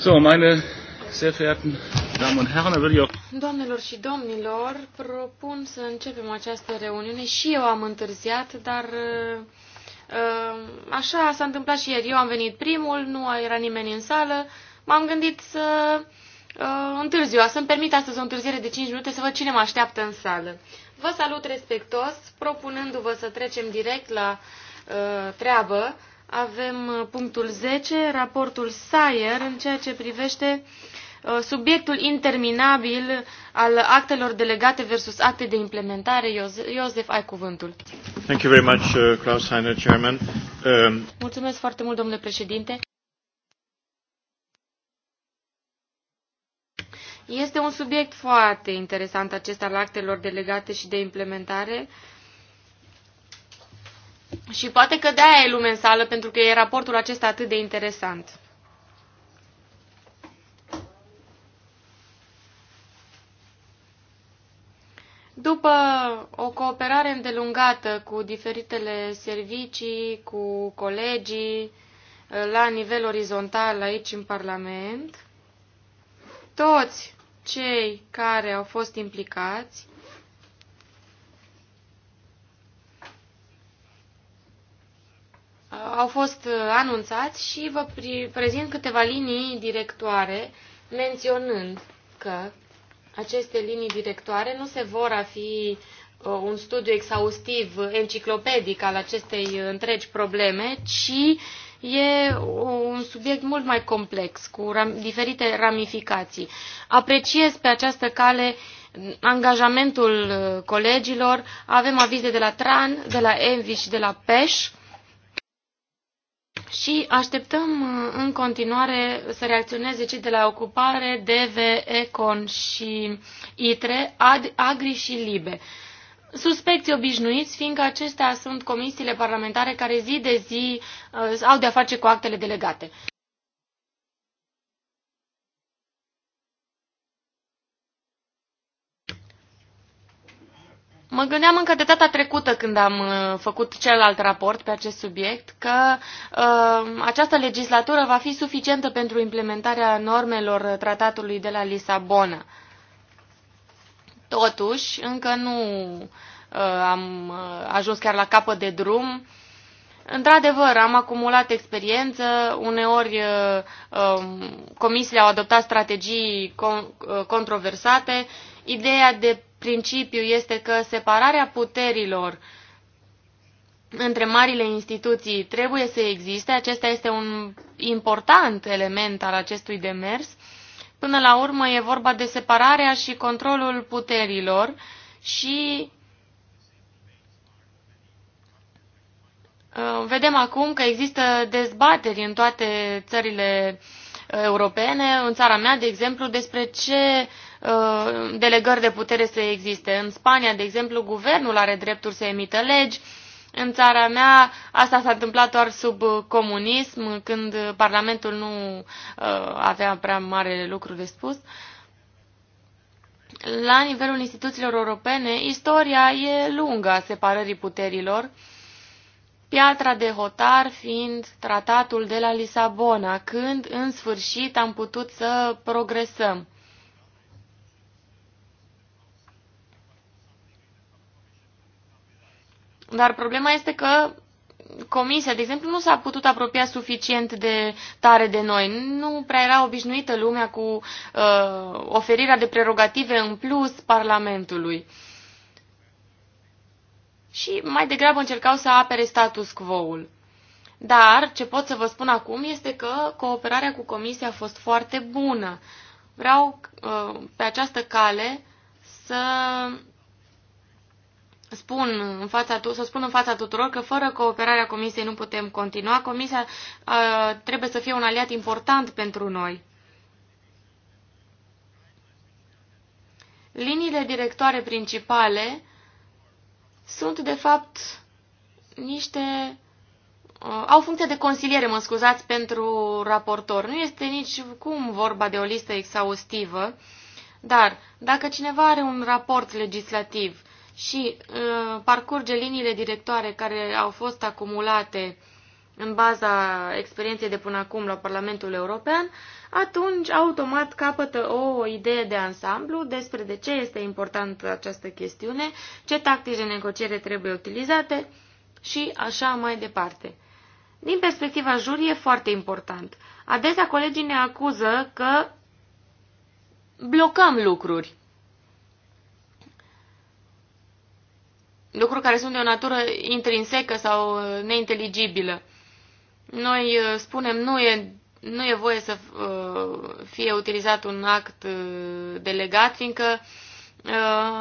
So, meine sehr verehrten Damen und Herren, da ich Doamnelor și domnilor, propun să începem această reuniune. Și eu am întârziat, dar uh, uh, așa s-a întâmplat și ieri. Eu am venit primul, nu era nimeni în sală. M-am gândit să uh, întârziu, să-mi permit astăzi o întârziere de 5 minute să văd cine mă așteaptă în sală. Vă salut respectos, propunându-vă să trecem direct la uh, treabă, avem uh, punctul 10, raportul Sayer, în ceea ce privește uh, subiectul interminabil al actelor delegate versus acte de implementare. Iosef, ai cuvântul. Thank you very much, uh, Klaus Heiner, Chairman. Um... Mulțumesc foarte mult, domnule președinte. Este un subiect foarte interesant acesta al actelor delegate și de implementare. Uh, și poate că de-aia e lume în sală, pentru că e raportul acesta atât de interesant. După o cooperare îndelungată cu diferitele servicii, cu colegii, la nivel orizontal aici în Parlament, toți cei care au fost implicați au fost uh, anunțați și vă prezint câteva linii directoare, menționând că aceste linii directoare nu se vor a fi uh, un studiu exhaustiv, enciclopedic al acestei întregi probleme, ci e un subiect mult mai complex, cu ram diferite ramificații. Apreciez pe această cale angajamentul uh, colegilor, avem avize de la TRAN, de la ENVI și de la PEș, și așteptăm uh, în continuare să reacționeze cei de la ocupare, DV, Econ și ITRE, Ad, Agri și LIBE. Suspecții obișnuiți, fiindcă acestea sunt comisiile parlamentare care zi de zi uh, au de-a face cu actele delegate. Mă gândeam încă de data trecută când am uh, făcut celălalt raport pe acest subiect că uh, această legislatură va fi suficientă pentru implementarea normelor tratatului de la Lisabona. Totuși, încă nu uh, am uh, ajuns chiar la capăt de drum. Într-adevăr, am acumulat experiență, uneori uh, um, comisiile au adoptat strategii con uh, controversate Ideea de principiu este că separarea puterilor între marile instituții trebuie să existe. Acesta este un important element al acestui demers. Până la urmă e vorba de separarea și controlul puterilor și uh, vedem acum că există dezbateri în toate țările uh, europene, în țara mea, de exemplu, despre ce Uh, delegări de putere să existe. În Spania, de exemplu, guvernul are dreptul să emită legi. În țara mea asta s-a întâmplat doar sub comunism, când Parlamentul nu uh, avea prea mare lucru de spus. La nivelul instituțiilor europene, istoria e lungă a separării puterilor, piatra de hotar fiind tratatul de la Lisabona, când în sfârșit am putut să progresăm. Dar problema este că comisia, de exemplu, nu s-a putut apropia suficient de tare de noi. Nu prea era obișnuită lumea cu uh, oferirea de prerogative în plus Parlamentului. Și mai degrabă încercau să apere status quo-ul. Dar ce pot să vă spun acum este că cooperarea cu comisia a fost foarte bună. Vreau uh, pe această cale să spun în fața, să spun în fața tuturor că fără cooperarea Comisiei nu putem continua. Comisia uh, trebuie să fie un aliat important pentru noi. Liniile directoare principale sunt, de fapt, niște... Uh, au funcție de consiliere, mă scuzați, pentru raportor. Nu este nici cum vorba de o listă exhaustivă, dar dacă cineva are un raport legislativ și uh, parcurge liniile directoare care au fost acumulate în baza experienței de până acum la Parlamentul European, atunci automat capătă o idee de ansamblu despre de ce este importantă această chestiune, ce tactici de negociere trebuie utilizate și așa mai departe. Din perspectiva jurii foarte important. Adesea colegii ne acuză că blocăm lucruri. lucruri care sunt de o natură intrinsecă sau uh, neinteligibilă. Noi uh, spunem nu e, nu e voie să uh, fie utilizat un act delegat, fiindcă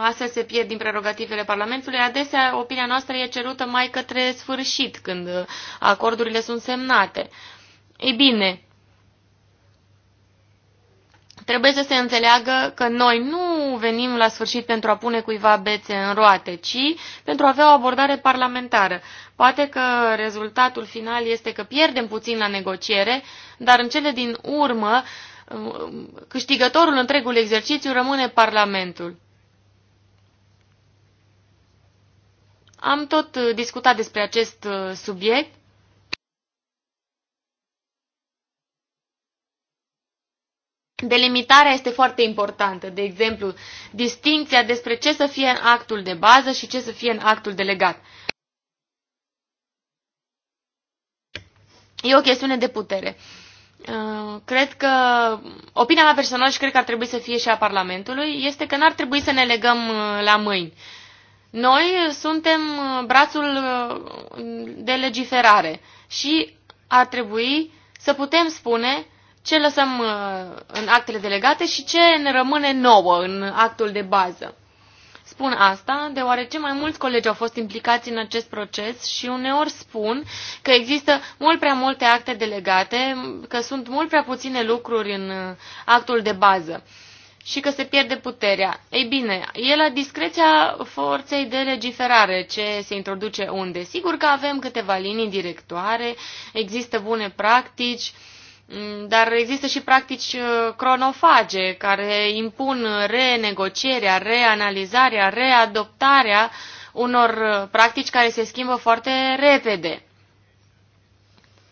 astfel se pierd din prerogativele Parlamentului. Adesea, opinia noastră e cerută mai către sfârșit, când acordurile sunt semnate. Ei bine, Trebuie să se înțeleagă că noi nu venim la sfârșit pentru a pune cuiva bețe în roate, ci pentru a avea o abordare parlamentară. Poate că rezultatul final este că pierdem puțin la negociere, dar în cele din urmă câștigătorul întregul exercițiu rămâne Parlamentul. Am tot discutat despre acest subiect Delimitarea este foarte importantă, de exemplu, distinția despre ce să fie în actul de bază și ce să fie în actul delegat. E o chestiune de putere. Uh, cred că opinia mea personală și cred că ar trebui să fie și a Parlamentului este că n-ar trebui să ne legăm uh, la mâini. Noi suntem uh, brațul de legiferare și ar trebui să putem spune ce lăsăm uh, în actele delegate și ce ne rămâne nouă în actul de bază. Spun asta deoarece mai mulți colegi au fost implicați în acest proces și uneori spun că există mult prea multe acte delegate, că sunt mult prea puține lucruri în uh, actul de bază și că se pierde puterea. Ei bine, e la discreția forței de legiferare ce se introduce unde. Sigur că avem câteva linii directoare, există bune practici, uh, Mm, dar există și practici uh, cronofage care impun renegocierea, reanalizarea, readoptarea unor uh, practici care se schimbă foarte repede.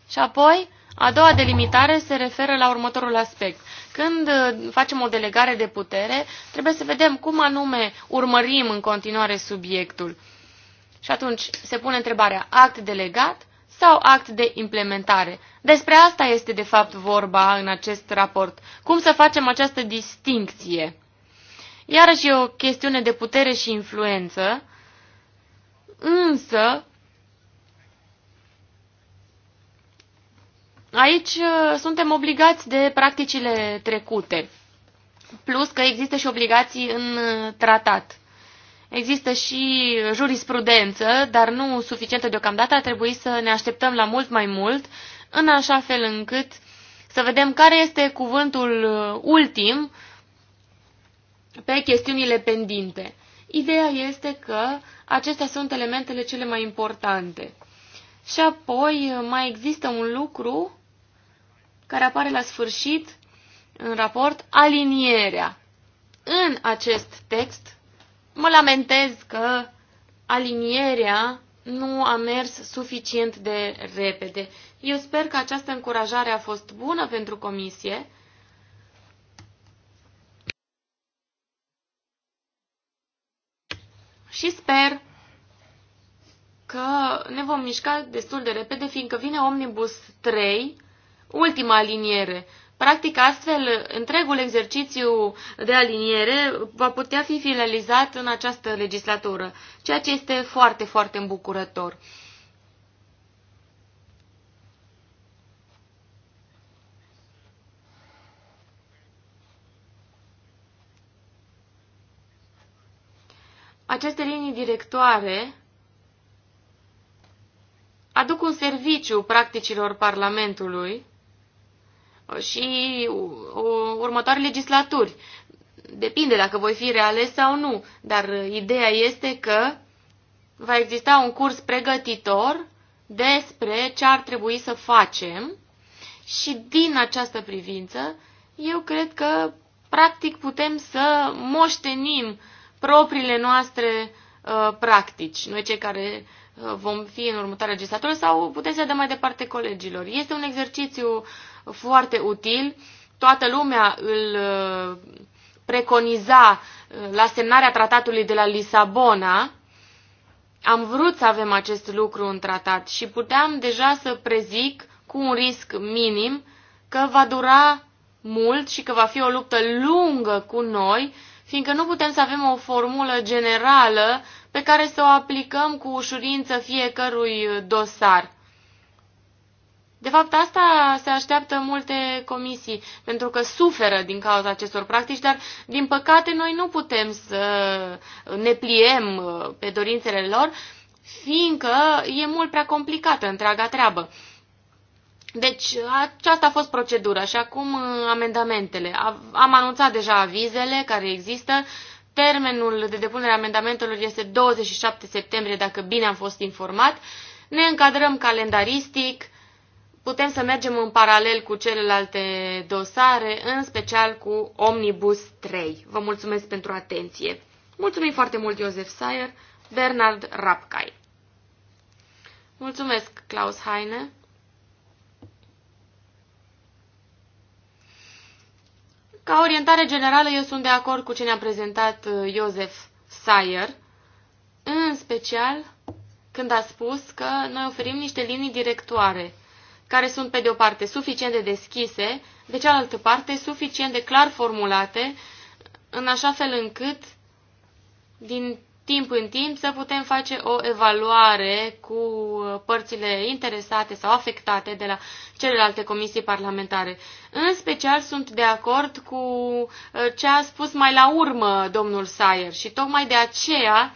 Și apoi, a doua delimitare se referă la următorul aspect. Când uh, facem o delegare de putere, trebuie să vedem cum anume urmărim în continuare subiectul. Și atunci se pune întrebarea act delegat sau act de implementare. Despre asta este de fapt vorba în acest raport. Cum să facem această distincție? Iarăși e o chestiune de putere și influență, însă aici uh, suntem obligați de practicile trecute, plus că există și obligații în uh, tratat. Există și jurisprudență, dar nu suficientă deocamdată. Ar trebui să ne așteptăm la mult mai mult, în așa fel încât să vedem care este cuvântul ultim pe chestiunile pendinte. Ideea este că acestea sunt elementele cele mai importante. Și apoi mai există un lucru care apare la sfârșit în raport, alinierea. În acest text mă lamentez că alinierea nu a mers suficient de repede. Eu sper că această încurajare a fost bună pentru comisie. Și sper că ne vom mișca destul de repede, fiindcă vine Omnibus 3, ultima aliniere. Practic, astfel, întregul exercițiu de aliniere va putea fi finalizat în această legislatură, ceea ce este foarte, foarte îmbucurător. Aceste linii directoare aduc un serviciu practicilor Parlamentului, și următoare legislaturi. Depinde dacă voi fi reales sau nu, dar ideea este că va exista un curs pregătitor despre ce ar trebui să facem și din această privință eu cred că practic putem să moștenim propriile noastre uh, practici, noi cei care uh, vom fi în următoarea legislatură sau putem să dăm mai departe colegilor. Este un exercițiu uh, foarte util. Toată lumea îl uh, preconiza uh, la semnarea tratatului de la Lisabona. Am vrut să avem acest lucru în tratat și puteam deja să prezic cu un risc minim că va dura mult și că va fi o luptă lungă cu noi, fiindcă nu putem să avem o formulă generală pe care să o aplicăm cu ușurință fiecărui dosar. De fapt, asta se așteaptă multe comisii, pentru că suferă din cauza acestor practici, dar, din păcate, noi nu putem să ne pliem uh, pe dorințele lor, fiindcă e mult prea complicată întreaga treabă. Deci, aceasta a fost procedura și acum uh, amendamentele. Am anunțat deja avizele care există. Termenul de depunere a amendamentelor este 27 septembrie, dacă bine am fost informat. Ne încadrăm calendaristic putem să mergem în paralel cu celelalte dosare, în special cu Omnibus 3. Vă mulțumesc pentru atenție. Mulțumim foarte mult, Iosef Sayer, Bernard Rapkai. Mulțumesc, Klaus Heine. Ca orientare generală, eu sunt de acord cu ce ne-a prezentat Iosef uh, Sayer, în special când a spus că noi oferim niște linii directoare care sunt, pe de o parte, suficient de deschise, de cealaltă parte, suficient de clar formulate, în așa fel încât, din timp în timp, să putem face o evaluare cu uh, părțile interesate sau afectate de la celelalte comisii parlamentare. În special sunt de acord cu uh, ce a spus mai la urmă domnul Sayer și tocmai de aceea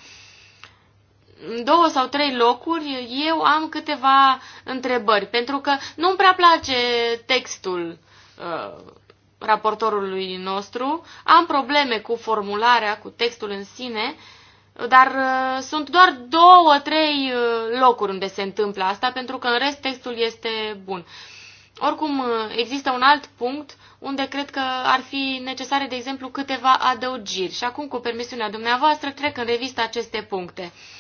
două sau trei locuri, eu am câteva întrebări, pentru că nu-mi prea place textul uh, raportorului nostru, am probleme cu formularea, cu textul în sine, dar uh, sunt doar două, trei uh, locuri unde se întâmplă asta, pentru că în rest textul este bun. Oricum, uh, există un alt punct unde cred că ar fi necesare, de exemplu, câteva adăugiri. Și acum, cu permisiunea dumneavoastră, trec în revistă aceste puncte. Uh,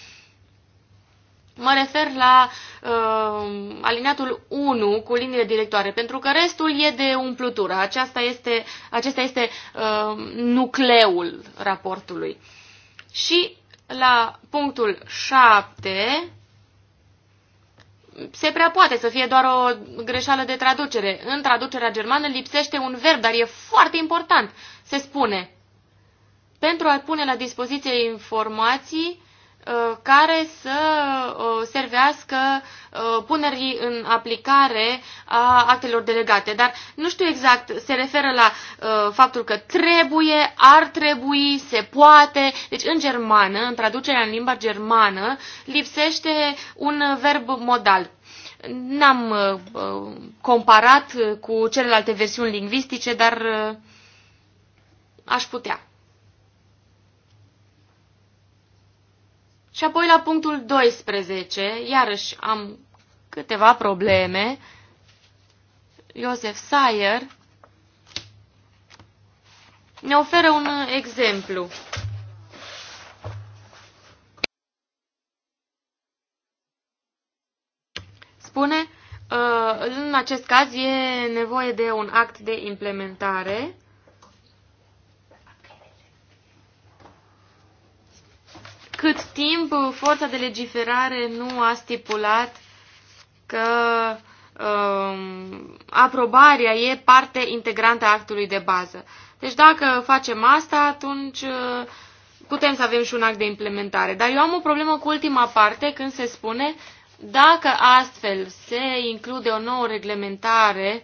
Mă refer la uh, alineatul 1 cu liniile directoare, pentru că restul e de umplutură. Aceasta este, acesta este uh, nucleul raportului. Și la punctul 7 se prea poate să fie doar o greșeală de traducere. În traducerea germană lipsește un verb, dar e foarte important. Se spune, pentru a pune la dispoziție informații Uh, care să uh, servească uh, punerii în aplicare a actelor delegate. Dar nu știu exact, se referă la faptul că trebuie, ar trebui, se poate. Deci în germană, în traducerea în limba germană, lipsește un verb modal. N-am comparat cu celelalte versiuni lingvistice, dar aș putea. Și apoi la punctul 12, iarăși am câteva probleme. Iosef Sayer ne oferă un exemplu. Spune, uh, în acest caz e nevoie de un act de implementare cât timp forța de legiferare nu a stipulat că um, aprobarea e parte integrantă a actului de bază. Deci dacă facem asta, atunci uh, putem să avem și un act de implementare. Dar eu am o problemă cu ultima parte când se spune dacă astfel se include o nouă reglementare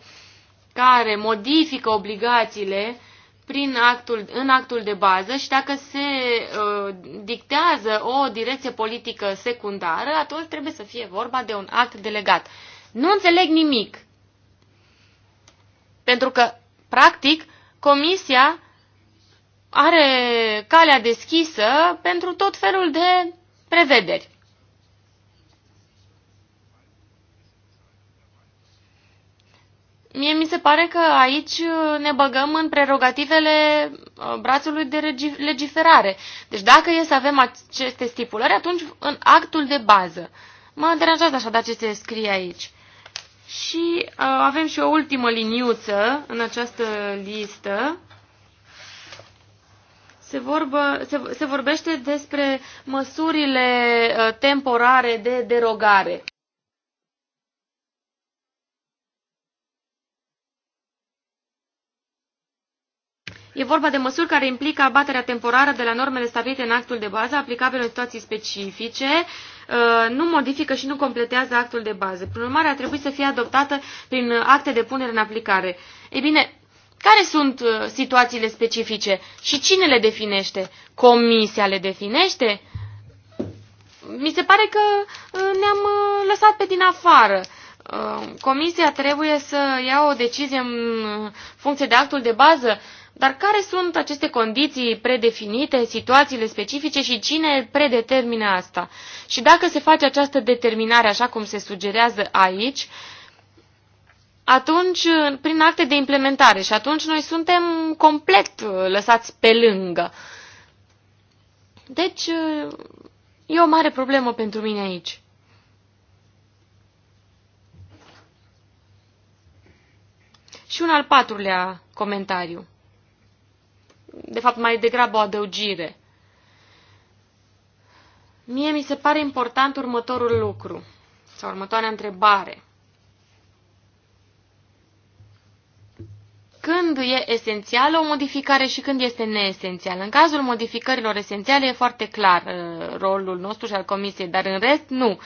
care modifică obligațiile prin actul, în actul de bază și dacă se uh, dictează o direcție politică secundară, atunci trebuie să fie vorba de un act delegat. Nu înțeleg nimic. Pentru că, practic, Comisia are calea deschisă pentru tot felul de prevederi. Mie mi se pare că aici uh, ne băgăm în prerogativele uh, brațului de legiferare. Deci dacă e să avem aceste stipulări, atunci în actul de bază. Mă deranjează de ce se scrie aici. Și uh, avem și o ultimă liniuță în această listă. Se, vorbă, se, se vorbește despre măsurile uh, temporare de derogare. E vorba de măsuri care implică abaterea temporară de la normele stabilite în actul de bază, aplicabile în situații specifice, uh, nu modifică și nu completează actul de bază. Prin urmare, ar trebui să fie adoptată prin acte de punere în aplicare. Ei bine, care sunt uh, situațiile specifice și cine le definește? Comisia le definește? Mi se pare că uh, ne-am lăsat pe din afară. Comisia trebuie să ia o decizie în funcție de actul de bază. Dar care sunt aceste condiții predefinite, situațiile specifice și cine predetermină asta? Și dacă se face această determinare așa cum se sugerează aici, atunci, prin acte de implementare și atunci noi suntem complet uh, lăsați pe lângă. Deci, uh, e o mare problemă pentru mine aici. Și un al patrulea comentariu de fapt, mai degrabă o adăugire. Mie mi se pare important următorul lucru, sau următoarea întrebare. Când e esențială o modificare și când este neesențială? În cazul modificărilor esențiale e foarte clar uh, rolul nostru și al comisiei, dar în rest nu.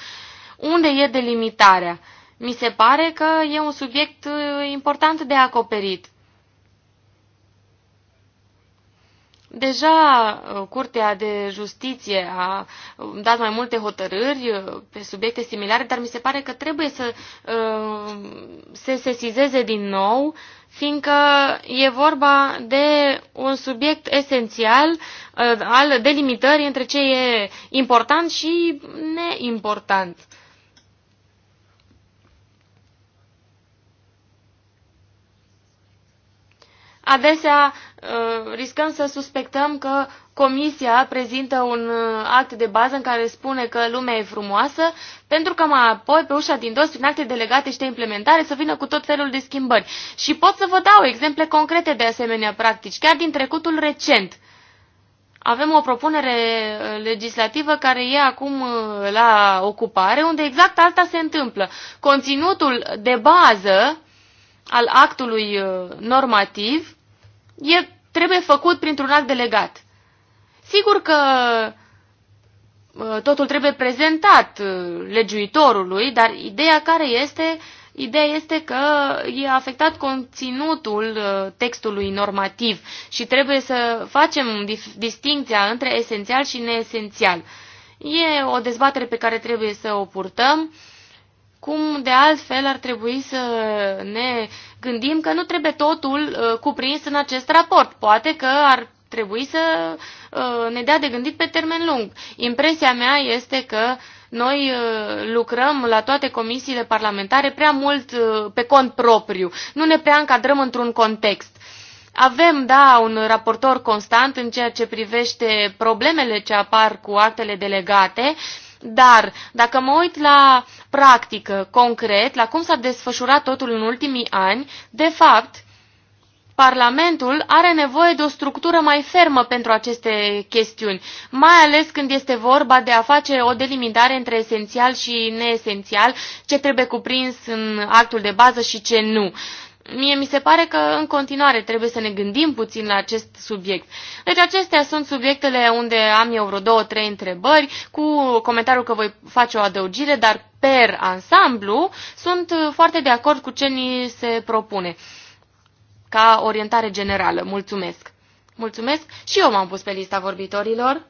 Unde e delimitarea? Mi se pare că e un subiect uh, important de acoperit. Deja uh, Curtea de Justiție a uh, dat mai multe hotărâri uh, pe subiecte similare, dar mi se pare că trebuie să se sesizeze din nou, fiindcă e vorba de un subiect esențial al delimitării între ce e important și neimportant. Adesea uh, riscăm să suspectăm că comisia prezintă un uh, act de bază în care spune că lumea e frumoasă, pentru că mai apoi pe ușa din dos, prin acte delegate și de implementare, să vină cu tot felul de schimbări. Și pot să vă dau exemple concrete de asemenea practici, chiar din trecutul recent. Avem o propunere uh, legislativă care e acum la ocupare, unde exact asta se întâmplă. Conținutul de bază al actului normativ e, trebuie făcut printr-un act delegat. Sigur că totul trebuie prezentat uh, legiuitorului, dar ideea care este, ideea este că e afectat conținutul uh, textului normativ și trebuie să facem distinția între esențial și neesențial. E o dezbatere pe care trebuie să o purtăm cum de altfel ar trebui să ne gândim că nu trebuie totul uh, cuprins în acest raport. Poate că ar trebui să uh, ne dea de gândit pe termen lung. Impresia mea este că noi uh, lucrăm la toate comisiile parlamentare prea mult pe cont propriu. Nu ne prea încadrăm într-un context. Avem, da, un raportor constant în ceea ce privește problemele ce apar cu actele delegate, uh, dar dacă mă uit la practică, concret, la cum s-a desfășurat totul în ultimii ani, de fapt, Parlamentul are nevoie de o structură mai fermă pentru aceste chestiuni, mai ales când este vorba de a face o delimitare între esențial și neesențial, ce trebuie cuprins în actul de bază și ce nu. Mie mi se pare că în continuare trebuie să ne gândim puțin la acest subiect. Deci acestea sunt subiectele unde am eu vreo două, trei întrebări cu comentariul că voi face o adăugire, dar per ansamblu sunt uh, foarte de acord cu ce ni se propune ca orientare generală. Mulțumesc! Mulțumesc! Și eu m-am pus pe lista vorbitorilor.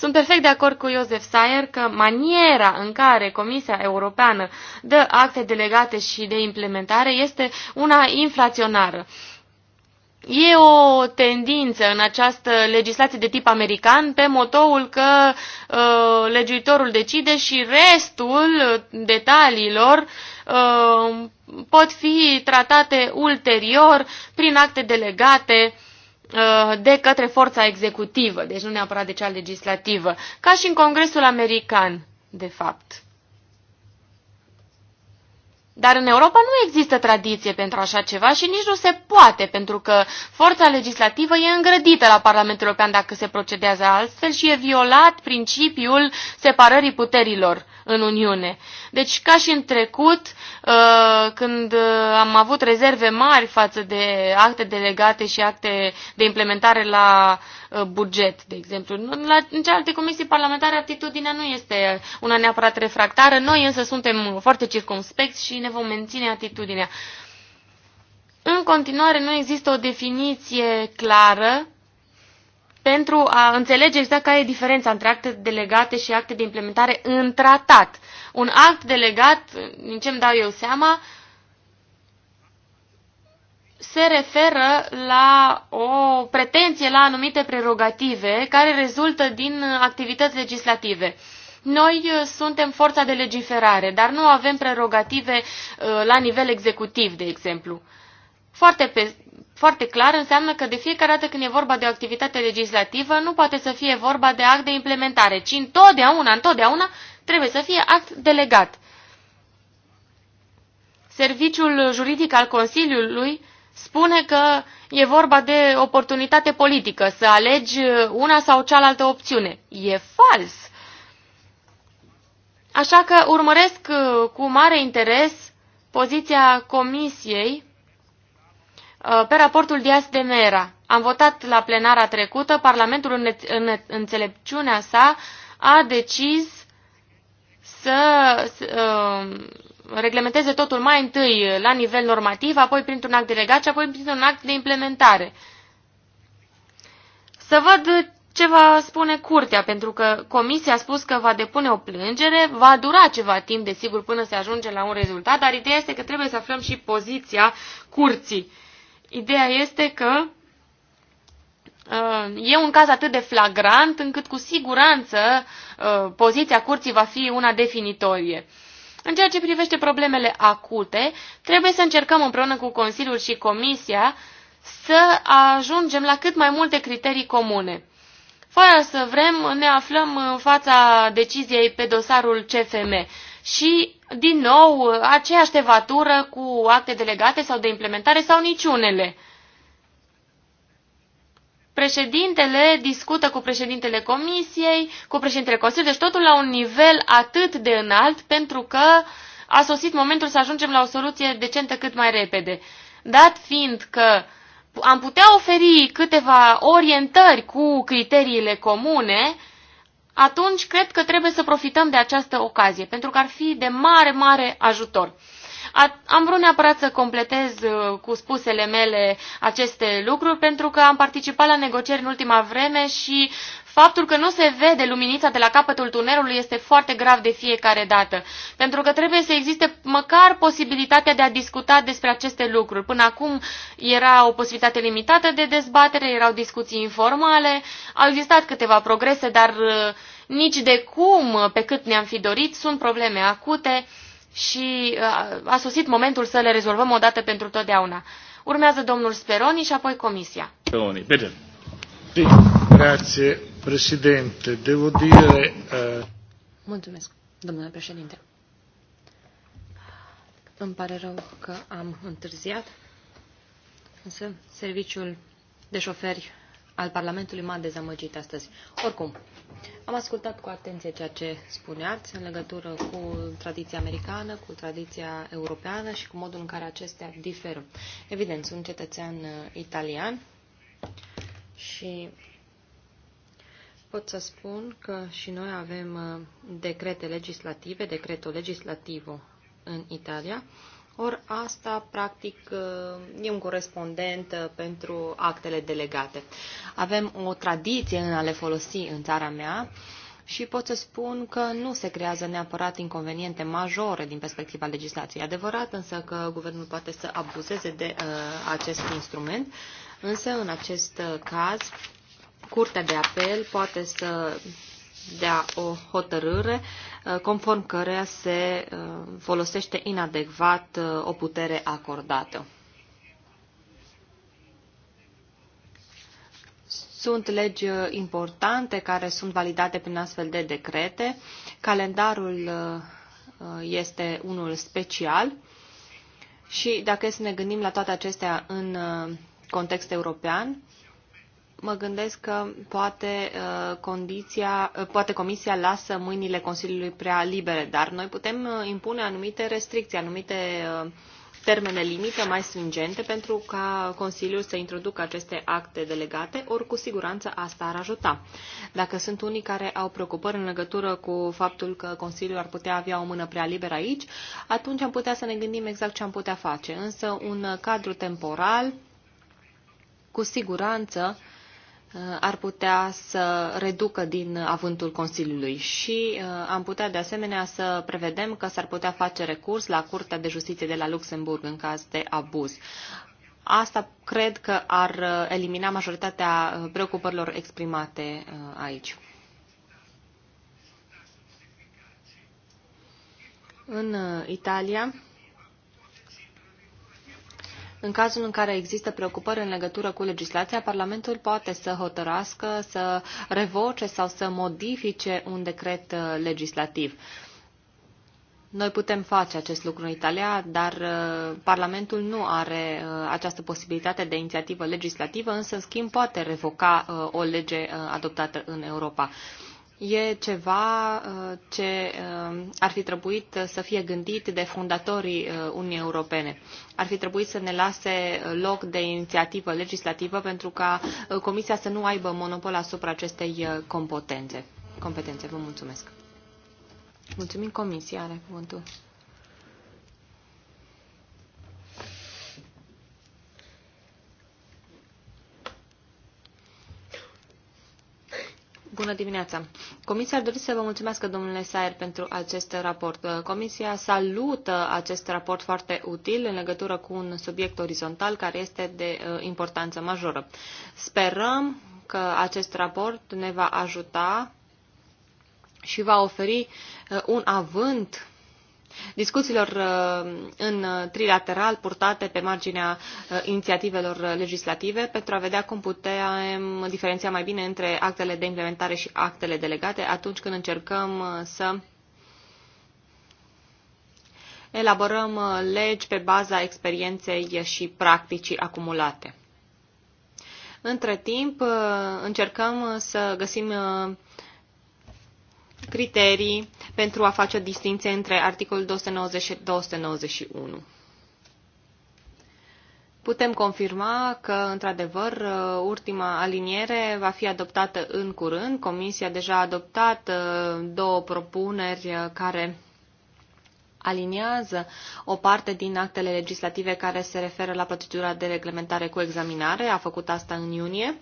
Sunt perfect de acord cu Iosef Sayer că maniera în care Comisia Europeană dă acte delegate și de implementare este una inflaționară. E o tendință în această legislație de tip american pe motoul că uh, legiuitorul decide și restul detaliilor uh, pot fi tratate ulterior prin acte delegate uh, Uh, de către forța executivă, deci nu neapărat de cea legislativă, ca și în Congresul American, de fapt. Dar în Europa nu există tradiție pentru așa ceva și nici nu se poate, pentru că forța legislativă e îngrădită la Parlamentul European dacă se procedează altfel și e violat principiul separării puterilor în Uniune. Deci, ca și în trecut, ă, când am avut rezerve mari față de acte delegate și acte de implementare la Uh, buget, de exemplu. La, în cealaltă comisii parlamentare atitudinea nu este una neapărat refractară. Noi însă suntem foarte circumspecți și ne vom menține atitudinea. În continuare nu există o definiție clară pentru a înțelege exact care e diferența între acte delegate și acte de implementare în tratat. Un act delegat, din ce îmi dau eu seama, se referă la o pretenție la anumite prerogative care rezultă din activități legislative. Noi uh, suntem forța de legiferare, dar nu avem prerogative uh, la nivel executiv, de exemplu. Foarte, pe, foarte clar înseamnă că de fiecare dată când e vorba de o activitate legislativă, nu poate să fie vorba de act de implementare, ci întotdeauna, întotdeauna trebuie să fie act delegat. Serviciul juridic al Consiliului spune că e vorba de oportunitate politică, să alegi una sau cealaltă opțiune. E fals! Așa că urmăresc uh, cu mare interes poziția Comisiei uh, pe raportul Dias de Mera. Am votat la plenara trecută, Parlamentul în, în înțelepciunea sa a decis să, să uh, reglementeze totul mai întâi la nivel normativ, apoi printr-un act delegat și apoi printr-un act de implementare. Să văd ce va spune curtea, pentru că comisia a spus că va depune o plângere, va dura ceva timp, desigur, până se ajunge la un rezultat, dar ideea este că trebuie să aflăm și poziția curții. Ideea este că uh, e un caz atât de flagrant încât cu siguranță uh, poziția curții va fi una definitorie. În ceea ce privește problemele acute, trebuie să încercăm împreună cu Consiliul și Comisia să ajungem la cât mai multe criterii comune. Fără să vrem, ne aflăm în fața deciziei pe dosarul CFM și, din nou, aceeași tevatură cu acte delegate sau de implementare sau niciunele președintele discută cu președintele comisiei, cu președintele consiliului, deci totul la un nivel atât de înalt pentru că a sosit momentul să ajungem la o soluție decentă cât mai repede. Dat fiind că am putea oferi câteva orientări cu criteriile comune, atunci cred că trebuie să profităm de această ocazie, pentru că ar fi de mare, mare ajutor. Am vrut neapărat să completez uh, cu spusele mele aceste lucruri pentru că am participat la negocieri în ultima vreme și faptul că nu se vede luminița de la capătul tunelului este foarte grav de fiecare dată, pentru că trebuie să existe măcar posibilitatea de a discuta despre aceste lucruri. Până acum era o posibilitate limitată de dezbatere, erau discuții informale, au existat câteva progrese, dar uh, nici de cum, pe cât ne-am fi dorit, sunt probleme acute și uh, a sosit momentul să le rezolvăm odată pentru totdeauna. Urmează domnul Speroni și apoi comisia. Speroni, bine. Grazie, Devo dire... Uh, Mulțumesc, domnule președinte. Îmi pare rău că am întârziat, însă serviciul de șoferi al Parlamentului m-a dezamăgit astăzi. Oricum, am ascultat cu atenție ceea ce spuneați în legătură cu tradiția americană, cu tradiția europeană și cu modul în care acestea diferă. Evident, sunt cetățean uh, italian și pot să spun că și noi avem uh, decrete legislative, decretul legislativ în Italia, Or, asta, practic, uh, e un corespondent uh, pentru actele delegate. Avem o tradiție în a le folosi în țara mea și pot să spun că nu se creează neapărat inconveniente majore din perspectiva legislației. Adevărat însă că guvernul poate să abuzeze de uh, acest instrument, însă în acest uh, caz Curtea de apel poate să dea o hotărâre uh, conform căreia se uh, folosește inadecvat uh, o putere acordată. Sunt legi importante care sunt validate prin astfel de decrete. Calendarul este unul special și dacă să ne gândim la toate acestea în context european, mă gândesc că poate, uh, condiția, uh, poate Comisia lasă mâinile Consiliului prea libere, dar noi putem uh, impune anumite restricții, anumite termene limită mai stringente pentru ca Consiliul să introducă aceste acte delegate, ori cu siguranță asta ar ajuta. Dacă sunt unii care au preocupări în legătură cu faptul că Consiliul ar putea avea o mână prea liberă aici, atunci am putea să ne gândim exact ce am putea face. Însă un cadru temporal, cu siguranță, Uh, ar putea să reducă din avântul Consiliului și uh, am putea de asemenea să prevedem că s-ar putea face recurs la Curtea de Justiție de la Luxemburg în caz de abuz. Asta cred că ar uh, elimina majoritatea preocupărilor exprimate aici. În Italia, în cazul în care există preocupări în legătură cu legislația, Parlamentul poate să hotărască, să revoce sau să modifice un decret uh, legislativ. Noi putem face acest lucru în Italia, dar uh, Parlamentul nu are uh, această posibilitate de inițiativă legislativă, însă, în schimb, poate revoca o lege adoptată în Europa e ceva uh, ce uh, ar fi trebuit să fie gândit de fondatorii uh, Uniunii Europene. Ar fi trebuit să ne lase loc de inițiativă legislativă pentru ca Comisia să nu aibă monopol asupra acestei competențe. competențe. Vă mulțumesc. Mulțumim Comisia, are cuvântul. Bună dimineața! Comisia ar dori să vă mulțumesc, domnule Saier, pentru acest raport. Uh, Comisia salută acest raport foarte util în legătură cu un subiect orizontal care este de uh, importanță majoră. Sperăm că acest raport ne va ajuta și va oferi uh, un avânt discuțiilor uh, în trilateral purtate pe marginea uh, inițiativelor legislative pentru a vedea cum putem diferenția mai bine între actele de implementare și actele delegate atunci când încercăm uh, să elaborăm legi pe baza experienței și practicii acumulate. Între timp, încercăm să găsim criterii pentru a face o distinție între articolul 290 și 291. Putem confirma că, într-adevăr, ultima aliniere va fi adoptată în curând. Comisia deja a adoptat uh, două propuneri uh, care aliniază o parte din actele legislative care se referă la procedura de reglementare cu examinare. A făcut asta în iunie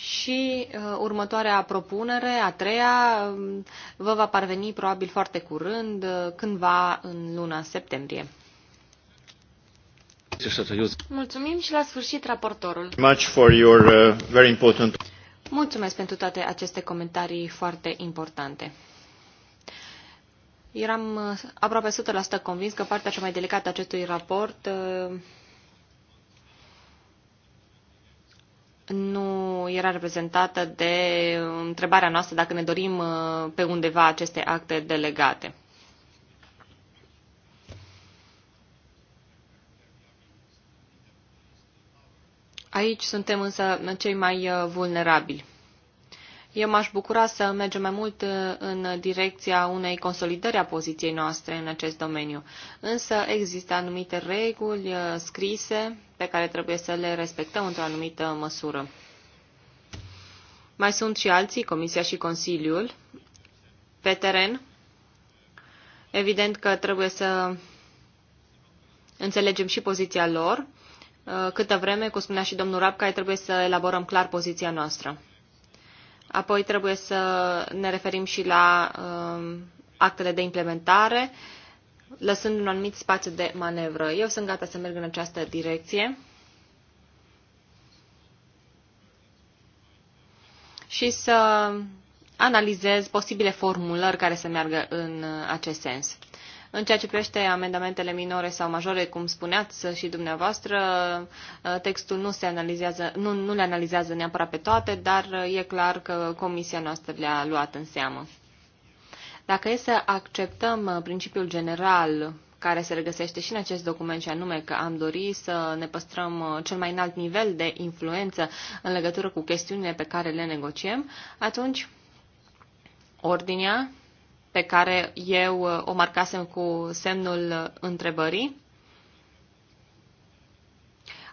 și uh, următoarea propunere, a treia, um, vă va parveni probabil foarte curând, uh, cândva în luna septembrie. Mulțumim și la sfârșit raportorul. Much for your, uh, very important... Mulțumesc pentru toate aceste comentarii foarte importante. Eram uh, aproape 100% convins că partea cea mai delicată a acestui raport uh, nu era reprezentată de întrebarea noastră dacă ne dorim uh, pe undeva aceste acte delegate. Aici suntem însă cei mai uh, vulnerabili. Eu m-aș bucura să mergem mai mult uh, în direcția unei consolidări a poziției noastre în acest domeniu. Însă există anumite reguli uh, scrise pe care trebuie să le respectăm într-o anumită măsură. Mai sunt și alții, Comisia și Consiliul, pe teren. Evident că trebuie să înțelegem și poziția lor, uh, câtă vreme, cum spunea și domnul Rapcai, trebuie să elaborăm clar poziția noastră. Apoi trebuie să ne referim și la uh, actele de implementare, lăsând un anumit spațiu de manevră. Eu sunt gata să merg în această direcție. Și să analizez posibile formulări care să meargă în uh, acest sens. În ceea ce privește amendamentele minore sau majore, cum spuneați și dumneavoastră, uh, textul nu, se analizează, nu, nu le analizează neapărat pe toate, dar uh, e clar că comisia noastră le-a luat în seamă. Dacă e să acceptăm uh, principiul general care se regăsește și în acest document, și anume că am dori să ne păstrăm cel mai înalt nivel de influență în legătură cu chestiunile pe care le negociem, atunci ordinea pe care eu uh, o marcasem cu semnul uh, întrebării,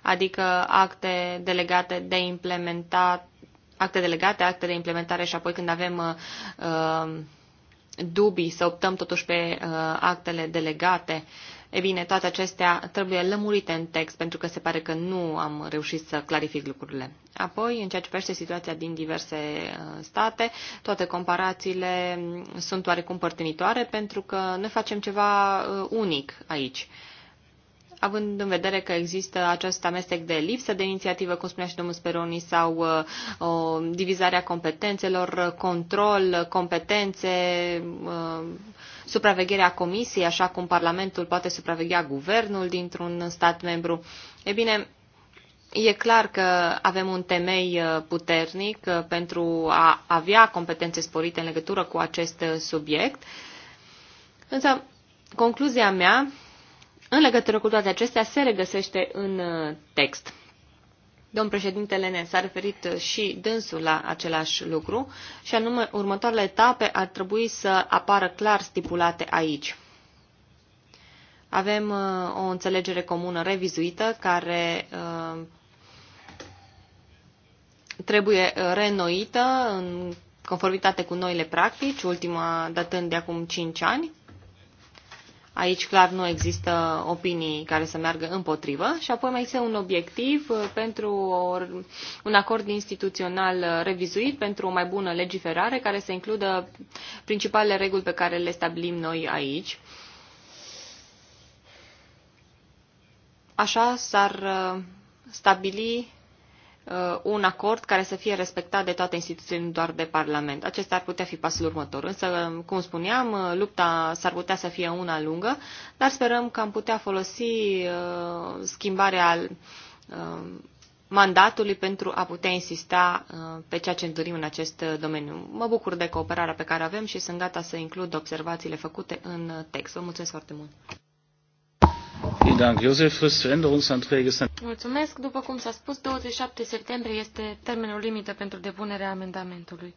adică acte delegate de implementat, acte delegate, acte de implementare și apoi când avem uh, uh dubii să optăm totuși pe uh, actele delegate. Uh, E bine, toate acestea trebuie lămurite în text, pentru că se pare că nu am reușit să clarific lucrurile. Apoi, în ceea ce privește situația din diverse uh, state, toate comparațiile mm, sunt oarecum părtinitoare, pentru că noi facem ceva uh, unic aici având în vedere că există acest amestec de lipsă de inițiativă, cum spunea și domnul Speroni, sau uh, o divizarea competențelor, control, competențe, o, uh, supravegherea comisiei, așa cum Parlamentul poate supraveghea guvernul dintr-un stat membru. E bine, E clar că avem un temei uh, puternic pentru a avea competențe sporite în legătură cu acest subiect, însă concluzia mea în legătură cu toate acestea se regăsește în uh, text. Domn președinte Lene s-a referit uh, și dânsul la același lucru și anume următoarele etape ar trebui să apară clar stipulate aici. Avem uh, o înțelegere comună revizuită care trebuie reînnoită în conformitate cu noile practici, ultima datând de acum 5 ani. Aici clar nu există opinii care să meargă împotrivă și apoi mai este un obiectiv uh, pentru un acord instituțional uh, revizuit pentru o mai bună legiferare care să includă principalele reguli pe care le stabilim noi aici. Așa s-ar uh, stabili Uh, un acord care să fie respectat de toate instituțiile, nu doar de Parlament. Acesta ar putea fi pasul următor. Însă, um, cum spuneam, uh, lupta s-ar putea să fie una lungă, dar sperăm că am putea folosi uh, schimbarea mandatului pentru a putea insista pe ceea ce dorim în acest domeniu. Mă bucur de cooperarea pe care avem și sunt gata să includ observațiile făcute în text. Vă mulțumesc foarte mult! Vielen Dank, Josef. fürs Änderungsanträge Mulțumesc. După cum s-a spus, 27 septembrie este termenul limită pentru depunerea amendamentului.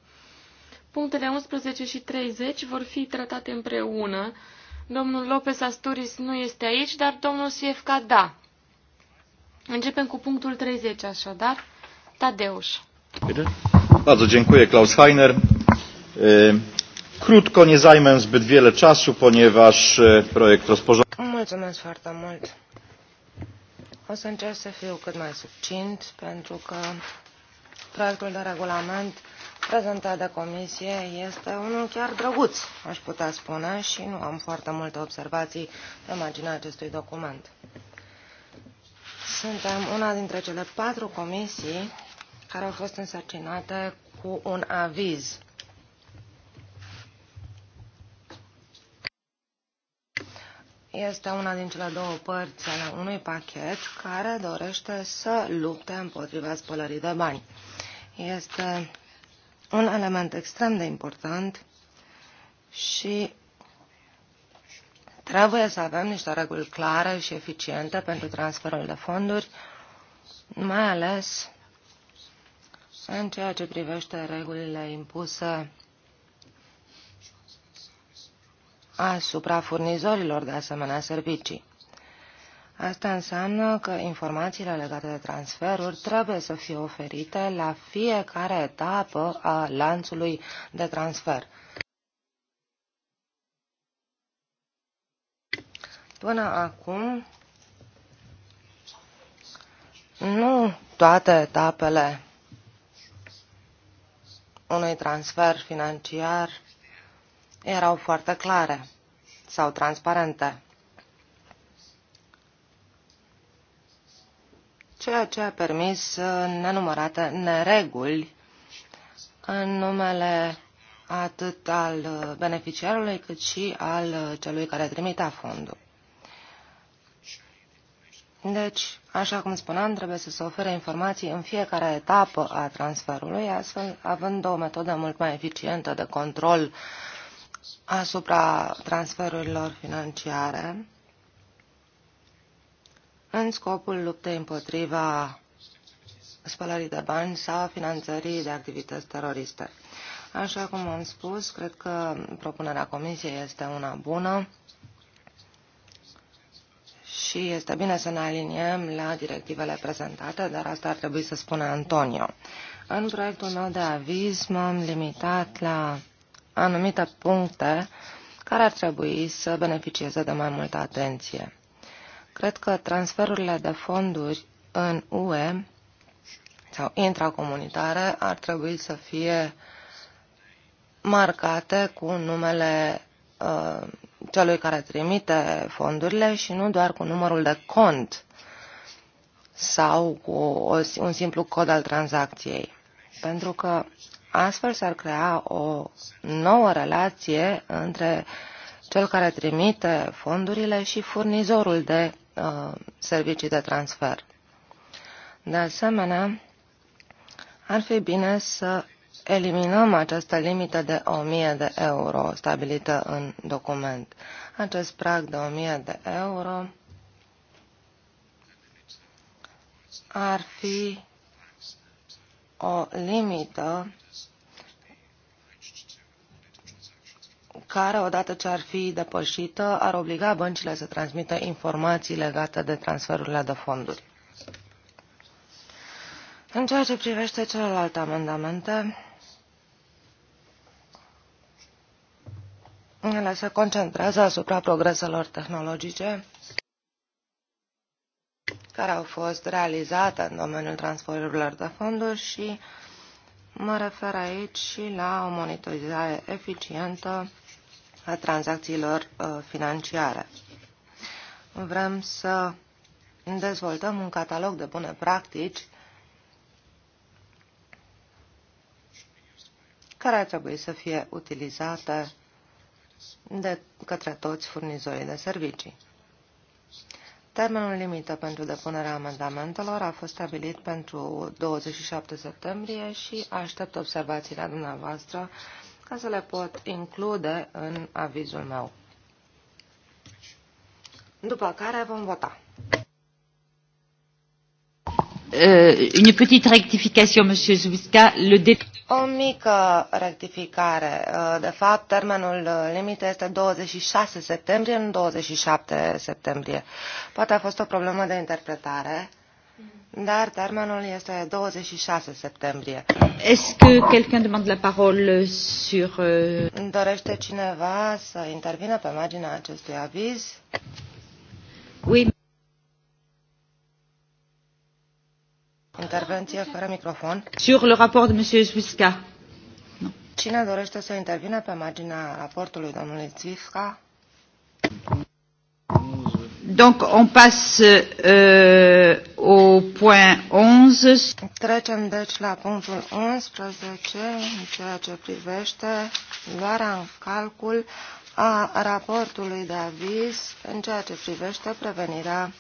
Punctele 11 și 30 vor fi tratate împreună. Domnul Lopez Asturis nu este aici, dar domnul Siefca da. Începem cu punctul 30, așadar. Tadeusz. Bardzo dziękuję, Klaus Heiner. Krótko, nie zajmę zbyt wiele czasu, ponieważ projekt rozporządzenia... Mulțumesc foarte mult. O să încerc să fiu cât mai subțint pentru că proiectul de regulament prezentat de comisie este unul chiar drăguț, aș putea spune, și nu am foarte multe observații pe marginea acestui document. Suntem una dintre cele patru comisii care au fost însărcinate cu un aviz este una din cele două părți ale unui pachet care dorește să lupte împotriva spălării de bani. Este un element extrem de important și trebuie să avem niște reguli clare și eficiente pentru transferul de fonduri, mai ales în ceea ce privește regulile impuse asupra furnizorilor de asemenea servicii. Asta înseamnă că informațiile legate de transferuri trebuie să fie oferite la fiecare etapă a lanțului de transfer. Până acum, nu toate etapele unui transfer financiar erau foarte clare sau transparente. ceea ce a permis uh, nenumărate nereguli în numele atât al uh, beneficiarului cât și al uh, celui care trimitea fondul. Deci, așa cum spuneam, trebuie să se ofere informații în fiecare etapă a transferului, astfel având o metodă mult mai eficientă de control asupra transferurilor financiare în scopul luptei împotriva spălării de bani sau finanțării de activități teroriste. Așa cum am spus, cred că propunerea Comisiei este una bună și este bine să ne aliniem la directivele prezentate, dar asta ar trebui să spună Antonio. În proiectul meu de aviz m-am limitat la anumite puncte care ar trebui să beneficieze de mai multă atenție. Cred că transferurile de fonduri în UE sau intracomunitare ar trebui să fie marcate cu numele uh, celui care trimite fondurile și nu doar cu numărul de cont sau cu o, un simplu cod al tranzacției. Pentru că Astfel s-ar crea o nouă relație între cel care trimite fondurile și furnizorul de uh, servicii de transfer. De asemenea, ar fi bine să eliminăm această limită de 1000 de euro stabilită în document. Acest prag de 1000 de euro ar fi o limită care, odată ce ar fi depășită, ar obliga băncile să transmită informații legate de transferurile de fonduri. În ceea ce privește celelalte amendamente, ele se concentrează asupra progreselor tehnologice care au fost realizate în domeniul transferurilor de fonduri și Mă refer aici și la o monitorizare eficientă a tranzacțiilor uh, financiare. Vrem să dezvoltăm un catalog de bune practici care ar trebui să fie utilizate de către toți furnizorii de servicii. Termenul limită pentru depunerea amendamentelor a fost stabilit pentru 27 septembrie și aștept observațiile dumneavoastră ca să le pot include în avizul meu. După care vom vota. Uh, une petite rectification, Monsieur Zubisca. Le dé... O mică rectificare. Uh, de fapt, termenul uh, limită este 26 septembrie, nu 27 septembrie. Poate a fost o problemă de interpretare. Dar termenul este 26 septembrie. Est-ce que quelqu'un demande la parole sur... Euh, dorește cineva să intervină pe marginea acestui aviz? Oui. Intervenție fără microfon. Sur le rapport de Monsieur Zwiska. Cine dorește să intervină pe marginea raportului domnului Zwiska? Donc on passe euh, au point 11. Trecem deci la punctul 11 în ceea ce privește luarea în calcul a raportului de aviz în ceea ce privește prevenirea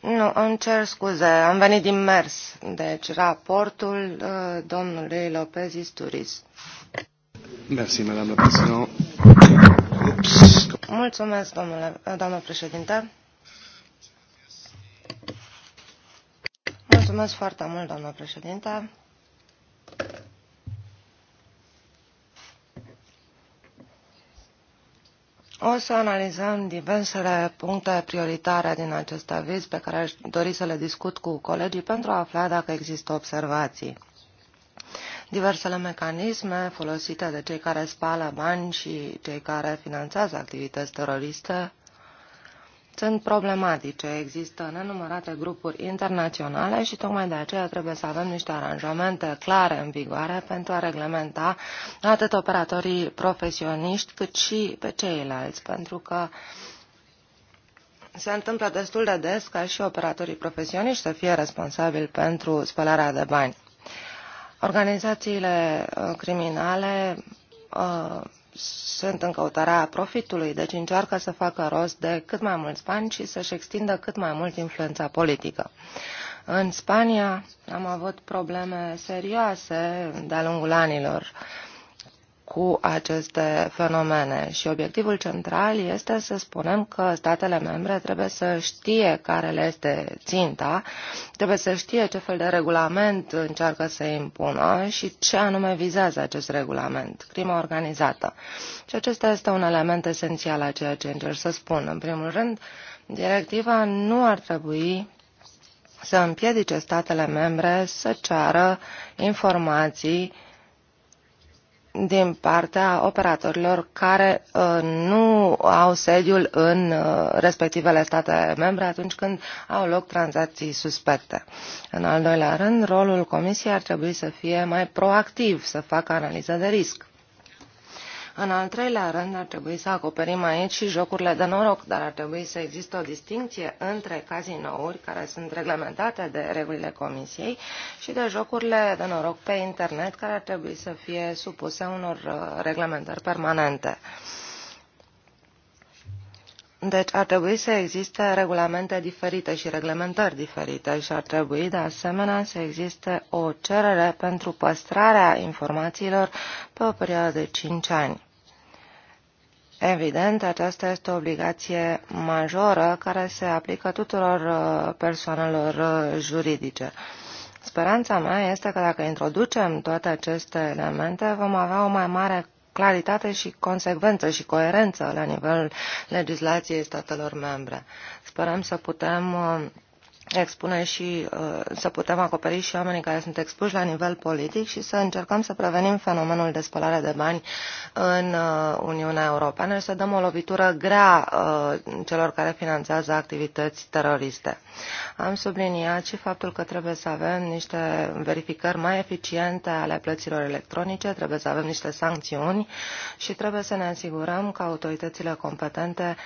Nu, îmi cer scuze, am venit din mers. Deci, raportul uh, domnului Lopez Isturiz. Merci, Madame la Mulțumesc, domnule, doamnă președinte. Mulțumesc foarte mult, doamnă președinte. O să analizăm diversele puncte prioritare din acest aviz pe care aș dori să le discut cu colegii pentru a afla dacă există observații diversele mecanisme folosite de cei care spală bani și cei care finanțează activități teroriste sunt problematice. Există nenumărate grupuri internaționale și tocmai de aceea trebuie să avem niște aranjamente clare în vigoare pentru a reglementa atât operatorii profesioniști cât și pe ceilalți, pentru că se întâmplă destul de des ca și operatorii profesioniști să fie responsabili pentru spălarea de bani. Organizațiile uh, criminale uh, sunt în căutarea profitului, deci încearcă să facă rost de cât mai mulți bani și să-și extindă cât mai mult influența politică. În Spania am avut probleme serioase de-a lungul anilor uh, cu aceste fenomene și obiectivul central este să spunem că statele membre trebuie să știe care le este ținta, trebuie să știe ce fel de regulament încearcă să impună și ce anume vizează acest regulament, crima organizată. Și acesta este un element esențial a ceea ce încerc să spun. În primul rând, directiva nu ar trebui să împiedice statele membre să ceară informații din partea operatorilor care uh, nu au sediul în uh, respectivele state membre atunci când au loc tranzacții suspecte. În al doilea rând, rolul Comisiei ar trebui să fie mai proactiv, să facă analiză de risc în al treilea rând, ar trebui să acoperim aici și jocurile de noroc, dar ar trebui să existe o distinție între cazinouri care sunt reglementate de regulile Comisiei și de jocurile de noroc pe internet care ar trebui să fie supuse unor uh, reglementări permanente. Deci ar trebui să existe regulamente diferite și reglementări diferite și ar trebui de asemenea să existe o cerere pentru păstrarea informațiilor pe o perioadă de 5 ani. Evident, aceasta este o obligație majoră care se aplică tuturor uh, persoanelor uh, juridice. Speranța mea este că dacă introducem toate aceste elemente, vom avea o mai mare claritate și consecvență și coerență la nivel legislației statelor membre. Sperăm să putem uh, expune și uh, să putem acoperi și oamenii care sunt expuși la nivel politic și să încercăm să prevenim fenomenul de spălare de bani în uh, Uniunea Europeană și să dăm o lovitură grea uh, celor care finanțează activități teroriste. Am subliniat și faptul că trebuie să avem niște verificări mai eficiente ale plăților electronice, trebuie să avem niște sancțiuni și trebuie să ne asigurăm că autoritățile competente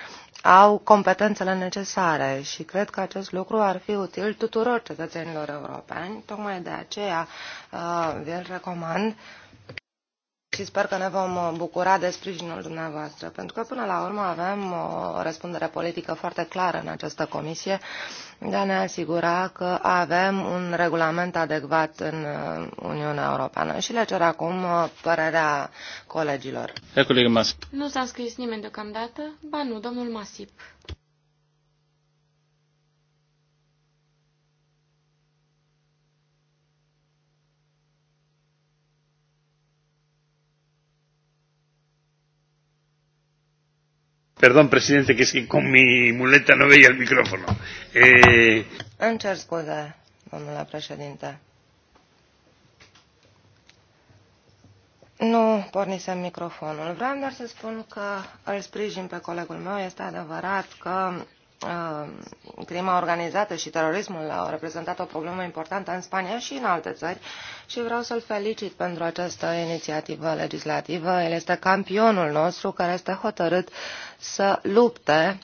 au competențele necesare și cred că acest lucru ar fi util tuturor cetățenilor europeni. Tocmai de aceea uh, vi-l recomand și sper că ne vom uh, bucura de sprijinul dumneavoastră, pentru că până la urmă avem uh, o răspundere politică foarte clară în această comisie de a ne asigura că avem un regulament adecvat în uh, Uniunea Europeană. Și le cer acum părerea colegilor. Nu s-a scris nimeni deocamdată? Ba nu, domnul Masip. Perdón, presidente, que es que con mi muleta no veía el micrófono. Eh... Îmi cer scuze, domnule președinte. Nu pornisem microfonul. Vreau doar să spun că îl sprijin pe colegul meu. Este adevărat că Uh, crima organizată și terorismul au reprezentat o problemă importantă în Spania și în alte țări și vreau să-l felicit pentru această inițiativă legislativă. El este campionul nostru care este hotărât să lupte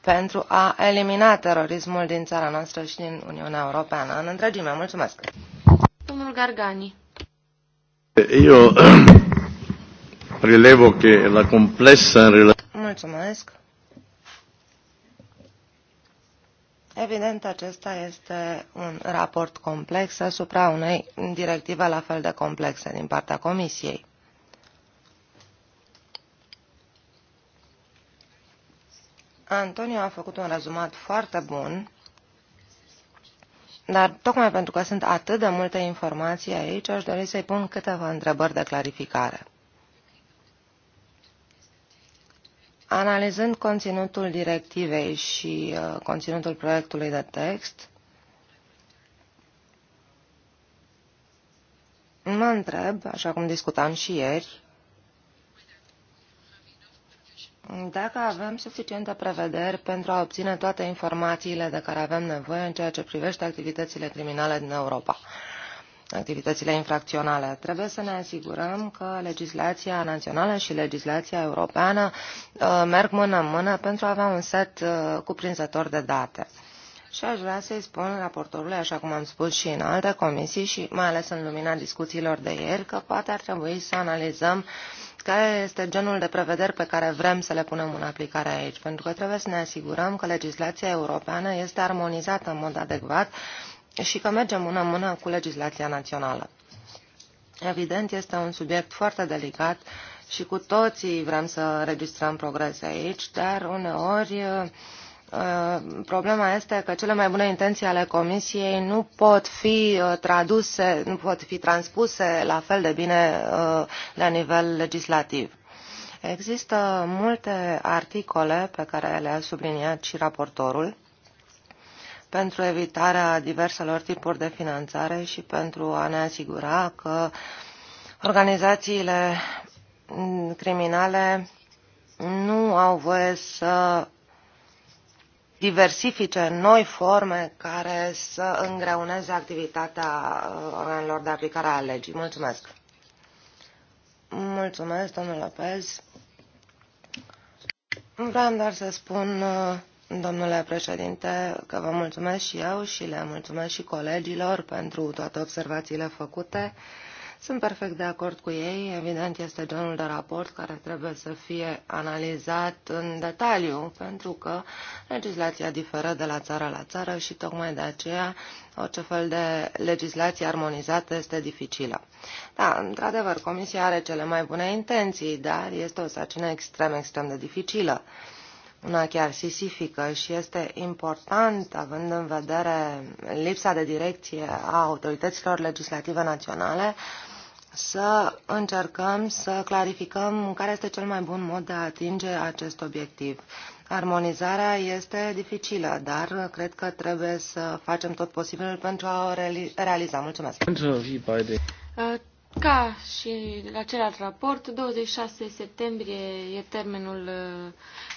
pentru a elimina terorismul din țara noastră și din Uniunea Europeană. În întregime, mulțumesc! Domnul Gargani. Eu relevo că la complexă în relație... Mulțumesc! Evident, acesta este un raport complex asupra unei directive la fel de complexe din partea Comisiei. Antonio a făcut un rezumat foarte bun, dar tocmai pentru că sunt atât de multe informații aici, aș dori să-i pun câteva întrebări de clarificare. Analizând conținutul directivei și uh, conținutul proiectului de text, mă întreb, așa cum discutam și ieri, dacă avem suficiente prevederi pentru a obține toate informațiile de care avem nevoie în ceea ce privește activitățile criminale din Europa activitățile infracționale. Trebuie să ne asigurăm că legislația națională și legislația europeană uh, merg mână-mână pentru a avea un set uh, cuprinzător de date. Și aș vrea să-i spun raportorului, așa cum am spus și în alte comisii și mai ales în lumina discuțiilor de ieri, că poate ar trebui să analizăm care este genul de prevederi pe care vrem să le punem în aplicare aici, pentru că trebuie să ne asigurăm că legislația europeană este armonizată în mod adecvat și că merge mână-mână cu legislația națională. Evident, este un subiect foarte delicat și cu toții vrem să registrăm progrese aici, dar uneori uh, problema este că cele mai bune intenții ale Comisiei nu pot fi uh, traduse, nu pot fi transpuse la fel de bine uh, la nivel legislativ. Există multe articole pe care le-a subliniat și raportorul pentru evitarea diverselor tipuri de finanțare și pentru a ne asigura că organizațiile criminale nu au voie să diversifice noi forme care să îngreuneze activitatea uh, organelor de aplicare a legii. Mulțumesc! Mulțumesc, domnule Lopez. Vreau doar să spun uh, Domnule președinte, că vă mulțumesc și eu și le mulțumesc și colegilor pentru toate observațiile făcute. Sunt perfect de acord cu ei. Evident, este genul de raport care trebuie să fie analizat în detaliu, pentru că legislația diferă de la țară la țară și tocmai de aceea orice fel de legislație armonizată este dificilă. Da, într-adevăr, Comisia are cele mai bune intenții, dar este o sacină extrem, extrem de dificilă una chiar sisifică și este important, având în vedere lipsa de direcție a autorităților legislative naționale, să încercăm să clarificăm care este cel mai bun mod de a atinge acest obiectiv. Armonizarea este dificilă, dar cred că trebuie să facem tot posibilul pentru a o realiza. Mulțumesc! Ca și la celălalt raport, 26 septembrie e termenul uh,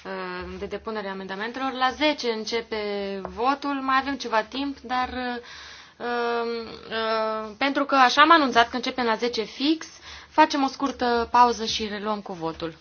uh, de depunere a amendamentelor. La 10 începe votul, mai avem ceva timp, dar uh, um, pentru că așa am anunțat că începem la 10 fix, facem o scurtă pauză și reluăm cu votul.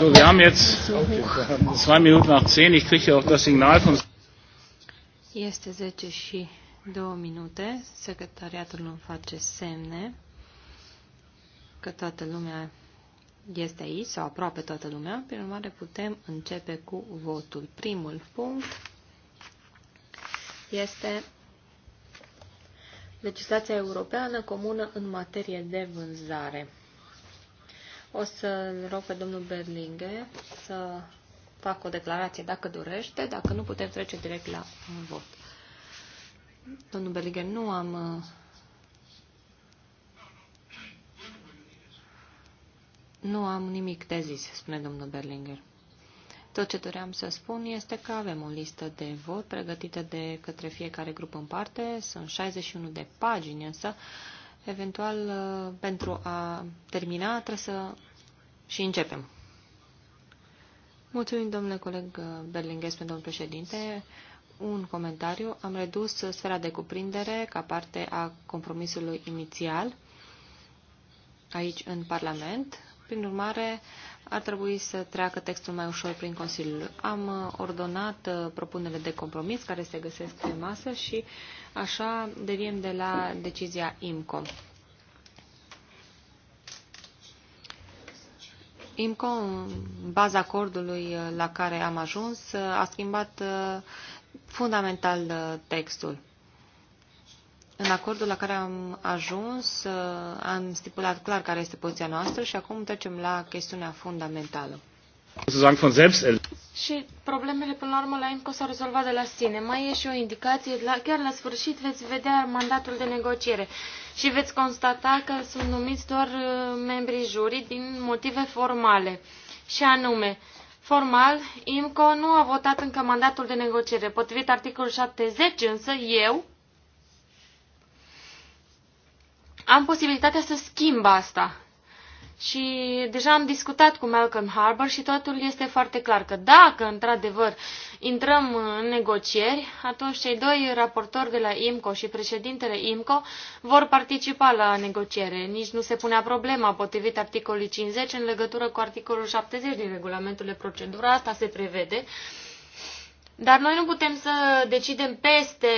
So, wir haben jetzt zwei Minuten nach zehn. Ich kriege auch das Signal von. Este 10 și 2 minute. Secretariatul îmi face semne că toată lumea este aici, sau aproape toată lumea. Prin urmare, putem începe cu votul. Primul punct este legislația europeană comună în materie de vânzare. O să-l rog pe domnul Berlinghe să facă o declarație dacă dorește, dacă nu putem trece direct la un vot. Domnul Berlinghe, nu am... Nu am nimic de zis, spune domnul Berlinger. Tot ce doream să spun este că avem o listă de vot pregătită de către fiecare grup în parte. Sunt 61 de pagini, însă uh, Eventual, uh, pentru a termina, trebuie să și începem. Mulțumim, domnule coleg Berlinghes, domnul președinte. Un comentariu. Am redus sfera de cuprindere ca parte a compromisului inițial aici în Parlament prin urmare, ar trebui să treacă textul mai ușor prin Consiliul. Am uh, ordonat uh, propunerile de compromis care se găsesc pe masă și așa deviem de la decizia IMCO. IMCO, în baza acordului uh, la care am ajuns, a schimbat fundamental textul. În acordul la care am ajuns, uh, am stipulat clar care este poziția noastră și acum trecem la chestiunea fundamentală. Și problemele, până la urmă, la IMCO s-au rezolvat de la sine. Mai e și o indicație, la, chiar la sfârșit veți vedea mandatul de negociere și veți constata că sunt numiți doar uh, membrii jurii din motive formale. Și anume, formal, IMCO nu a votat încă mandatul de negociere. Potrivit articolul 70, însă, eu, am posibilitatea să schimb asta. Și deja am discutat cu Malcolm Harbour și totul este foarte clar că dacă, într-adevăr, intrăm în negocieri, atunci cei doi raportori de la IMCO și președintele IMCO vor participa la negociere. Nici nu se punea problema potrivit articolului 50 în legătură cu articolul 70 din regulamentul de procedură. Asta se prevede. Dar noi nu putem să decidem peste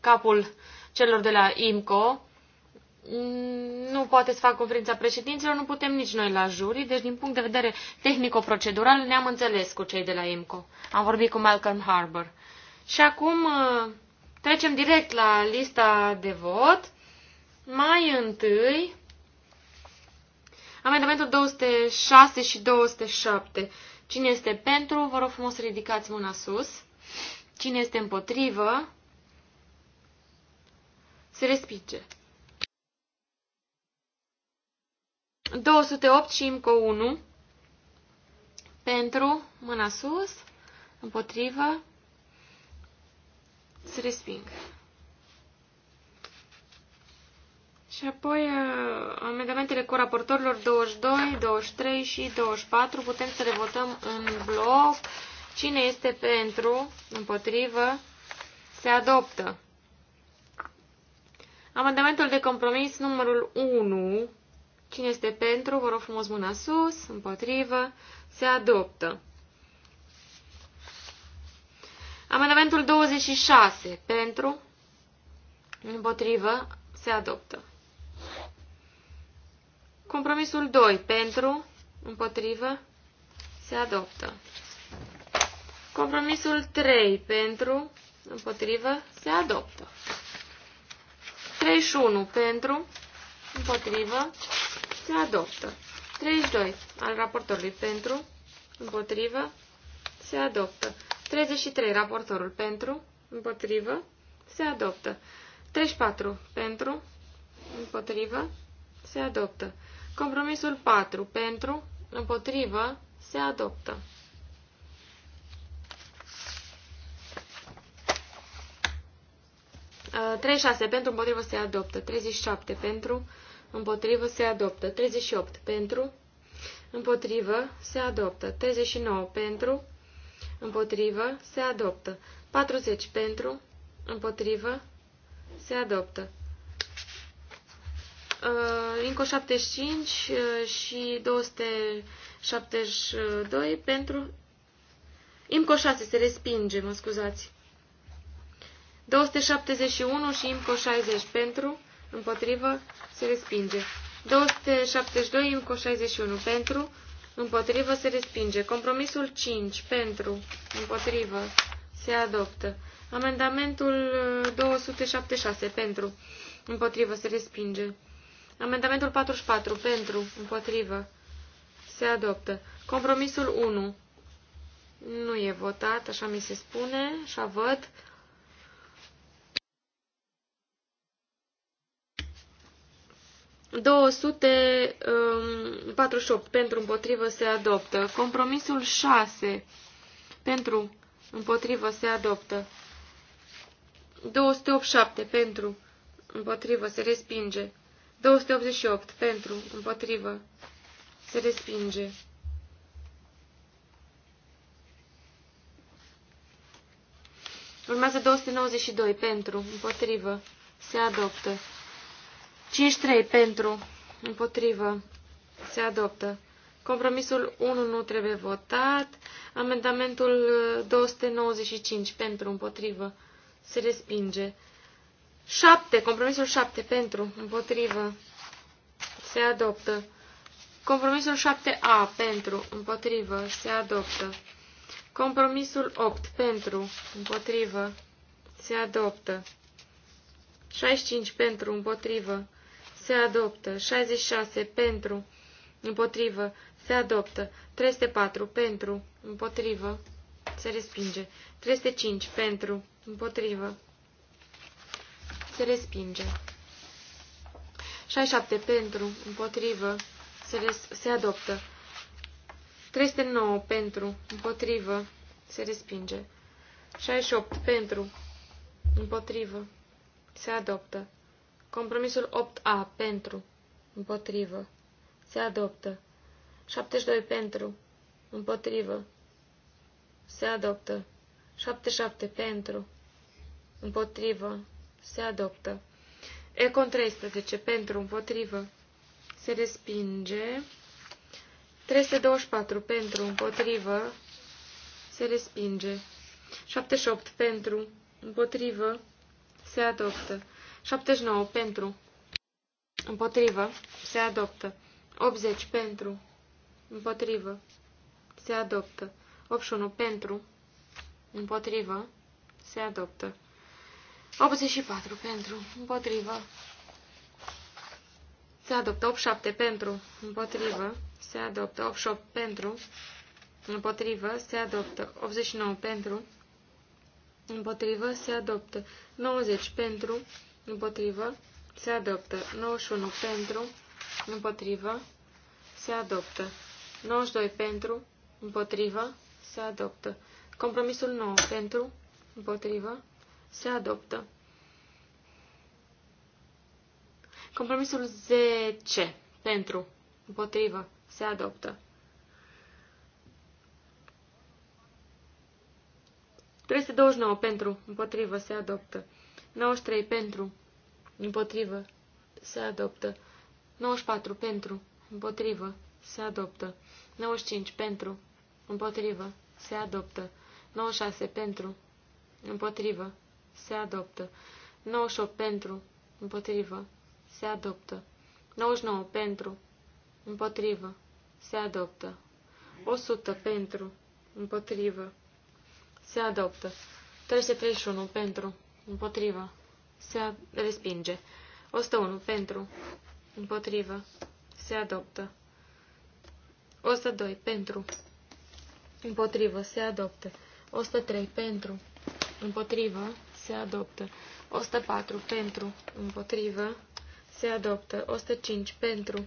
capul celor de la IMCO, nu poate să facă conferința președinților, nu putem nici noi la jurii, deci din punct de vedere tehnico-procedural ne-am înțeles cu cei de la IMCO. Am vorbit cu Malcolm Harbour. Și acum uh, trecem direct la lista de vot. Mai întâi, amendamentul 206 și 207. Cine este pentru, vă rog frumos să ridicați mâna sus. Cine este împotrivă, se respinge. 208 și încă 1 pentru, mâna sus, împotrivă, se resping. Și apoi uh, amendamentele cu raportorilor 22, 23 și 24 putem să le votăm în bloc. Cine este pentru, împotrivă, se adoptă. Amendamentul de compromis numărul 1 Cine este pentru, vă rog frumos mâna sus, împotrivă, se adoptă. Amendamentul 26, pentru, împotrivă, se adoptă. Compromisul 2, pentru, împotrivă, se adoptă. Compromisul 3, pentru, împotrivă, se adoptă. 31, pentru, împotrivă, se adoptă. 32 al raportorului pentru, împotrivă, se adoptă. 33 raportorul pentru, împotrivă, se adoptă. 34 pentru, împotrivă, se adoptă. Compromisul 4 pentru, împotrivă, se adoptă. Uh, 36 pentru, împotrivă, se adoptă. 37 pentru, împotrivă, se adoptă. 38 pentru, împotrivă, se adoptă. 39 pentru, împotrivă, se adoptă. 40 pentru, împotrivă, se adoptă. Uh, Inco 75 uh, și 272 pentru... Imco 6 se respinge, mă scuzați. 271 și Imco 60 pentru, împotrivă, se respinge. 272, IMCO 61, pentru, împotrivă, se respinge. Compromisul 5, pentru, împotrivă, se adoptă. Amendamentul 276, uh, pentru, împotrivă, se respinge. Amendamentul 44, pentru, împotrivă, se adoptă. Compromisul 1, nu e votat, așa mi se spune, așa văd. 248 um, pentru împotrivă se adoptă. Compromisul 6 pentru împotrivă se adoptă. 287 pentru împotrivă se respinge. 288 pentru împotrivă se respinge. Urmează 292 pentru împotrivă se adoptă. 53 pentru, împotrivă, se adoptă. Compromisul 1 nu trebuie votat. Amendamentul 295 pentru, împotrivă, se respinge. 7, compromisul 7 pentru, împotrivă, se adoptă. Compromisul 7A pentru, împotrivă, se adoptă. Compromisul 8 pentru, împotrivă, se adoptă. 65 pentru, împotrivă, se adoptă. 66 pentru, împotrivă, se adoptă. 304 pentru, împotrivă, se respinge. 305 pentru, împotrivă, se respinge. 67 pentru, împotrivă, se, res, se adoptă. 309 pentru, împotrivă, se respinge. 68 pentru, împotrivă, se adoptă. Compromisul 8A pentru, împotrivă, se adoptă. 72 pentru, împotrivă, se adoptă. 77 pentru, împotrivă, se adoptă. Econ 13 pentru, împotrivă, se respinge. 324 pentru, împotrivă, se respinge. 78 pentru, împotrivă, se adoptă. 79 pentru, împotrivă, se adoptă. 80 pentru, împotrivă, se adoptă. 81 pentru, împotrivă, se adoptă. 84 pentru, împotrivă, se adoptă. 87 pentru, împotrivă, se adoptă. 88 pentru, împotrivă, se adoptă. 89 pentru, împotrivă, se adoptă. 90 pentru, împotrivă, se adoptă. 91 pentru, împotrivă, se adoptă. 92 pentru, împotrivă, se adoptă. Compromisul 9 pentru, împotrivă, se adoptă. Compromisul 10 pentru, împotrivă, se adoptă. 329 pentru, împotrivă, se adoptă. 93 pentru, împotrivă, se adoptă. 94 pentru, împotrivă, se adoptă. 95 pentru, împotrivă, se adoptă. 96 pentru, împotrivă, se adoptă. 98 pentru, împotrivă, se adoptă. 99 pentru, împotrivă, se adoptă. 100 pentru, împotrivă, se adoptă. 331 pentru, împotrivă, se respinge. 101 pentru, împotrivă, se adoptă. 102 pentru, împotrivă, se adoptă. 103 pentru, împotrivă, se adoptă. 104 pentru, împotrivă, se adoptă. 105 pentru,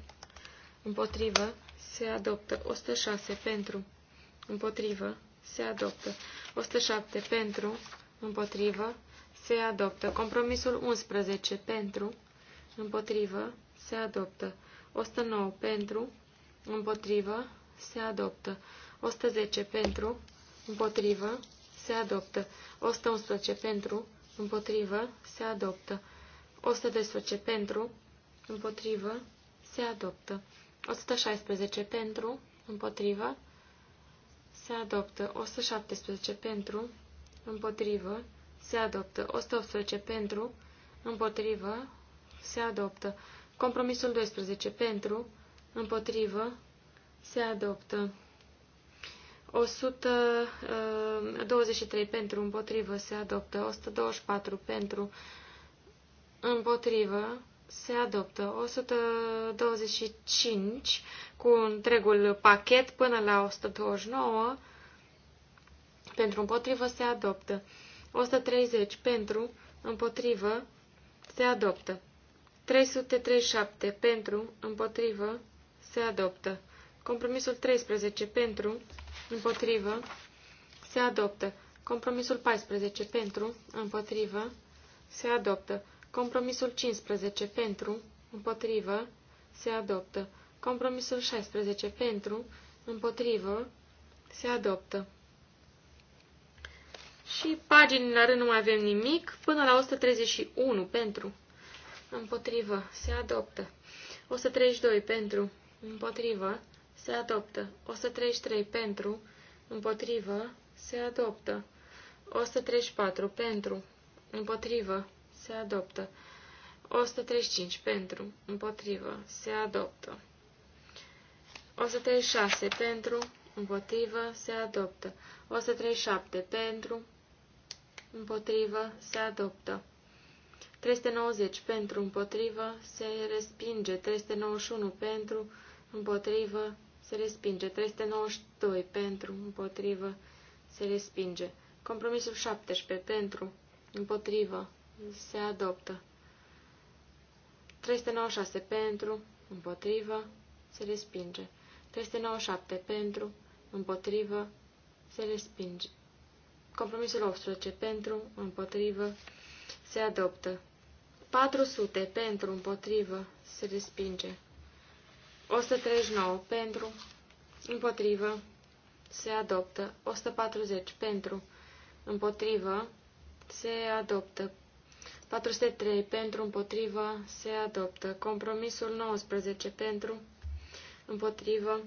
împotrivă, se adoptă. 106 pentru, împotrivă, se adoptă. 107 pentru, împotrivă, se adoptă. Compromisul 11 pentru, împotrivă, se adoptă. 109 pentru, împotrivă, se adoptă. 110 pentru, împotrivă, se adoptă. 111 pentru, împotrivă, se adoptă. 112 pentru, împotrivă, se adoptă. 116 pentru, împotrivă, se adoptă. 117 pentru, împotrivă, se adoptă. 118 pentru, împotrivă, se adoptă. Compromisul 12 pentru, împotrivă, se adoptă. 123 uh, pentru, împotrivă, se adoptă. 124 pentru, împotrivă, se adoptă. 125 cu întregul pachet până la 129 pentru împotrivă se adoptă. 130 pentru, împotrivă, se adoptă. 337 pentru, împotrivă, se adoptă. Compromisul 13 pentru, împotrivă, se adoptă. Compromisul 14 pentru, împotrivă, se adoptă. Compromisul 15 pentru, împotrivă, se adoptă. Compromisul 16 pentru, împotrivă, se adoptă. Și pagini la rând nu mai avem nimic, până la 131 pentru, împotrivă, se adoptă. 132 pentru, împotrivă, se adoptă. 133 pentru, împotrivă, se adoptă. 134 pentru, împotrivă, se adoptă. 135 pentru, împotrivă, se adoptă. 136 pentru, împotrivă, se adoptă. 137 pentru, împotrivă, se adoptă. 390 pentru, împotrivă, se respinge. 391 pentru, împotrivă, se respinge. 392 pentru, împotrivă, se respinge. Compromisul 17 pentru, împotrivă, se adoptă. 396 pentru, împotrivă, se respinge. 397 pentru, împotrivă, se respinge. Compromisul 18 pentru, împotrivă, se adoptă. 400 pentru, împotrivă, se respinge. 139 pentru, împotrivă, se adoptă. 140 pentru, împotrivă, se adoptă. 403 pentru, împotrivă, se adoptă. Compromisul 19 pentru, împotrivă,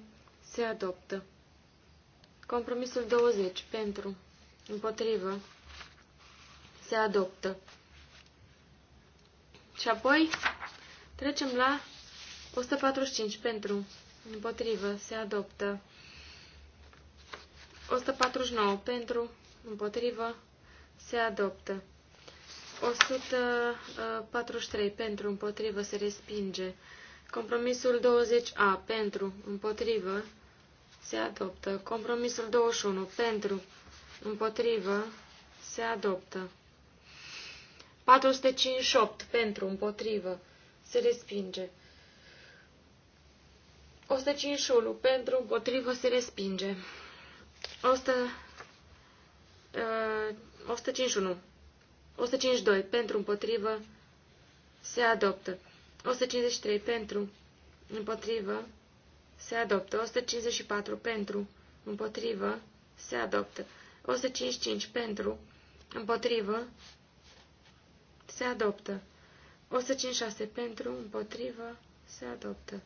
se adoptă. Compromisul 20 pentru, Împotrivă. Se adoptă. Și apoi trecem la 145 pentru. Împotrivă. Se adoptă. 149 pentru. Împotrivă. Se adoptă. 143 pentru. Împotrivă. Se respinge. Compromisul 20A pentru. Împotrivă. Se adoptă. Compromisul 21 pentru împotrivă, se adoptă. 458 pentru, împotrivă, se respinge. 151 pentru, împotrivă, se respinge. 100, uh, 151. 152 pentru, împotrivă, se adoptă. 153 pentru, împotrivă, se adoptă. 154 pentru, împotrivă, se adoptă. 155 pentru, împotrivă, se adoptă. 156 pentru, împotrivă, se adoptă.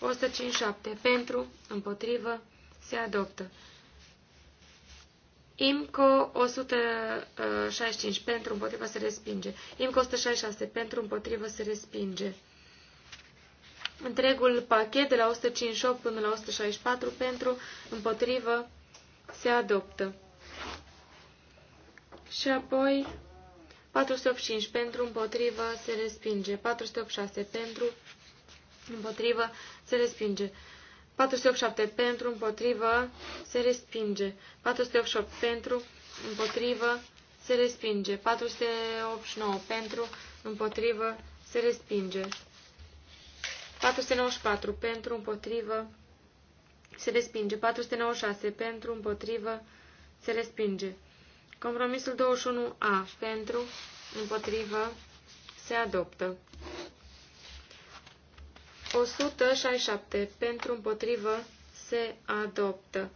157 pentru, împotrivă, se adoptă. IMCO 165 pentru, împotrivă, se respinge. IMCO 166 pentru, împotrivă, se respinge. Întregul pachet de la 158 până la 164 pentru, împotrivă, se adoptă. Și apoi 485 pentru, împotrivă, se respinge. 486 pentru, împotrivă, se respinge. 487 pentru, împotrivă, se respinge. 488 pentru, împotrivă, se respinge. 489 pentru, împotrivă, se respinge. 494 pentru, împotrivă, se respinge. 496 pentru, împotrivă, se respinge. Compromisul 21A pentru, împotrivă, se adoptă. 167 pentru, împotrivă, se adoptă.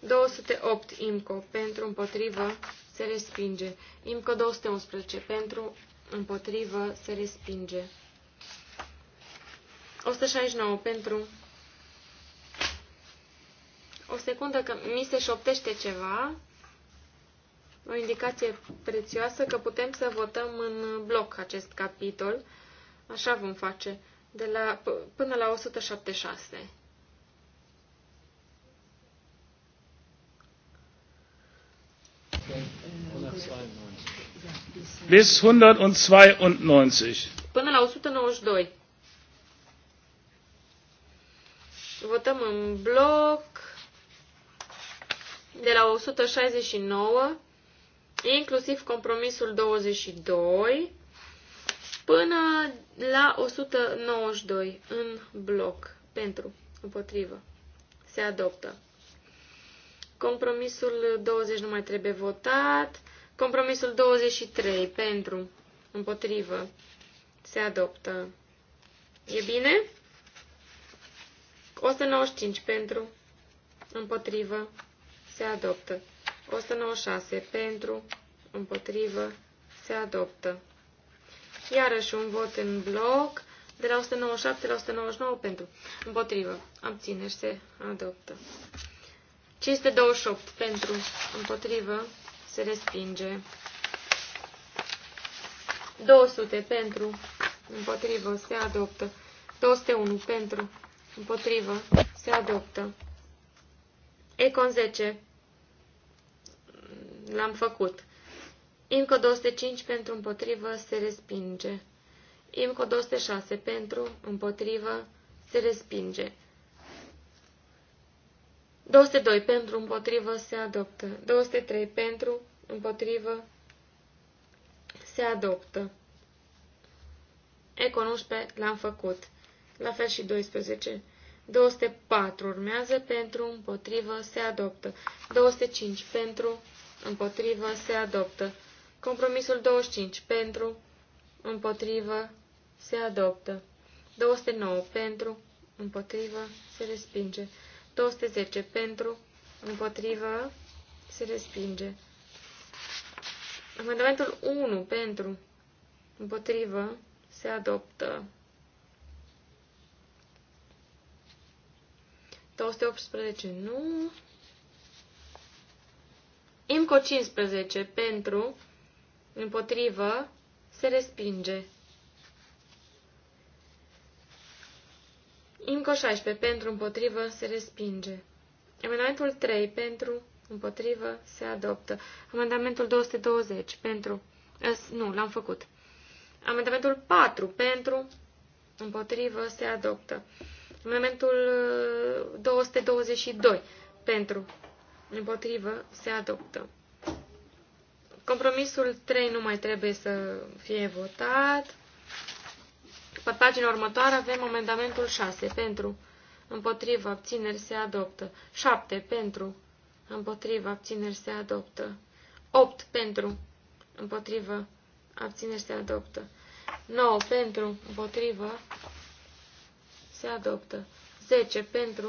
208 IMCO pentru, împotrivă, se respinge. IMCO 211 pentru, împotrivă, se respinge. 169 pentru... O secundă că mi se șoptește ceva o indicație prețioasă că putem să votăm în bloc acest capitol. Așa vom face, de la, până la 176. Bis 192. Până la 192. Votăm în bloc de la 169 inclusiv compromisul 22 până la 192 în bloc pentru, împotrivă. Se adoptă. Compromisul 20 nu mai trebuie votat. Compromisul 23 pentru, împotrivă. Se adoptă. E bine? 195 pentru, împotrivă. Se adoptă. 196 pentru, împotrivă, se adoptă. Iarăși un vot în bloc de la 197 la 199 pentru, împotrivă, abțineri, se adoptă. 528 pentru, împotrivă, se respinge. 200 pentru, împotrivă, se adoptă. 201 pentru, împotrivă, se adoptă. Econ 10 L-am făcut. IMCO 205 pentru împotrivă se respinge. IMCO 206 pentru împotrivă se respinge. 202 pentru împotrivă se adoptă. 203 pentru împotrivă se adoptă. Eco 11 l-am făcut. La fel și 12. 204 urmează pentru împotrivă se adoptă. 205 pentru împotrivă, se adoptă. Compromisul 25 pentru, împotrivă, se adoptă. 209 pentru, împotrivă, se respinge. 210 pentru, împotrivă, se respinge. Amendamentul 1 pentru, împotrivă, se adoptă. 218 nu. Imco 15 pentru, împotrivă, se respinge. Imco 16 pentru, împotrivă, se respinge. Amendamentul 3 pentru, împotrivă, se adoptă. Amendamentul 220 pentru, nu, l-am făcut. Amendamentul 4 pentru, împotrivă, se adoptă. Amendamentul 222 uh, pentru, Împotrivă. Se adoptă. Compromisul 3 nu mai trebuie să fie votat. Pe pagina următoare avem amendamentul 6. Pentru. Împotrivă. Abțineri. Se adoptă. 7. Pentru. Împotrivă. Abțineri. Se adoptă. 8. Pentru. Împotrivă. Abțineri. Se adoptă. 9. Pentru. Împotrivă. Se adoptă. 10. Pentru.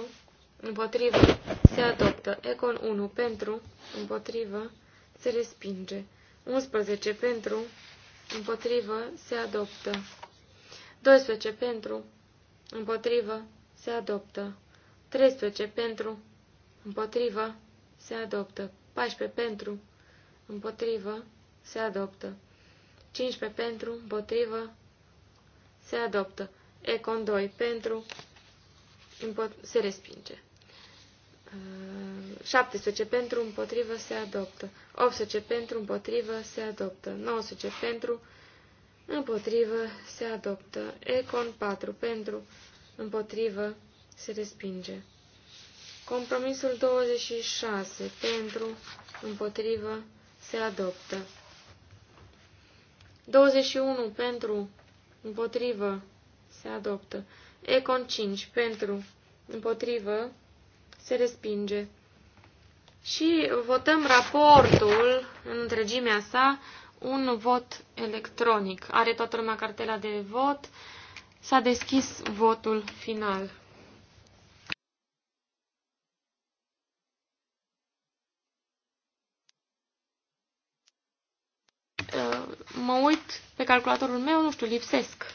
Împotrivă se adoptă. Econ 1 pentru, împotrivă, se respinge. 11 pentru, împotrivă, se adoptă. 12 pentru, împotrivă, se adoptă. 13 pentru, împotrivă, se adoptă. 14 pentru, împotrivă, se adoptă. 15 pentru, împotrivă, se adoptă. Econ 2 pentru, se respinge. 17 pentru împotrivă se adoptă. 18 pentru împotrivă se adoptă. 19 pentru împotrivă se adoptă. Econ 4 pentru împotrivă se respinge. Compromisul 26 pentru împotrivă se adoptă. 21 pentru împotrivă se adoptă. Econ 5 pentru împotrivă se respinge. Și votăm raportul în întregimea sa, un vot electronic. Are toată lumea cartela de vot. S-a deschis votul final. Uh, mă uit pe calculatorul meu, nu știu, lipsesc.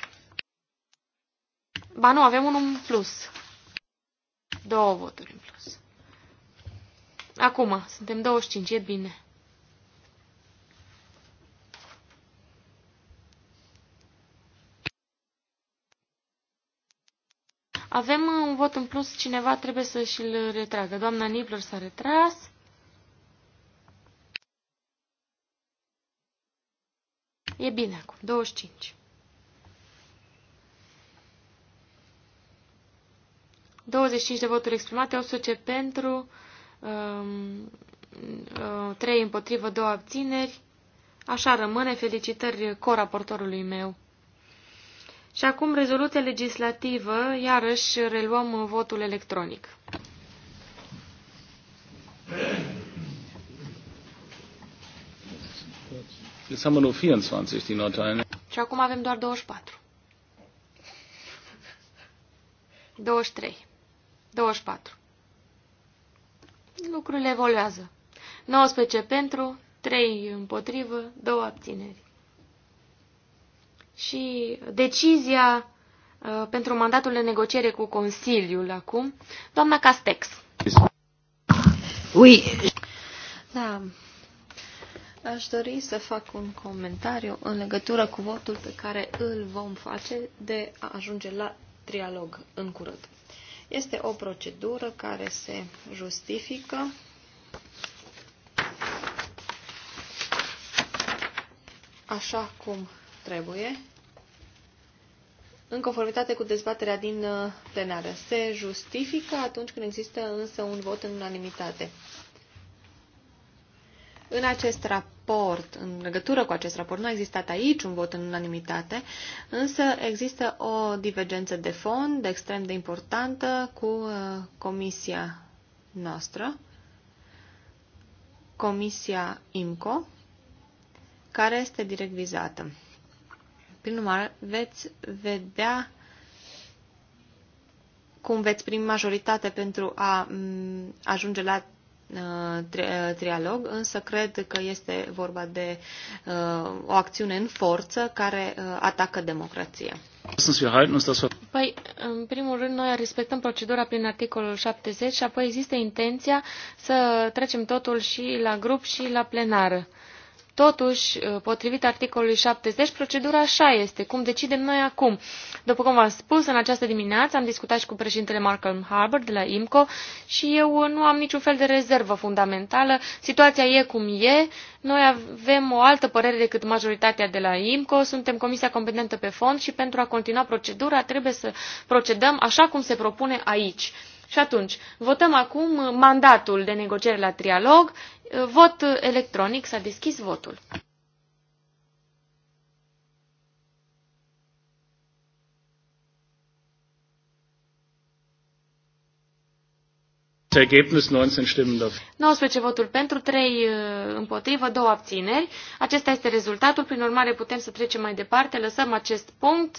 Ba nu, avem unul în plus. Două voturi în plus. Acum, suntem 25, e bine. Avem un vot în plus, cineva trebuie să și-l retragă. Doamna Nibler s-a retras. E bine acum, 25. 25 de voturi exprimate, 18 pentru, 3 um, uh, împotrivă, 2 abțineri. Așa rămâne. Felicitări coraportorului meu. Și acum rezoluția legislativă, iarăși reluăm votul electronic. Jetzt haben wir nur 24, die Nordteile. Și acum avem doar 24. 23. 24. Lucrurile evoluează. 19 pentru, 3 împotrivă, 2 abțineri. Și decizia uh, pentru mandatul de negociere cu Consiliul acum, doamna Castex. Ui. Da. Aș dori să fac un comentariu în legătură cu votul pe care îl vom face de a ajunge la trialog în curând. Este o procedură care se justifică așa cum trebuie, în conformitate cu dezbaterea din uh, plenară. Se justifică atunci când există însă un vot în unanimitate în acest raport, în legătură cu acest raport, nu a existat aici un vot în unanimitate, însă există o divergență de fond extrem de importantă cu uh, comisia noastră, comisia IMCO, care este direct vizată. Prin urmare, veți vedea cum veți primi majoritate pentru a mm, ajunge la Uh, uh, trialog, însă cred că este vorba de uh, o acțiune în forță care atacă democrația. Păi, în primul rând, noi respectăm procedura prin articolul 70 și apoi există intenția să trecem totul și la grup și la plenară. Totuși, potrivit articolului 70, procedura așa este, cum decidem noi acum. După cum v-am spus, în această dimineață am discutat și cu președintele Malcolm Harbour de la IMCO și eu nu am niciun fel de rezervă fundamentală. Situația e cum e, noi avem o altă părere decât majoritatea de la IMCO, suntem comisia competentă pe fond și pentru a continua procedura trebuie să procedăm așa cum se propune aici. Și atunci, votăm acum mandatul de negociere la trialog. Vot electronic, s-a deschis votul. Ergebnis 19 Stimmen dafür. 19 voturi pentru, 3 uh, împotrivă, 2 abțineri. Acesta este rezultatul. Prin urmare, putem să trecem mai departe. Lăsăm acest punct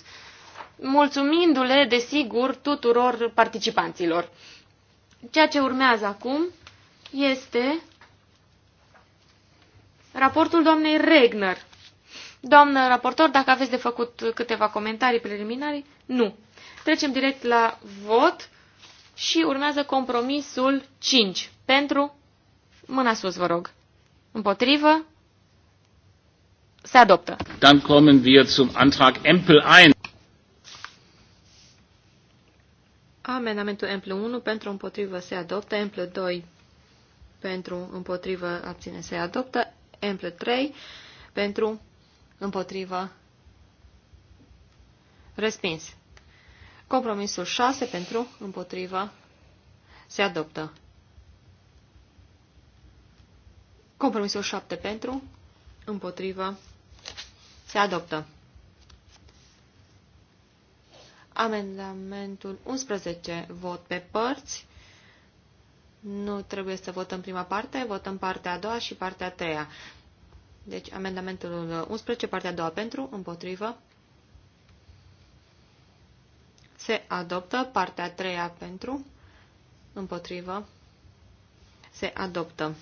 mulțumindu-le, desigur, tuturor participanților. Ceea ce urmează acum este raportul doamnei Regner. Doamnă raportor, dacă aveți de făcut câteva comentarii preliminare, nu. Trecem direct la vot și urmează compromisul 5. Pentru, mâna sus, vă rog. Împotrivă, se adoptă. Dann kommen wir zum Antrag Empel 1. Amendamentul m 1 pentru împotrivă se adoptă, m 2 pentru împotrivă abține se adoptă, m 3 pentru împotrivă respins. Compromisul 6 pentru împotrivă se adoptă. Compromisul 7 pentru împotrivă se adoptă. Amendamentul 11, vot pe părți. Nu trebuie să votăm prima parte, votăm partea a doua și partea a treia. Deci amendamentul 11, partea a doua pentru, împotrivă. Se adoptă partea a treia pentru, împotrivă. Se adoptă.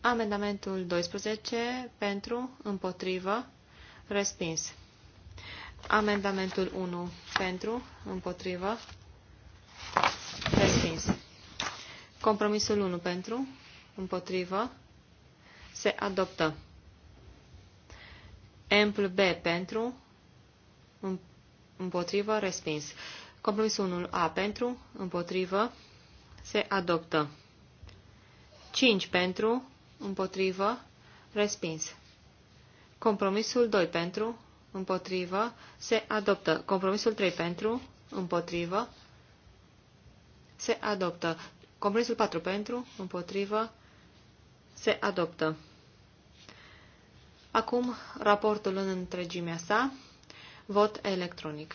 Amendamentul 12 pentru, împotrivă, respins. Amendamentul 1 pentru, împotrivă, respins. Compromisul 1 pentru, împotrivă, se adoptă. Empl B pentru, împotrivă, respins. Compromisul 1A pentru, împotrivă, se adoptă. 5 pentru, împotrivă, respins. Compromisul 2 pentru, împotrivă, se adoptă. Compromisul 3 pentru, împotrivă, se adoptă. Compromisul 4 pentru, împotrivă, se adoptă. Acum, raportul în întregimea sa, vot electronic.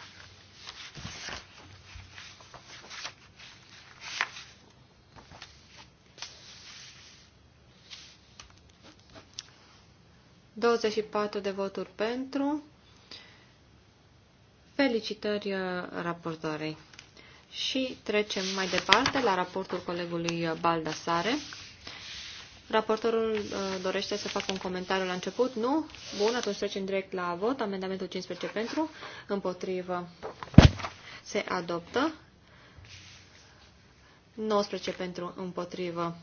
Douăzeci și patru de voturi pentru, Felicitări uh, raportoarei. Și trecem mai departe la raportul colegului uh, Baldasare. Raportorul uh, dorește să facă un comentariu la început? Nu? Bun, atunci trecem direct la vot. Amendamentul 15 pentru, împotrivă, se adoptă. 19 pentru, împotrivă,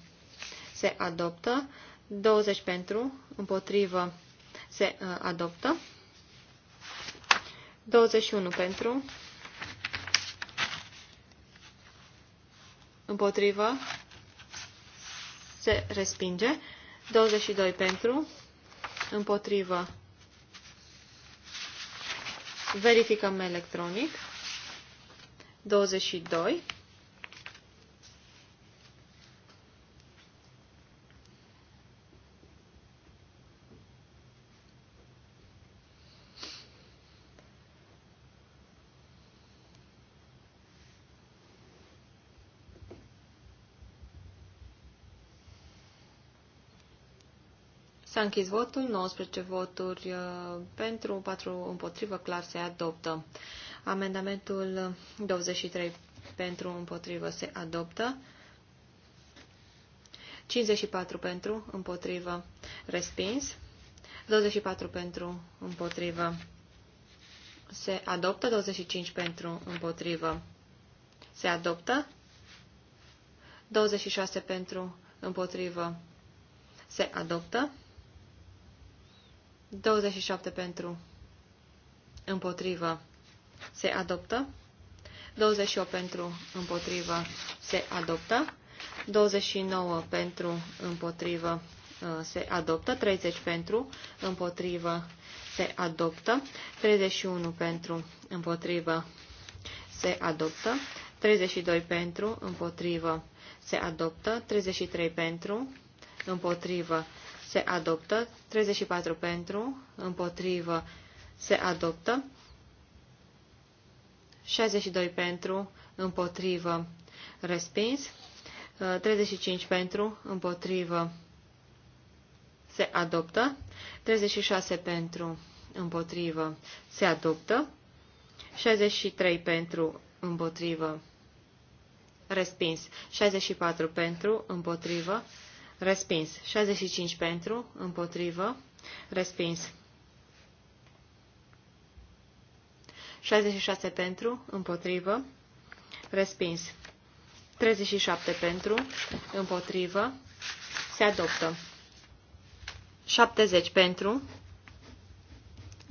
se adoptă. 20 pentru, împotrivă, se adoptă. 21 pentru, împotrivă, se respinge. 22 pentru, împotrivă, verificăm electronic. 22 a închis votul, 19 voturi uh, pentru, 4 împotrivă, clar se adoptă. Amendamentul 23 pentru, împotrivă, se adoptă. 54 pentru, împotrivă, respins. 24 pentru, împotrivă, se adoptă. 25 pentru, împotrivă, se adoptă. 26 pentru, împotrivă, se adoptă. 27 pentru. Împotrivă. Se adoptă. 28 pentru. Împotrivă. Se adoptă. 29 uh, pentru. Împotrivă. Se adoptă. 30 pentru. Împotrivă. Se adoptă. 31 pentru. Împotrivă. Se adoptă. 32 pentru. Împotrivă. Se adoptă. 33 pentru. Împotrivă se adoptă, 34 pentru, împotrivă, se adoptă, 62 pentru, împotrivă, respins, 35 pentru, împotrivă, se adoptă, 36 pentru, împotrivă, se adoptă, 63 pentru, împotrivă, respins, 64 pentru, împotrivă, Respins. 65 pentru, împotrivă. Respins. 66 pentru, împotrivă. Respins. 37 pentru, împotrivă. Se adoptă. 70 pentru,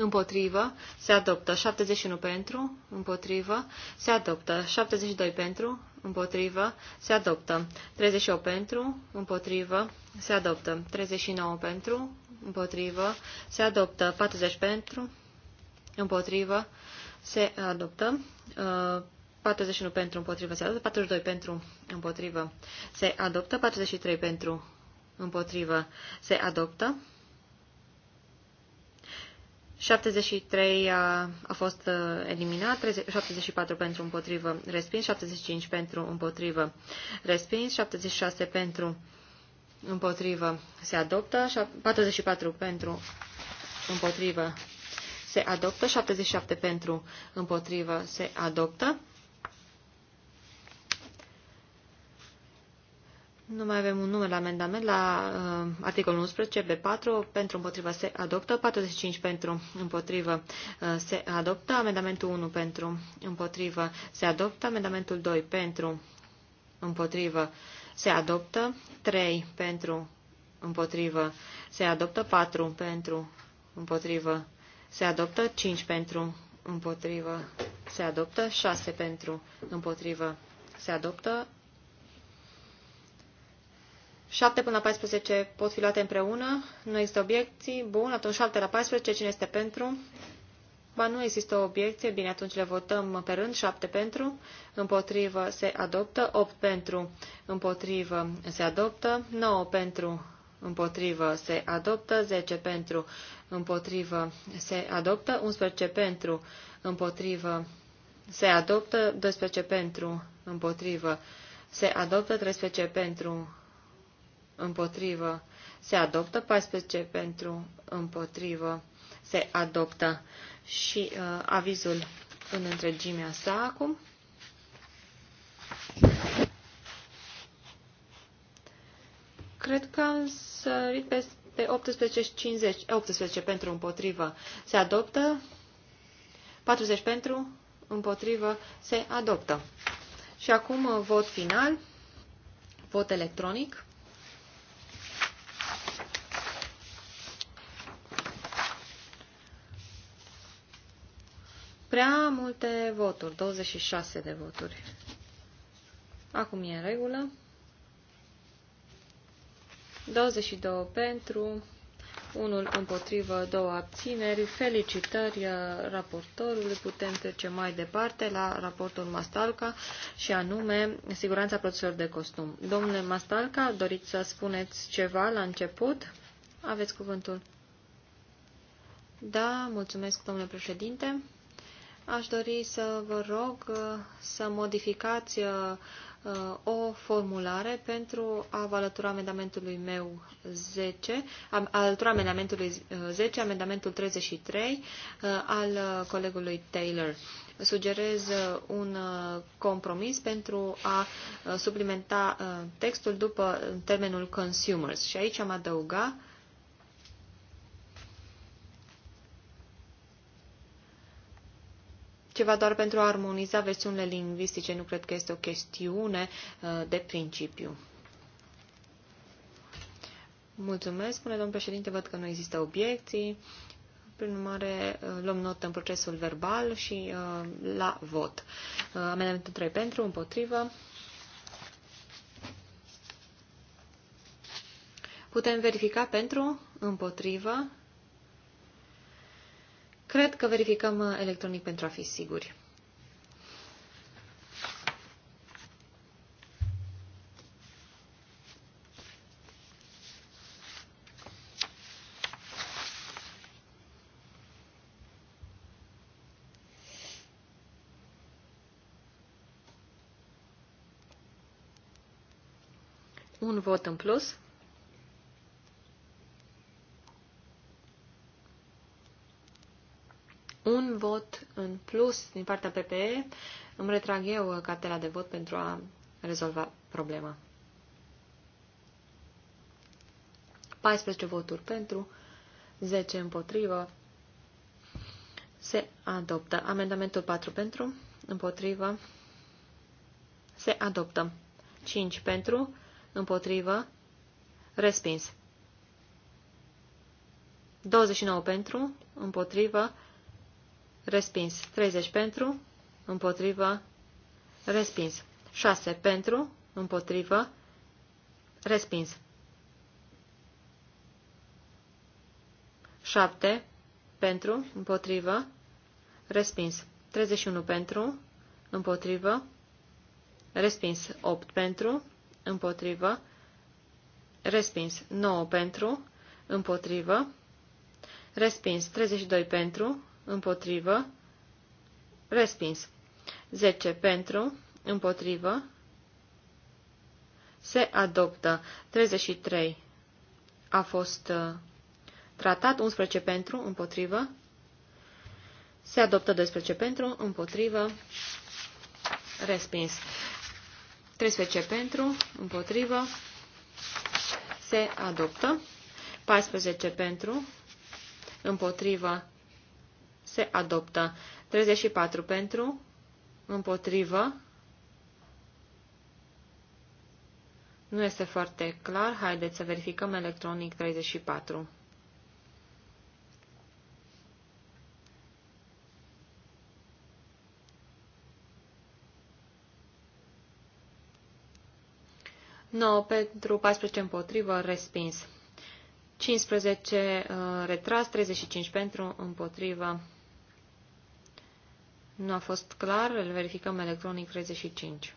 împotrivă, se adoptă 71 pentru, împotrivă, se adoptă 72 pentru, împotrivă, se adoptă 38 pentru, împotrivă, se adoptă 39 pentru, împotrivă, se adoptă 40 pentru, împotrivă, se adoptă 41 uh, pentru, împotrivă, se adoptă 42 pentru, împotrivă, se adoptă 43 pentru, împotrivă, se adoptă 73 a, a fost eliminat, 74 pentru împotrivă respins, 75 pentru împotrivă respins, 76 pentru împotrivă se adoptă, 44 pentru împotrivă se adoptă, 77 pentru împotrivă se adoptă, Nu mai avem un număr la amendament la uh, articolul 11, B4, pentru împotriva se adoptă, 45 pentru împotrivă uh, se adoptă, amendamentul 1 pentru împotrivă se adoptă, amendamentul 2 pentru împotrivă se adoptă, 3 pentru împotrivă se adoptă, 4 pentru împotrivă se adoptă, 5 pentru împotrivă se adoptă, 6 pentru împotrivă se adoptă, 7 până la 14 pot fi luate împreună. Nu există obiecții. Bun, atunci 7 la 14. Cine este pentru? Ba nu există o obiecție. Bine, atunci le votăm pe rând. 7 pentru, împotrivă se adoptă. 8 pentru, împotrivă se adoptă. 9 pentru, împotrivă se adoptă. 10 pentru, împotrivă se adoptă. 11 pentru, împotrivă se adoptă. 12 pentru, împotrivă se adoptă. 13 pentru, împotrivă, se adoptă, 14 pentru, împotrivă, se adoptă și uh, avizul în întregimea sa acum. Cred că am sărit peste 18, 50, 18 pentru împotrivă. Se adoptă 40 pentru împotrivă. Se adoptă. Și acum uh, vot final, vot electronic. Prea multe voturi, 26 de voturi. Acum e în regulă. 22 pentru, unul împotrivă, două abțineri. Felicitări uh, raportorului. Putem trece mai departe la raportul Mastalca și anume siguranța produselor de costum. Domnule Mastalca, doriți să spuneți ceva la început? Aveți cuvântul. Da, mulțumesc, domnule președinte. Aș dori să vă rog uh, să modificați uh, uh, o formulare pentru a vă alătura amendamentului meu 10, alătura amendamentului 10, amendamentul 33 al colegului Taylor. Sugerez un compromis pentru a suplimenta textul după termenul consumers și aici am adăugat ceva doar pentru a armoniza versiunile lingvistice. Nu cred că este o chestiune uh, de principiu. Mulțumesc, spune domnul președinte, văd că nu există obiecții. Prin urmare, uh, luăm notă în procesul verbal și uh, la vot. Amendamentul 3 pentru, împotrivă. Putem verifica pentru, împotrivă, Cred că verificăm uh, electronic pentru a fi siguri. Un vot în plus. plus din partea PPE, îmi retrag eu cartela de vot pentru a rezolva problema. 14 voturi pentru, 10 împotrivă. Se adoptă. Amendamentul 4 pentru, împotrivă. Se adoptă. 5 pentru, împotrivă. Respins. 29 pentru, împotrivă. Respins. 30 pentru. Împotrivă. Respins. 6 pentru. Împotrivă. Respins. 7 pentru. Împotrivă. Respins. 31 pentru. Împotrivă. Respins. 8 pentru. Împotrivă. Respins. 9 pentru. Împotrivă. Respins. 32 pentru împotrivă, respins. 10 pentru, împotrivă, se adoptă. 33 a fost uh, tratat, 11 pentru, împotrivă, se adoptă 12 pentru, împotrivă, respins. 13 pentru, împotrivă, se adoptă. 14 pentru, împotrivă, se adoptă. 34 pentru, împotrivă, nu este foarte clar, haideți să verificăm electronic 34. No, pentru 14 împotrivă, respins. 15 uh, retras, 35 pentru împotrivă, nu a fost clar, îl verificăm electronic 35.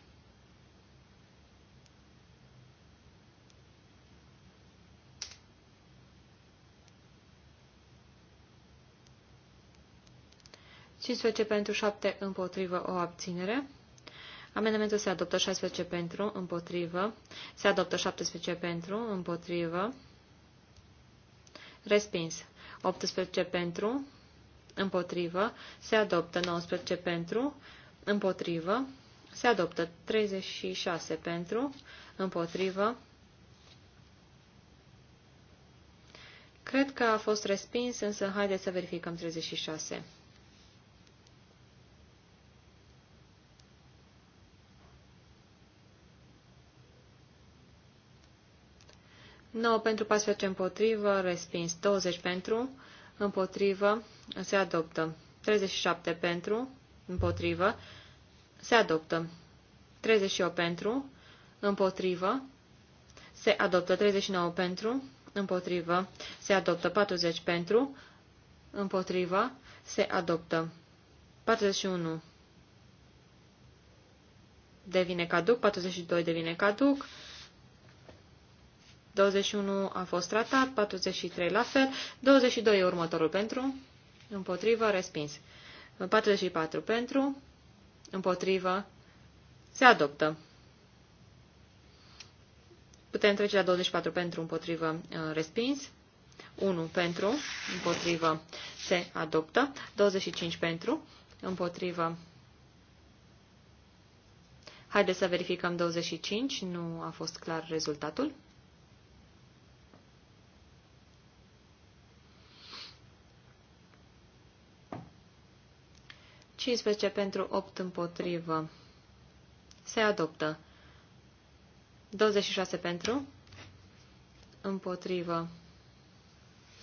ce pentru 7 împotrivă o abținere. Amendamentul se adoptă 16 pentru împotrivă. Se adoptă 17 pentru împotrivă. Respins. 18 pentru împotrivă, se adoptă 19 pentru, împotrivă, se adoptă 36 pentru, împotrivă. Cred că a fost respins, însă haideți să verificăm 36. No, pentru 14 împotrivă, respins 20 pentru, împotrivă, se adoptă. 37 pentru, împotrivă, se adoptă. 38 pentru, împotrivă, se adoptă. 39 pentru, împotrivă, se adoptă. 40 pentru, împotrivă, se adoptă. 41 devine caduc, 42 devine caduc, 21 a fost tratat, 43 la fel, 22 e următorul pentru, împotrivă, respins. 44 pentru, împotrivă, se adoptă. Putem trece la 24 pentru, împotrivă, uh, respins. 1 pentru, împotrivă, se adoptă. 25 pentru, împotrivă. Haideți să verificăm 25, nu a fost clar rezultatul. 15 pentru 8 împotrivă. Se adoptă. 26 pentru. Împotrivă.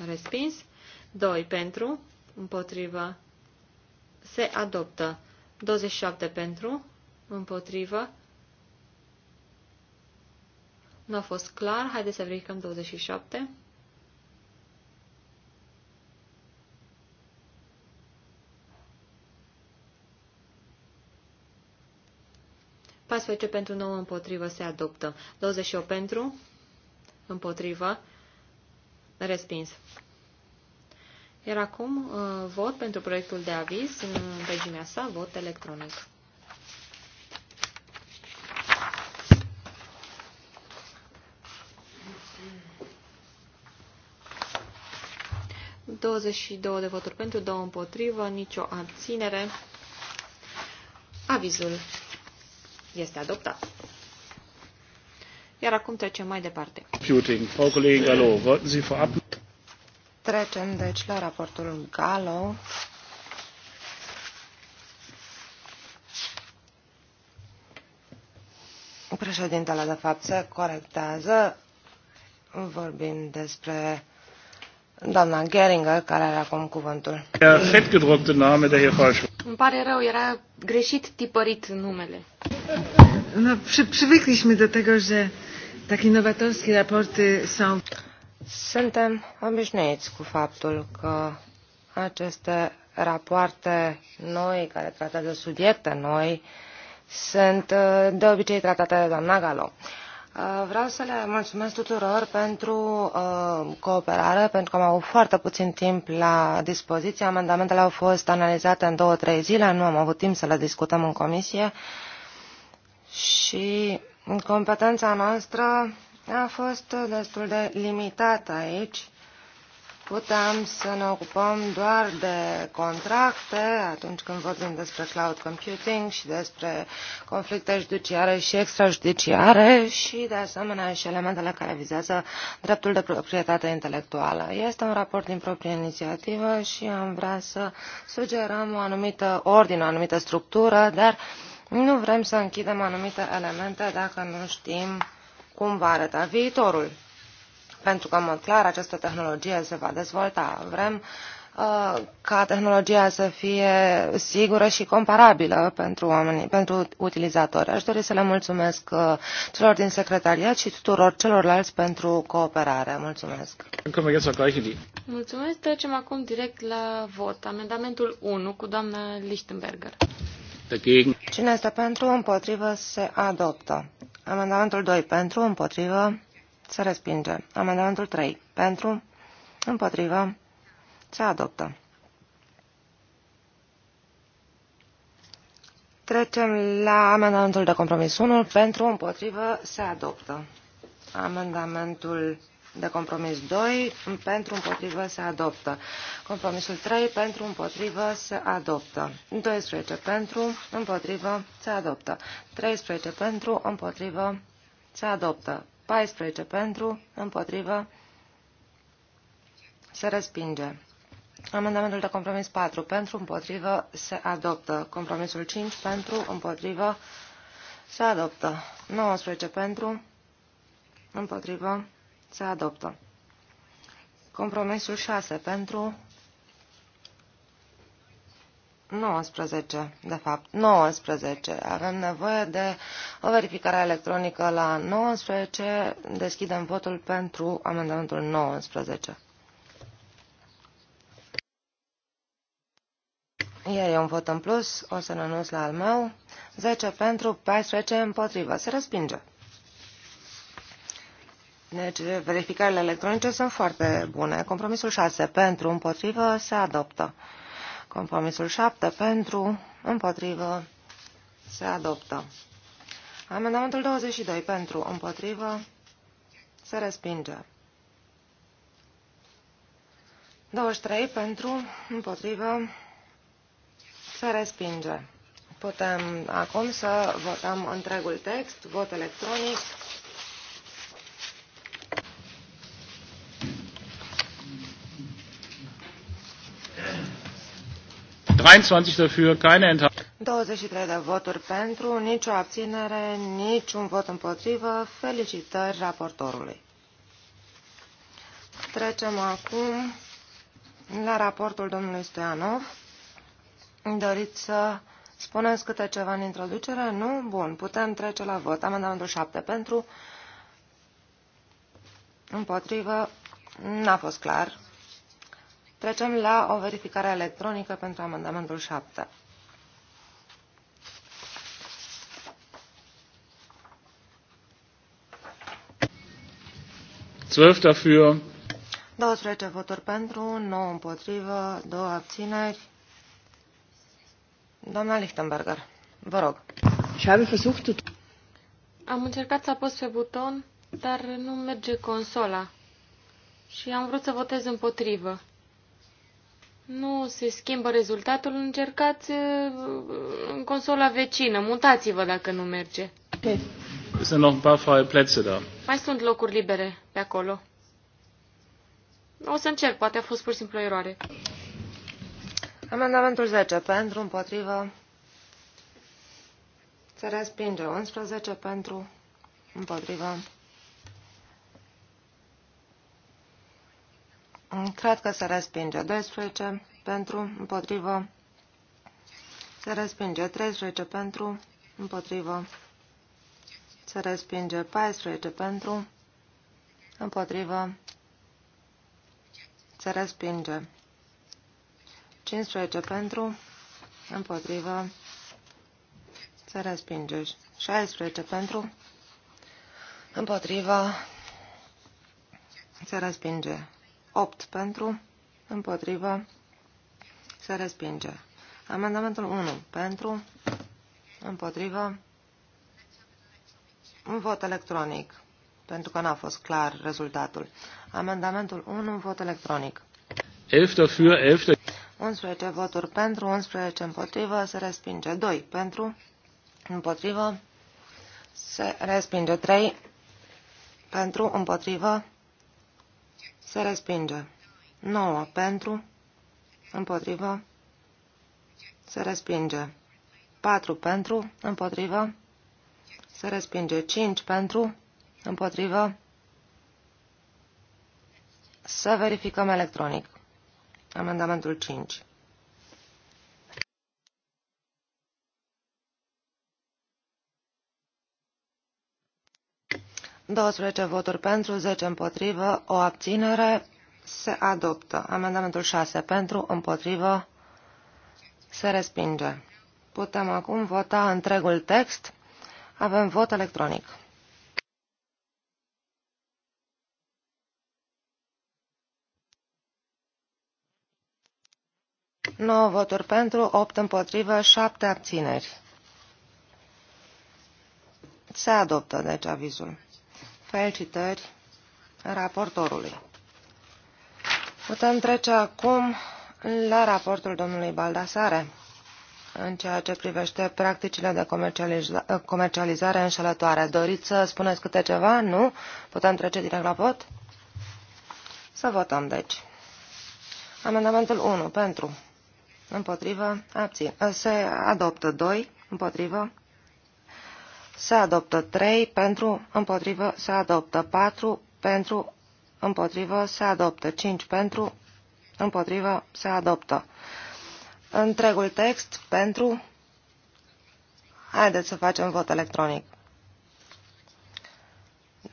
Respins. 2 pentru. Împotrivă. Se adoptă. 27 pentru. Împotrivă. Nu a fost clar. Haideți să verificăm 27. 14 pentru 9 împotrivă se adoptă. 28 pentru împotrivă respins. Iar acum uh, vot pentru proiectul de aviz în regimea sa, vot electronic. ...22 de voturi pentru, 2 împotrivă, nicio abținere. Avizul este adoptat. Iar acum trecem mai departe. Trecem, deci, la raportul Gallo. Președintele, de fapt, se corectează vorbind despre doamna Geringer, care are acum cuvântul. fettgedruckte Name, der hier falsch îmi pare rău, era greșit tipărit numele. No, przy, przywykliśmy do tego, że takie nowatorskie raporty są... Suntem obișnuiți cu faptul că aceste rapoarte noi, care tratează subiecte noi, sunt de obicei tratate de doamna Galo. Uh, Uh, vreau să le mulțumesc tuturor pentru uh, cooperare, pentru că am avut foarte puțin timp la dispoziție. Amendamentele au fost analizate în două-trei zile, nu am avut timp să le discutăm în comisie și competența noastră a fost destul de limitată aici putem să ne ocupăm doar de contracte atunci când vorbim despre cloud computing și despre conflicte judiciare și extrajudiciare și de asemenea și elementele care vizează dreptul de proprietate intelectuală. Este un raport din proprie inițiativă și am vrea să sugerăm o anumită ordine, o anumită structură, dar nu vrem să închidem anumite elemente dacă nu știm cum va arăta viitorul. Pentru că, în mod clar, această tehnologie se va dezvolta. Vrem uh, ca tehnologia să fie sigură și comparabilă pentru oamenii, pentru utilizatori. Aș dori să le mulțumesc uh, celor din secretariat și tuturor celorlalți pentru cooperare. Mulțumesc! Mulțumesc! Trecem acum direct la vot. Amendamentul 1 cu doamna Lichtenberger. Cine este pentru, împotrivă, se adoptă. Amendamentul 2 pentru, împotrivă, se respinge. Amendamentul 3. Pentru. Împotrivă. Se adoptă. Trecem la amendamentul de compromis 1. Pentru, împotrivă, se adoptă. Amendamentul de compromis 2. Pentru, împotrivă, se adoptă. Compromisul 3. Pentru, împotrivă, se adoptă. 12. Pentru, împotrivă, se adoptă. 13. Pentru, împotrivă, se adoptă. 14 pentru, împotrivă, se respinge. Amendamentul de compromis 4 pentru, împotrivă, se adoptă. Compromisul 5 pentru, împotrivă, se adoptă. 19 pentru, împotrivă, se adoptă. Compromisul 6 pentru, 19, de fapt, 19. Avem nevoie de o verificare electronică la 19. Deschidem votul pentru amendamentul 19. Iar e un vot în plus, o să renunț la al meu. 10 pentru, 14 împotrivă. Se respinge. Deci, verificările electronice sunt foarte bune. Compromisul 6 pentru, împotrivă, se adoptă. Compromisul 7 pentru, împotrivă, se adoptă. Amendamentul 22 pentru, împotrivă, se respinge. 23 pentru, împotrivă, se respinge. Putem acum să votăm întregul text, vot electronic. 23 dafür, keine Enthaltung. 23 de voturi pentru, nicio abținere, niciun vot împotrivă. Felicitări raportorului. Trecem acum la raportul domnului Stoianov. Doriți să spuneți câte ceva în introducere? Nu? Bun, putem trece la vot. Amendamentul 7 pentru, împotrivă, n-a fost clar. Trecem la o verificare electronică pentru amendamentul 7. dafür. 12 voturi pentru, 9 împotrivă, 2 abțineri. Doamna Lichtenberger, vă rog. Am încercat să apăs pe buton, dar nu merge consola. Și am vrut să votez împotrivă nu se schimbă rezultatul, încercați uh, în consola vecină, mutați-vă dacă nu merge. Sunt noch ein paar freie Plätze da. Mai sunt locuri libere pe acolo. O să încerc, poate a fost pur și simplu o eroare. Amendamentul 10 pentru, împotrivă. Se respinge 11 pentru, împotrivă. Cred că se respinge. 12 pentru, împotrivă. Se respinge. 13 pentru, împotrivă. Se respinge. 14 pentru, împotrivă. Se respinge. 15 pentru, împotrivă. Se respinge. 16 pentru, împotrivă. Se respinge. 8 pentru, împotrivă, se respinge. Amendamentul 1 pentru, împotrivă, un vot electronic, pentru că n-a fost clar rezultatul. Amendamentul 1, vot electronic. 11 11 voturi pentru, 11 împotrivă, se respinge. 2 pentru, împotrivă, se respinge. 3 pentru, împotrivă, se respinge. 9 pentru. Împotrivă. Se respinge. 4 pentru. Împotrivă. Se respinge. 5 pentru. Împotrivă. Să verificăm electronic. Amendamentul 5. 12 voturi pentru, 10 împotrivă, o abținere, se adoptă. Amendamentul 6 pentru, împotrivă, se respinge. Putem acum vota întregul text. Avem vot electronic. Nouă voturi pentru, opt împotrivă, șapte abțineri. Se adoptă, deci, avizul. Felicitări raportorului. Putem trece acum la raportul domnului Baldasare în ceea ce privește practicile de comercializare înșelătoare. Doriți să spuneți câte ceva? Nu? Putem trece direct la vot? Să votăm, deci. Amendamentul 1. Pentru. Împotrivă. Abțin. Se adoptă 2. Împotrivă se adoptă 3 pentru, împotrivă, se adoptă 4 pentru, împotrivă, se adoptă 5 pentru, împotrivă, se adoptă. Întregul text pentru, haideți să facem vot electronic.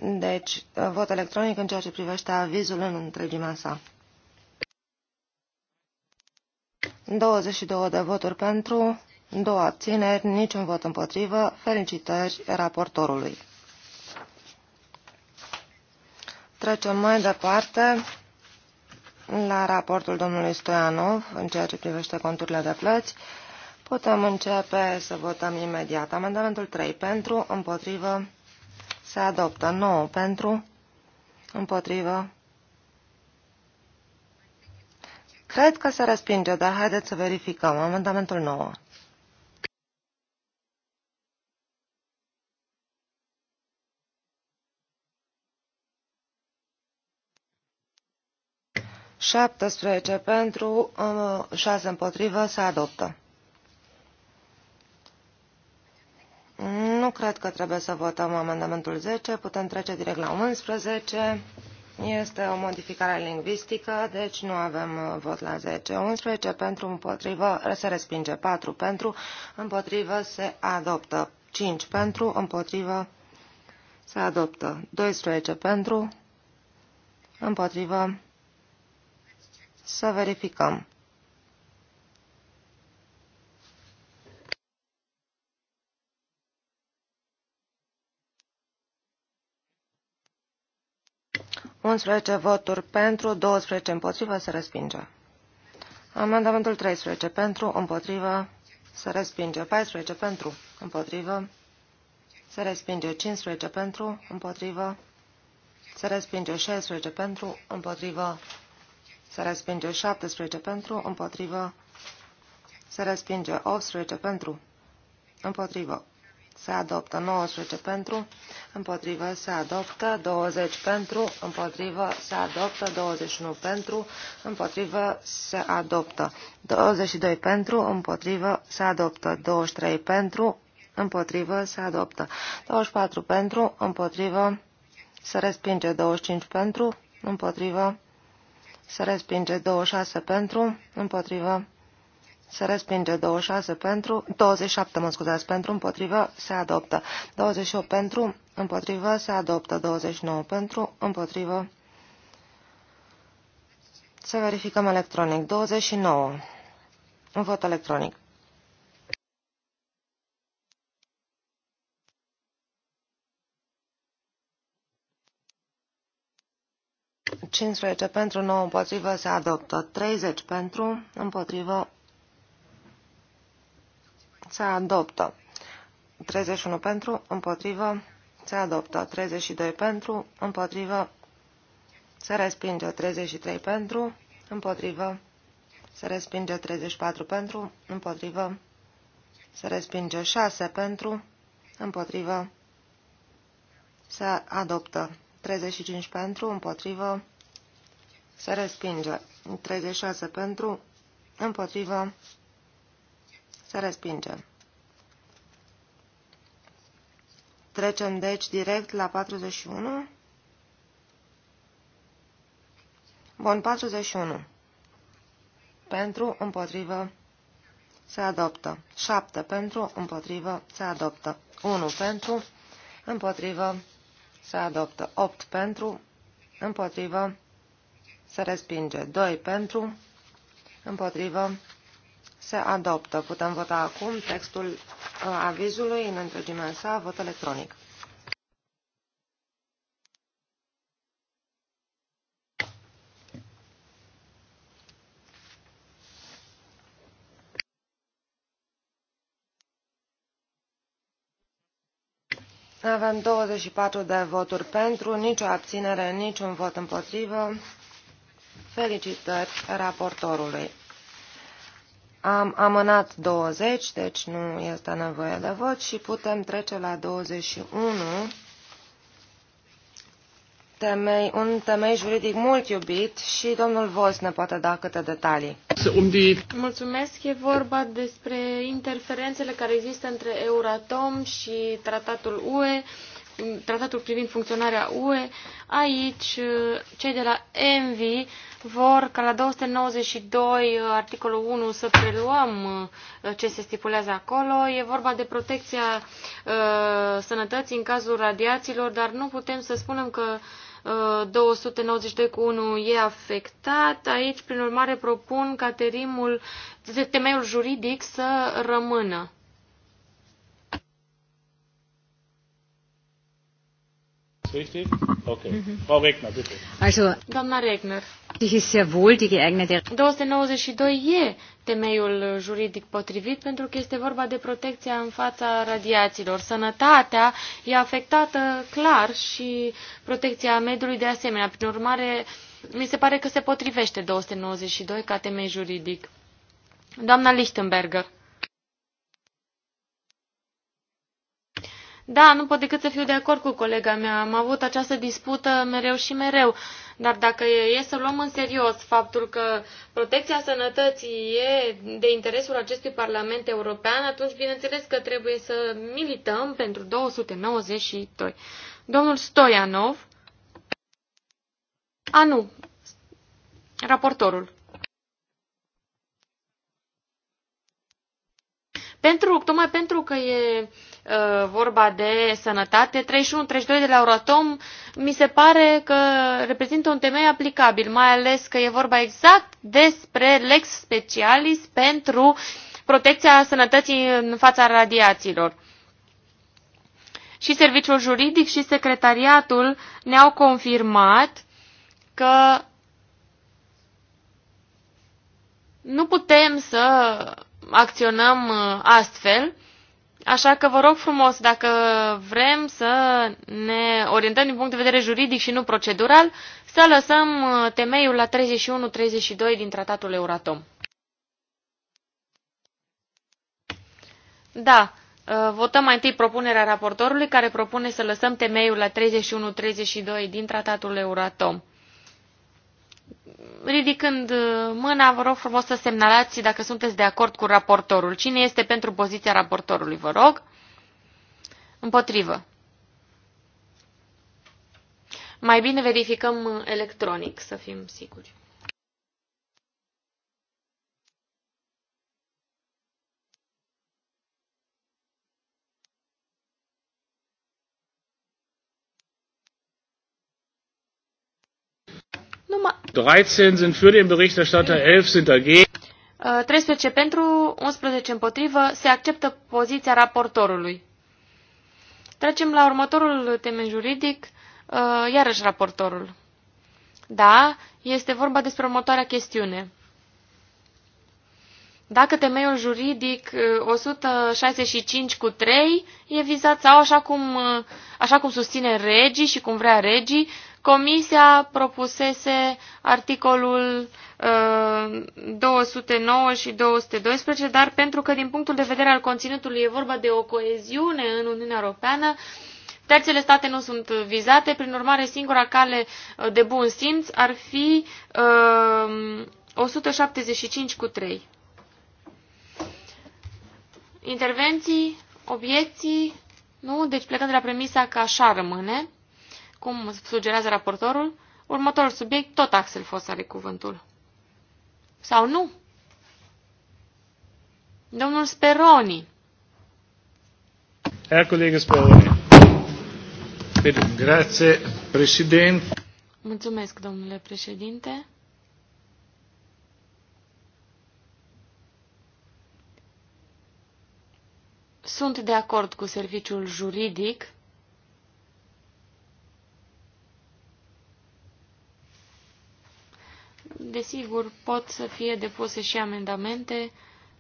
Deci, vot electronic în ceea ce privește avizul în întregimea sa. 22 de voturi pentru, două abțineri, niciun vot împotrivă. Felicitări raportorului. Trecem mai departe la raportul domnului Stoianov în ceea ce privește conturile de plăți. Putem începe să votăm imediat. Amendamentul 3 pentru, împotrivă, se adoptă. 9 pentru, împotrivă. Cred că se respinge, dar haideți să verificăm. Amendamentul 9. 17 pentru, 6 um, împotrivă, se adoptă. Nu cred că trebuie să votăm amendamentul 10, putem trece direct la 11. Este o modificare lingvistică, deci nu avem uh, vot la 10. 11 pentru, împotrivă, se respinge. 4 pentru, împotrivă, se adoptă. 5 pentru, împotrivă, se adoptă. 12 pentru, împotrivă, să verificăm. Unsprezece voturi pentru, 12 împotrivă, se respinge. Amendamentul 13 pentru, împotrivă, se respinge. 14 pentru, împotrivă, se respinge. 15 pentru, împotrivă, se respinge. 16 pentru, împotrivă, se respinge 17 pentru, împotrivă, se respinge 18 pentru, împotrivă, se adoptă 19 pentru, împotrivă, se adoptă 20 pentru, împotrivă, se adoptă 21 pentru, împotrivă, se adoptă 22 pentru, împotrivă, se adoptă 23 pentru, împotrivă, se adoptă 24 pentru, împotrivă, se respinge 25 pentru, împotrivă, se respinge 26 pentru, împotrivă. Se respinge 26 pentru, 27, mă scuzați, pentru, împotrivă, se adoptă. 28 pentru, împotrivă, se adoptă. 29 pentru, împotrivă. Să verificăm electronic. 29. Vot electronic. 15 pentru, 9 împotrivă, se adoptă. 30 pentru, împotrivă, se adoptă. 31 pentru, împotrivă, se adoptă. 32 pentru, împotrivă, se respinge. 33 pentru, împotrivă, se respinge. 34 pentru, împotrivă, se respinge. 6 pentru, împotrivă, se adoptă. 35 pentru, împotrivă, se respinge. 36 pentru. Împotrivă. Se respinge. Trecem deci direct la 41. Bun, 41. Pentru, împotrivă, se adoptă. 7 pentru, împotrivă, se adoptă. 1 pentru, împotrivă, se adoptă. 8 pentru, împotrivă, se adoptă se respinge. 2 pentru, împotrivă, se adoptă. Putem vota acum textul uh, avizului în întregimea sa, vot electronic. Avem 24 de voturi pentru, nicio abținere, niciun vot împotrivă. Felicitări raportorului. Am amânat 20, deci nu este nevoie de vot și putem trece la 21. Temei, un temei juridic mult iubit și domnul Vos ne poate da câte detalii. Mulțumesc. E vorba despre interferențele care există între Euratom și tratatul UE tratatul privind funcționarea UE, aici uh, cei de la ENVI vor ca la 292 uh, articolul 1 să preluăm uh, ce se stipulează acolo. E vorba de protecția uh, sănătății în cazul radiațiilor, dar nu putem să spunem că uh, 292 cu 1 e afectat. Aici, prin urmare, propun ca terimul, temeiul juridic să rămână. Richtig? Okay. Mhm. Frau Regner, bitte. Also, Doamna Regner. Ist sehr wohl die geeignete. 292 e temeiul juridic potrivit pentru că este vorba de protecția în fața radiațiilor. Sănătatea e afectată clar și protecția mediului de asemenea. Prin urmare, mi se pare că se potrivește 292 ca temei juridic. Doamna Lichtenberger. Da, nu pot decât să fiu de acord cu colega mea. Am avut această dispută mereu și mereu. Dar dacă e să luăm în serios faptul că protecția sănătății e de interesul acestui Parlament European, atunci bineînțeles că trebuie să milităm pentru 292. Domnul Stoianov. A, nu. Raportorul. Pentru, tocmai pentru că e Uh, vorba de sănătate, 31-32 de la Euratom, mi se pare că reprezintă un temei aplicabil, mai ales că e vorba exact despre lex specialis pentru protecția sănătății în fața radiațiilor. Și serviciul juridic și secretariatul ne-au confirmat că nu putem să acționăm uh, astfel, Așa că vă rog frumos, dacă vrem să ne orientăm din punct de vedere juridic și nu procedural, să lăsăm uh, temeiul la 31-32 din tratatul Euratom. Da, uh, votăm mai întâi propunerea raportorului care propune să lăsăm temeiul la 31-32 din tratatul Euratom. Ridicând uh, mâna, vă rog frumos să semnalați dacă sunteți de acord cu raportorul. Cine este pentru poziția raportorului, vă rog? Împotrivă. Mai bine verificăm uh, electronic, să fim siguri. Numai... 13 sunt für den Berichterstatter, 11 sunt dagegen. 13 uh, pentru, 11 împotrivă, se acceptă poziția raportorului. Trecem la următorul temen juridic, uh, iarăși raportorul. Da, este vorba despre următoarea chestiune. Dacă temeiul juridic 165 uh, cu 3 e vizat sau așa cum, așa cum susține regii și cum vrea regii, Comisia propusese articolul uh, 209 și 212, dar pentru că din punctul de vedere al conținutului e vorba de o coeziune în Uniunea Europeană, terțele state nu sunt vizate, prin urmare singura cale de bun simț ar fi uh, 175 cu 3. Intervenții, obiecții, nu? Deci plecând de la premisa că așa rămâne cum sugerează raportorul, următorul subiect, tot Axel Foss are cuvântul. Sau nu? Domnul Speroni. Herr Kollege Speroni. Bine, grazie, președinte. Mulțumesc, domnule președinte. Sunt de acord cu serviciul juridic desigur, pot să fie depuse și amendamente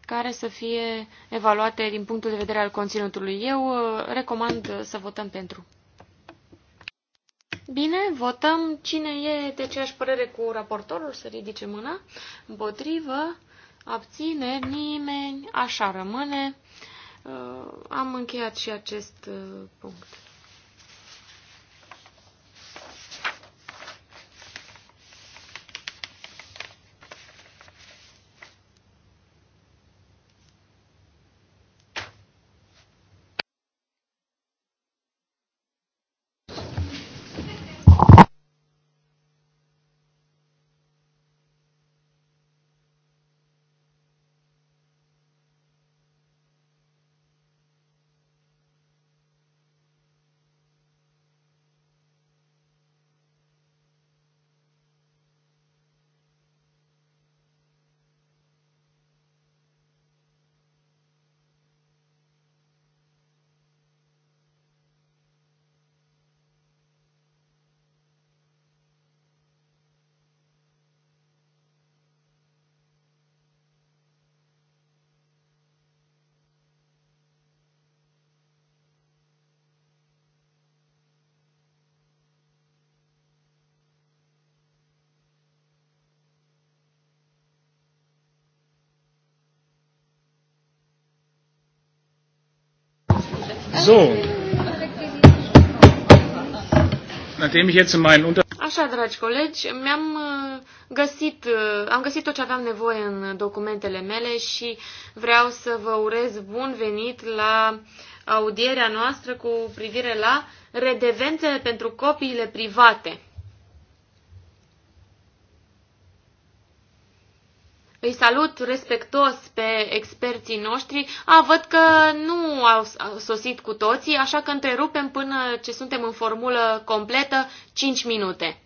care să fie evaluate din punctul de vedere al conținutului. Eu uh, recomand să votăm pentru. Bine, votăm. Cine e de aceeași părere cu raportorul să ridice mâna? Împotrivă, abține, nimeni, așa rămâne. Uh, am încheiat și acest uh, punct. So. Nachdem ich jetzt in meinen Unter Așa, dragi colegi, mi-am uh, găsit, uh, am găsit tot ce aveam nevoie în documentele mele și vreau să vă urez bun venit la audierea noastră cu privire la redevențele pentru copiile private. Îi salut respectos pe experții noștri. A, văd că nu au sosit cu toții, așa că întrerupem până ce suntem în formulă completă 5 minute.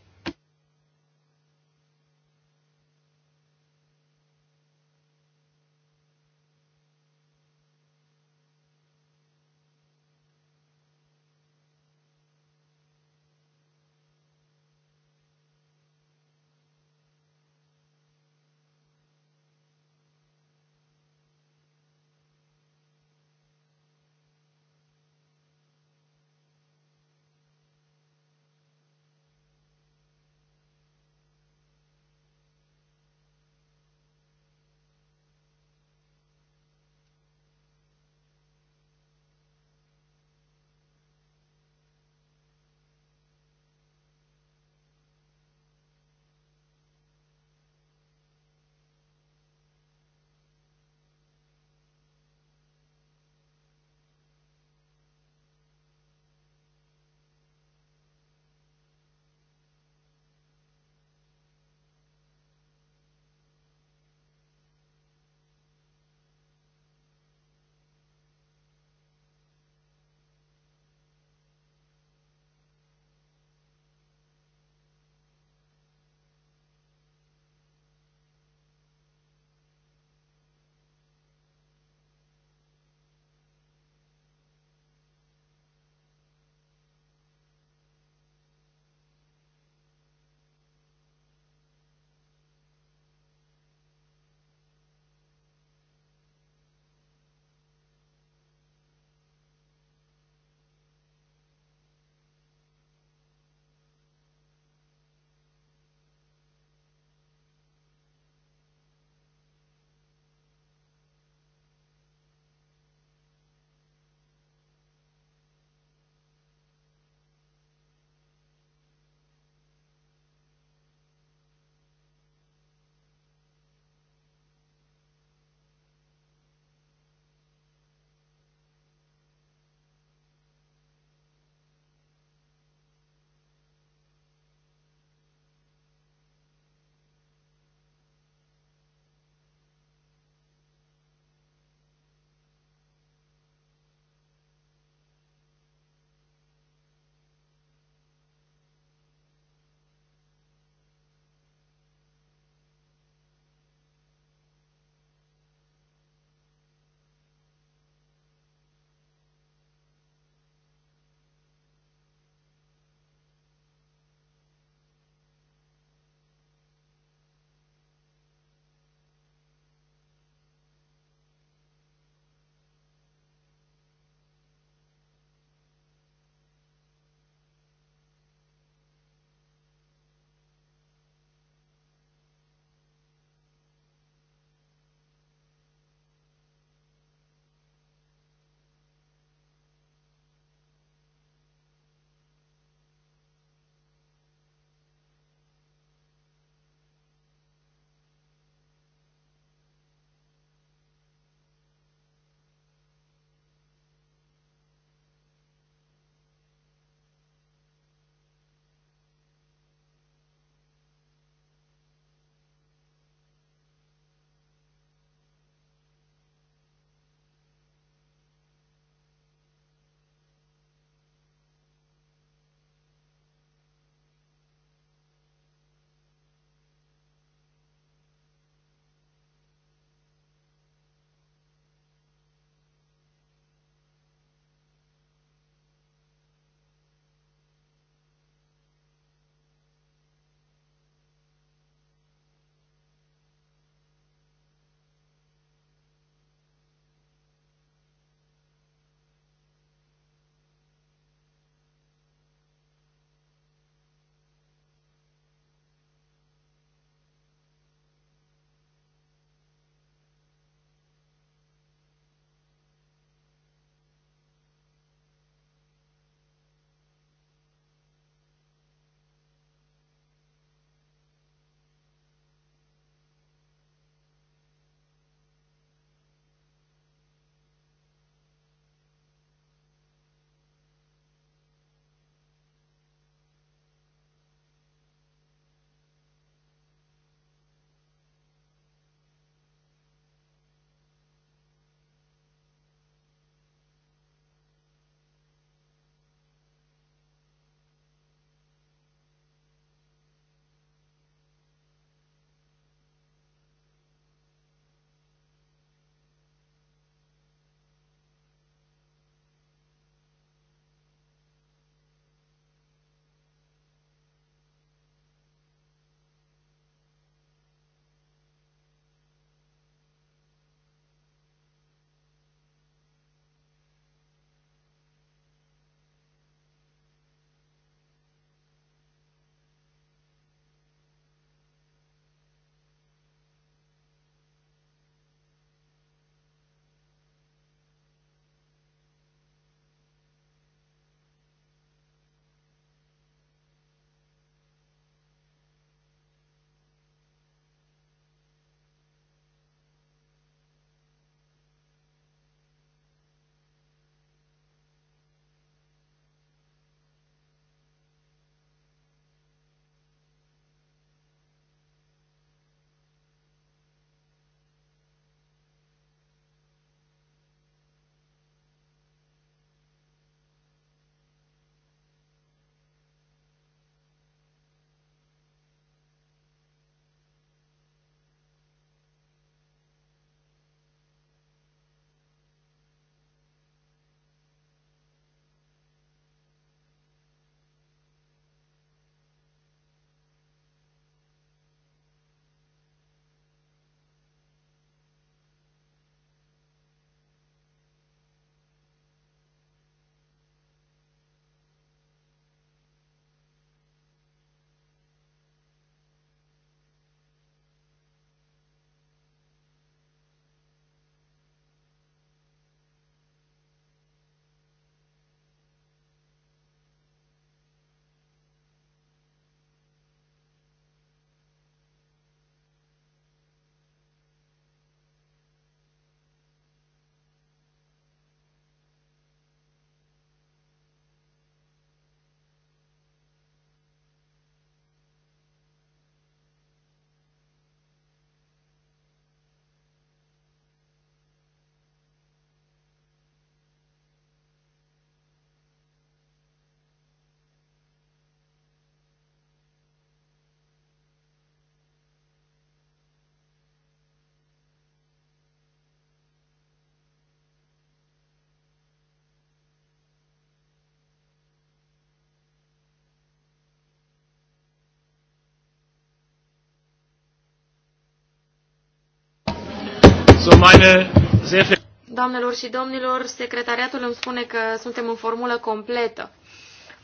So meine sehr Doamnelor și domnilor, secretariatul îmi spune că suntem în formulă completă.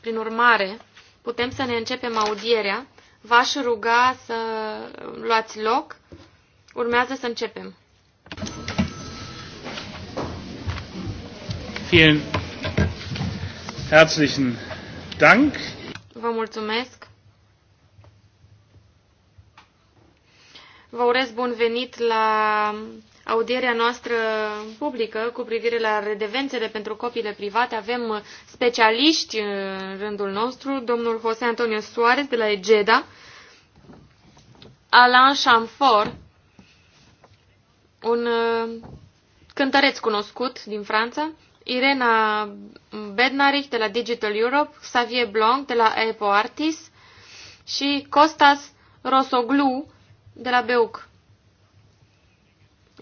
Prin urmare, putem să ne începem audierea. V-aș ruga să luați loc. Urmează să începem. Vielen herzlichen Dank. Vă mulțumesc. Vă urez bun venit la audierea noastră publică cu privire la redevențele pentru copiile private. Avem specialiști în rândul nostru, domnul José Antonio Suarez de la EGEDA, Alain Chamfort, un uh, cântăreț cunoscut din Franța, Irena Bednarich de la Digital Europe, Xavier Blanc de la EPO Artis și Costas Rosoglu de la Beuc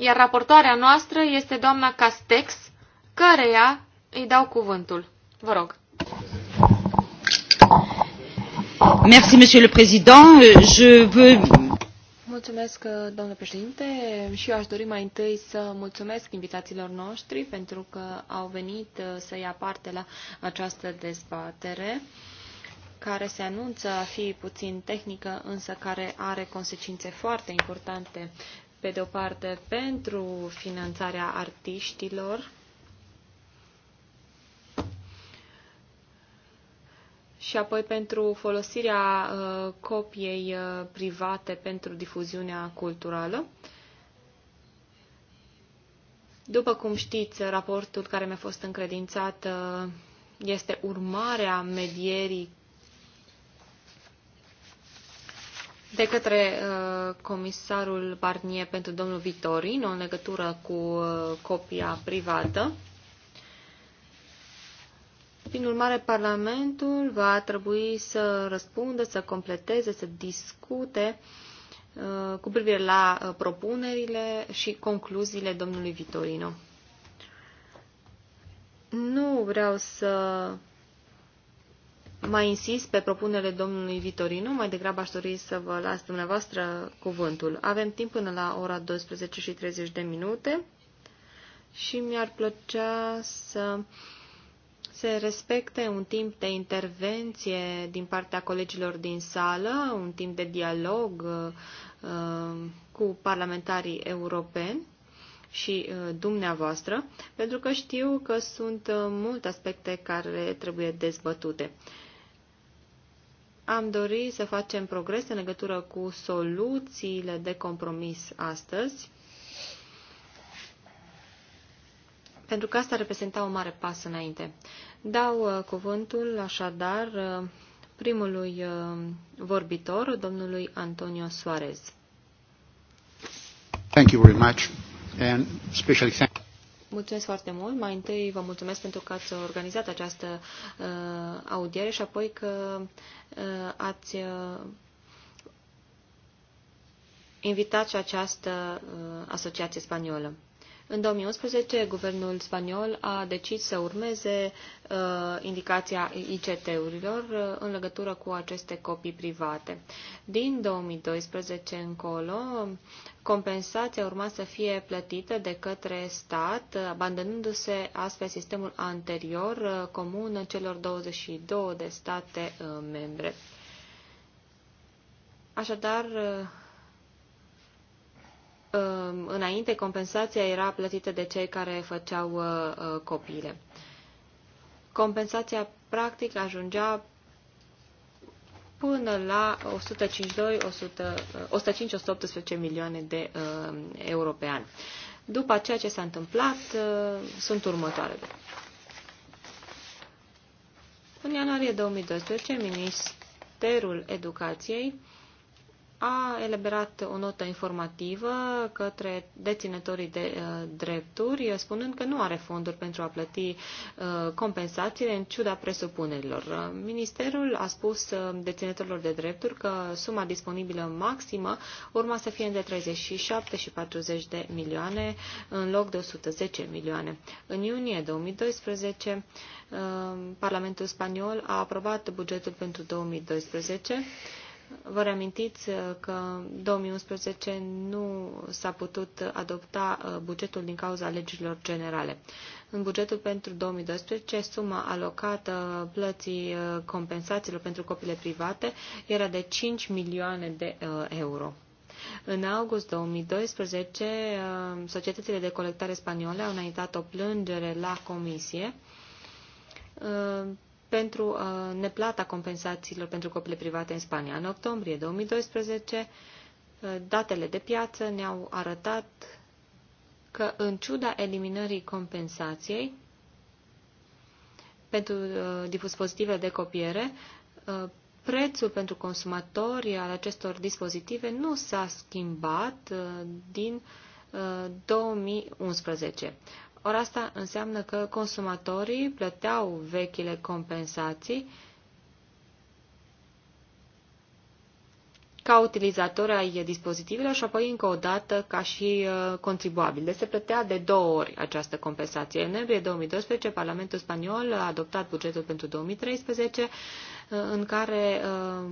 iar raportoarea noastră este doamna Castex, căreia îi dau cuvântul. Vă rog. Merci, Monsieur le Président. Je veux... Mulțumesc, domnule președinte, și eu aș dori mai întâi să mulțumesc invitațiilor noștri pentru că au venit să ia parte la această dezbatere care se anunță a fi puțin tehnică, însă care are consecințe foarte importante pe de o parte, pentru finanțarea artiștilor și apoi pentru folosirea uh, copiei uh, private pentru difuziunea culturală. După cum știți, raportul care mi-a fost încredințat uh, este urmarea medierii de către uh, comisarul Barnier pentru domnul Vitorino în legătură cu uh, copia privată. Prin urmare, Parlamentul va trebui să răspundă, să completeze, să discute uh, cu privire la uh, propunerile și concluziile domnului Vitorino. Nu vreau să mai insist pe propunerea domnului Vitorinu, mai degrabă aș dori să vă las dumneavoastră cuvântul. Avem timp până la ora 12 și 30 de minute și mi-ar plăcea să se respecte un timp de intervenție din partea colegilor din sală, un timp de dialog uh, uh, cu parlamentarii europeni și uh, dumneavoastră, pentru că știu că sunt multe aspecte care trebuie dezbătute. Am dorit să facem progres în legătură cu soluțiile de compromis astăzi, pentru că asta reprezenta o mare pas înainte. Dau uh, cuvântul, așadar, uh, primului uh, vorbitor, domnului Antonio Suarez. Thank you very much. And especially Mulțumesc foarte mult. Mai întâi vă mulțumesc pentru că ați organizat această uh, audiere și apoi că uh, ați uh, invitat și această uh, asociație spaniolă. În 2011, guvernul spaniol a decis să urmeze uh, indicația ICT-urilor uh, în legătură cu aceste copii private. Din 2012 încolo, compensația urma să fie plătită de către stat, abandonându-se astfel sistemul anterior uh, comun celor 22 de state uh, membre. Așadar, uh, Um, înainte compensația era plătită de cei care făceau uh, uh, copiile. Compensația practic ajungea până la 105-118 uh, milioane de uh, euro pe an. După ceea ce s-a întâmplat, uh, sunt următoarele. În ianuarie 2012, Ministerul Educației a elaborat o notă informativă către deținătorii de uh, drepturi, uh, spunând că nu are fonduri pentru a plăti uh, compensațiile în ciuda presupunerilor. Uh, Ministerul a spus uh, deținătorilor de drepturi că suma disponibilă maximă urma să fie între 37 și 40 de milioane în loc de 110 milioane. În iunie 2012, uh, Parlamentul spaniol a aprobat bugetul pentru 2012 Vă reamintiți uh, că 2011 nu s-a putut adopta uh, bugetul din cauza legilor generale. În bugetul pentru 2012, suma alocată plății uh, compensațiilor pentru copile private era de 5 milioane de euro. În august 2012, societățile de colectare spaniole au înaintat o plângere la comisie pentru uh, neplata compensațiilor pentru copile private în Spania. În octombrie 2012, uh, datele de piață ne-au arătat că, în ciuda eliminării compensației pentru uh, dispozitive de copiere, prețul pentru consumatori al acestor dispozitive nu s-a schimbat din 2011. Ori asta înseamnă că consumatorii plăteau vechile compensații ca utilizatori ai dispozitivelor și apoi încă o dată ca și uh, contribuabil. Deci se plătea de două ori această compensație. În noiembrie 2012, Parlamentul Spaniol a adoptat bugetul pentru 2013, uh, în care uh,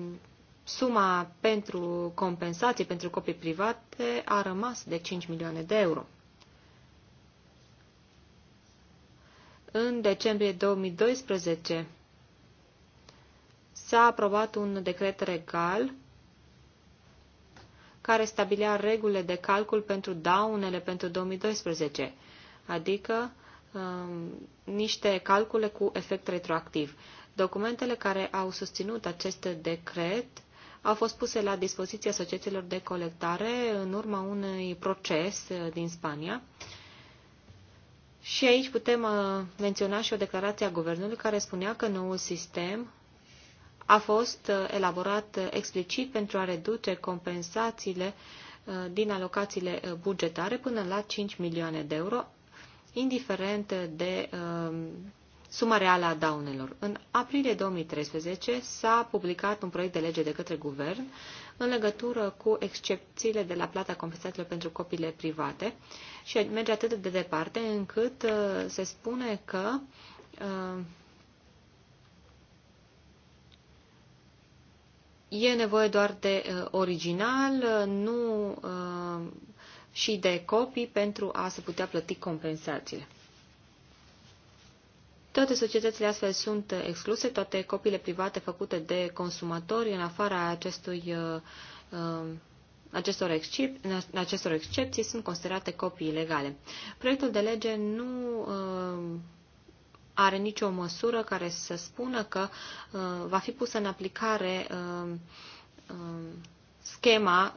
suma pentru compensații pentru copii private a rămas de 5 milioane de euro. În decembrie 2012 s-a aprobat un decret regal care stabilea regulile de calcul pentru daunele pentru 2012, adică um, niște calcule cu efect retroactiv. Documentele care au susținut acest decret au fost puse la dispoziția societăților de colectare în urma unui proces uh, din Spania, uh, și aici putem uh, menționa și o declarație a guvernului care spunea că noul sistem a fost uh, elaborat uh, explicit pentru a reduce compensațiile din alocațiile bugetare până la 5 milioane de euro, indiferent de suma reală a daunelor. În aprilie 2013 s-a publicat un proiect de lege de către guvern în legătură cu excepțiile de la plata compensațiilor pentru copiile private și merge atât de departe încât uh, se spune că uh, e nevoie doar de uh, original, uh, nu uh, și de copii pentru a se putea plăti compensațiile. Toate societățile astfel sunt excluse, toate copiile private făcute de consumatori în afara acestui, uh, uh, acestor, excep, acestor excepții sunt considerate copii ilegale. Proiectul de lege nu uh, are nicio măsură care să spună că va fi pusă în aplicare schema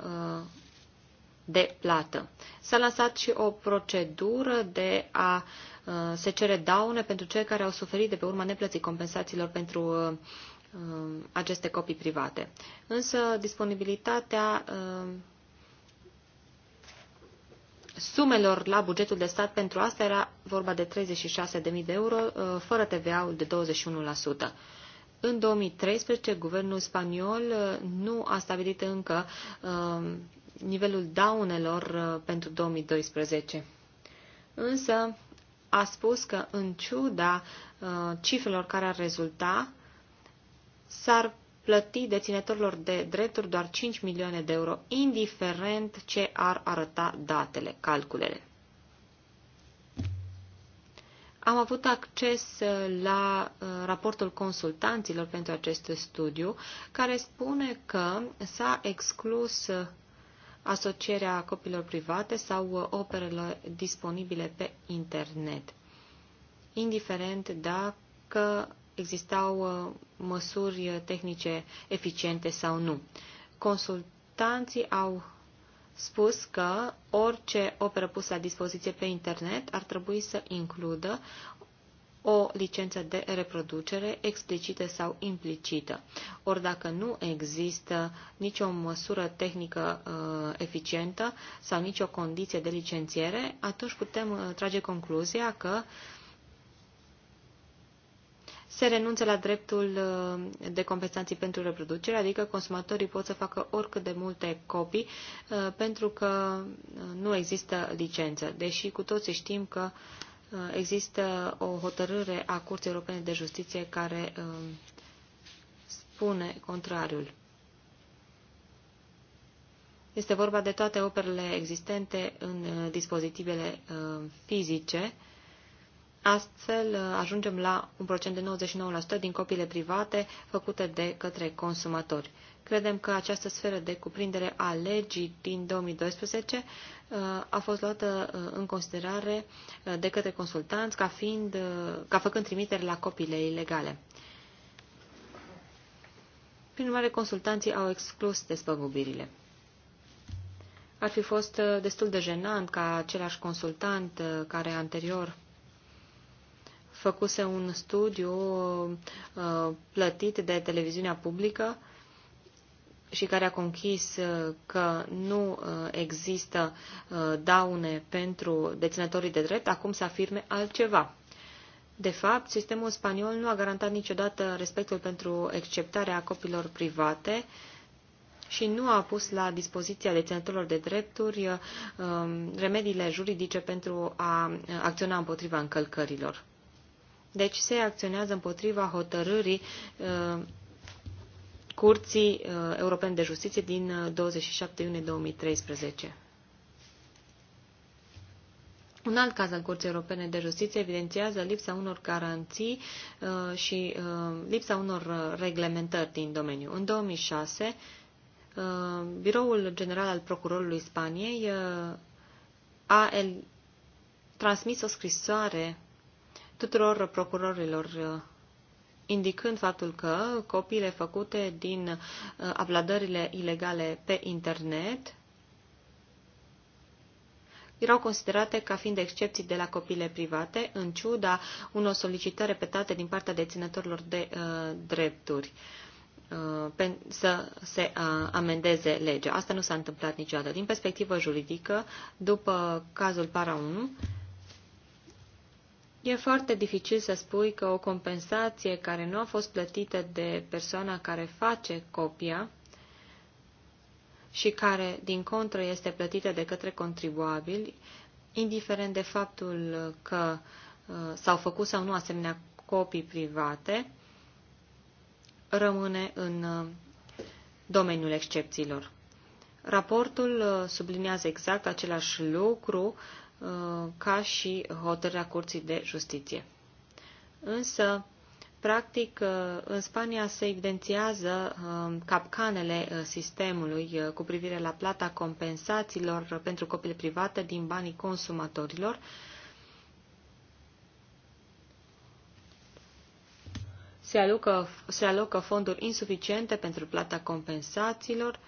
de plată. S-a lansat și o procedură de a uh, Uh, se cere daune pentru cei care au suferit de pe urma neplății compensațiilor pentru uh, uh, aceste copii private. Însă disponibilitatea sumelor la bugetul de stat pentru asta era vorba de 36.000 de euro, fără TVA-ul de 21%. În 2013, guvernul spaniol nu a stabilit încă nivelul daunelor pentru 2012. Însă, a spus că, în ciuda uh, cifrelor care ar rezulta, s-ar plăti deținătorilor de drepturi doar 5 milioane de euro, indiferent ce ar arăta datele, calculele. Am avut acces uh, la uh, raportul consultanților pentru acest studiu, care spune că s-a exclus asocierea copiilor private sau uh, operelor disponibile pe internet, indiferent dacă existau uh, măsuri uh, tehnice eficiente sau nu. Consultanții au spus că orice operă pusă la dispoziție pe internet ar trebui să includă o licență de reproducere explicită sau implicită. Ori dacă nu există nicio măsură tehnică uh, eficientă sau nicio condiție de licențiere, atunci putem uh, trage concluzia că se renunță la dreptul uh, de compensații pentru reproducere, adică consumatorii pot să facă oricât de multe copii uh, pentru că uh, nu există licență, deși cu toții știm că uh, Uh, există o hotărâre a Curții Europene de Justiție care um, spune contrariul. Este vorba de toate operele existente în uh, dispozitivele uh, fizice. Astfel ajungem la un procent de 99% din copiile private făcute de către consumatori. Credem că această sferă de cuprindere a legii din 2012 uh, a fost luată uh, în considerare uh, de către consultanți ca, fiind, ca făcând trimitere la copiile ilegale. Prin urmare, consultanții au exclus despăgubirile. Ar fi fost destul de jenant ca același consultant care anterior făcuse un studiu plătit de televiziunea publică și care a conchis uh, că nu uh, există uh, daune pentru deținătorii de drept, acum să afirme altceva. De fapt, sistemul spaniol nu a garantat niciodată respectul pentru acceptarea copiilor private și nu a pus la dispoziția deținătorilor de drepturi um, remediile juridice pentru a acționa împotriva încălcărilor. Deci se acționează împotriva hotărârii Curții uh, Europene de Justiție din 27 uh, iunie 2013. Un alt caz al Curții Europene de Justiție evidențiază lipsa unor garanții uh, și lipsa unor reglementări din domeniu. În 2006, Biroul General al Procurorului Spaniei a transmis o scrisoare tuturor procurorilor indicând faptul că copiile făcute din uh, abladările ilegale pe internet erau considerate ca fiind excepții de la copiile private, în ciuda unor solicitări repetate din partea deținătorilor de uh, drepturi uh, să se uh, amendeze legea. Asta nu s-a întâmplat niciodată. Din perspectivă juridică, după cazul Para 1, E foarte dificil să spui că o compensație care nu a fost plătită de persoana care face copia și care, din contră, este plătită de către contribuabil, indiferent de faptul că uh, s-au făcut sau nu asemenea copii private, rămâne în uh, domeniul excepțiilor. Raportul uh, subliniază exact același lucru ca și hotărârea Curții de Justiție. Însă, practic, uh, în Spania se evidențiază uh, capcanele uh, sistemului cu privire la plata compensațiilor pentru copile private din banii consumatorilor, se alocă, se alocă fonduri insuficiente pentru plata compensațiilor,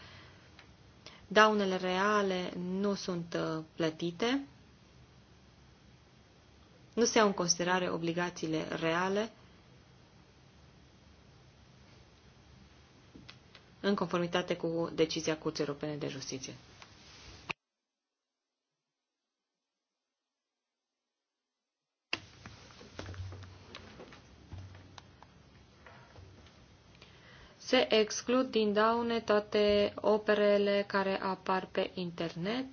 daunele reale nu sunt plătite nu se iau în considerare obligațiile reale în conformitate cu decizia Curții Europene de Justiție. Se exclud din daune toate operele care apar pe internet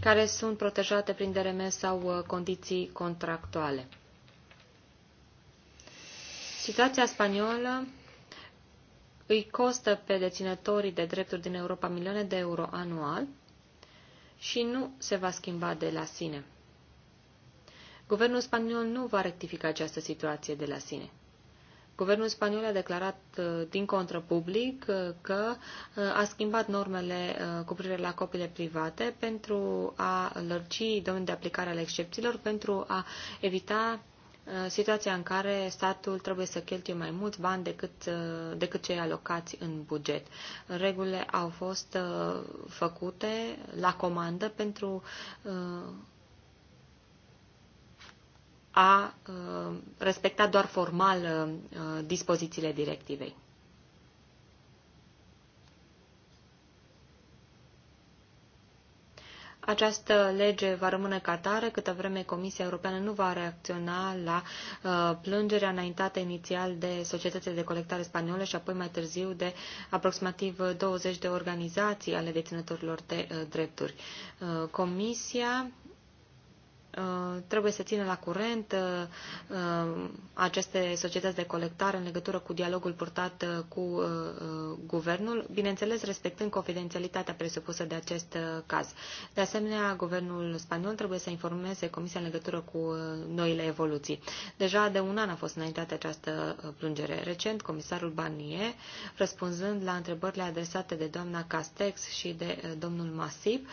care sunt protejate prin DRM sau uh, condiții contractuale. Situația spaniolă îi costă pe deținătorii de drepturi din Europa milioane de euro anual și nu se va schimba de la sine. Guvernul spaniol nu va rectifica această situație de la sine. Guvernul spaniol a declarat uh, din contră public uh, că uh, a schimbat normele cu privire la copiile private pentru a lărgi domeniul de aplicare al excepțiilor, pentru a evita situația în care statul trebuie să cheltuie mai mulți bani decât, decât cei alocați în buget. Regulile au fost făcute la comandă pentru a uh, respectat doar formal uh, dispozițiile directivei. Această lege va rămâne ca câtă vreme Comisia Europeană nu va reacționa la uh, plângerea înaintată inițial de societățile de colectare spaniole și apoi mai târziu de aproximativ 20 de organizații ale deținătorilor de uh, drepturi. Uh, comisia Uh, trebuie să țină la curent uh, uh, aceste societăți de colectare în legătură cu dialogul purtat cu guvernul, bineînțeles respectând confidențialitatea presupusă de acest caz. De asemenea, guvernul spaniol trebuie să informeze Comisia în legătură cu noile evoluții. Deja de un an a fost înaintată această plângere. Recent, comisarul Barnier, răspunzând la întrebările adresate de doamna Castex și de domnul Masip,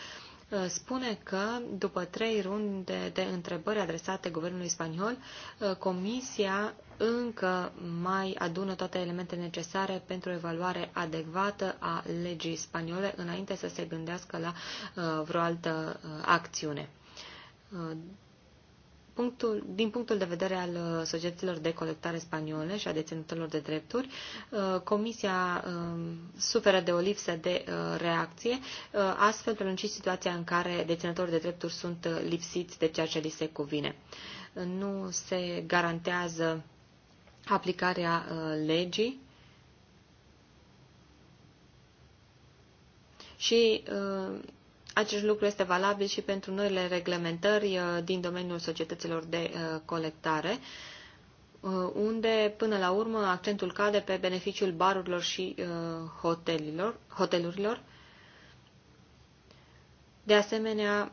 Uh, spune că după trei runde de întrebări adresate guvernului spaniol, uh, Comisia încă mai adună toate elementele necesare pentru o evaluare adecvată a legii spaniole înainte să se gândească la uh, vreo altă acțiune punctul, din punctul de vedere al uh, societăților de colectare spaniole și a deținutelor de drepturi, uh, Comisia um, suferă de o lipsă de uh, reacție, astfel prelungit situația în care deținătorii de drepturi sunt lipsiți de ceea ce li se cuvine. Nu se garantează aplicarea legii și uh, acest lucru este valabil și pentru noile reglementări uh, din domeniul societăților de uh, colectare, uh, unde, până la urmă, accentul cade pe beneficiul barurilor și hotelilor, hotelurilor. De asemenea,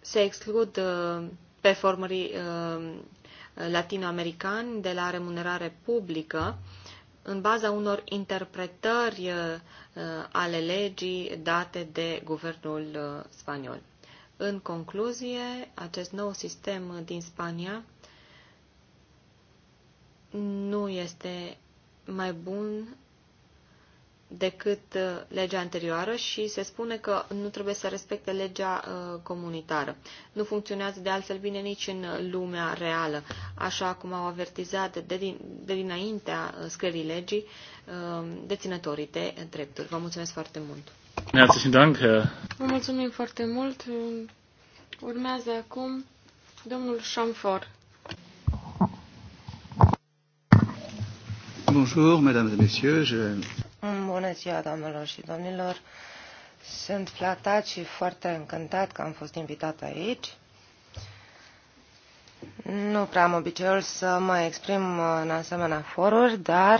se exclud performerii latinoamericani de la remunerare publică în baza unor interpretări Uh, ale legii date de guvernul uh, spaniol. În concluzie, acest nou sistem din Spania nu este mai bun decât uh, legea anterioară și se spune că nu trebuie să respecte legea uh, comunitară. Nu funcționează de altfel bine nici în uh, lumea reală, așa cum au avertizat de, din, de dinaintea scrierii legii deținătorii de drepturi. Vă mulțumesc foarte mult! Vă mulțumim foarte mult! Urmează acum domnul Șamfor. Bonjour, mesdames et messieurs. Je... Bună ziua, doamnelor și domnilor! Sunt flatat și foarte încântat că am fost invitat aici. Nu prea am obiceiul să mă exprim în asemenea foruri, dar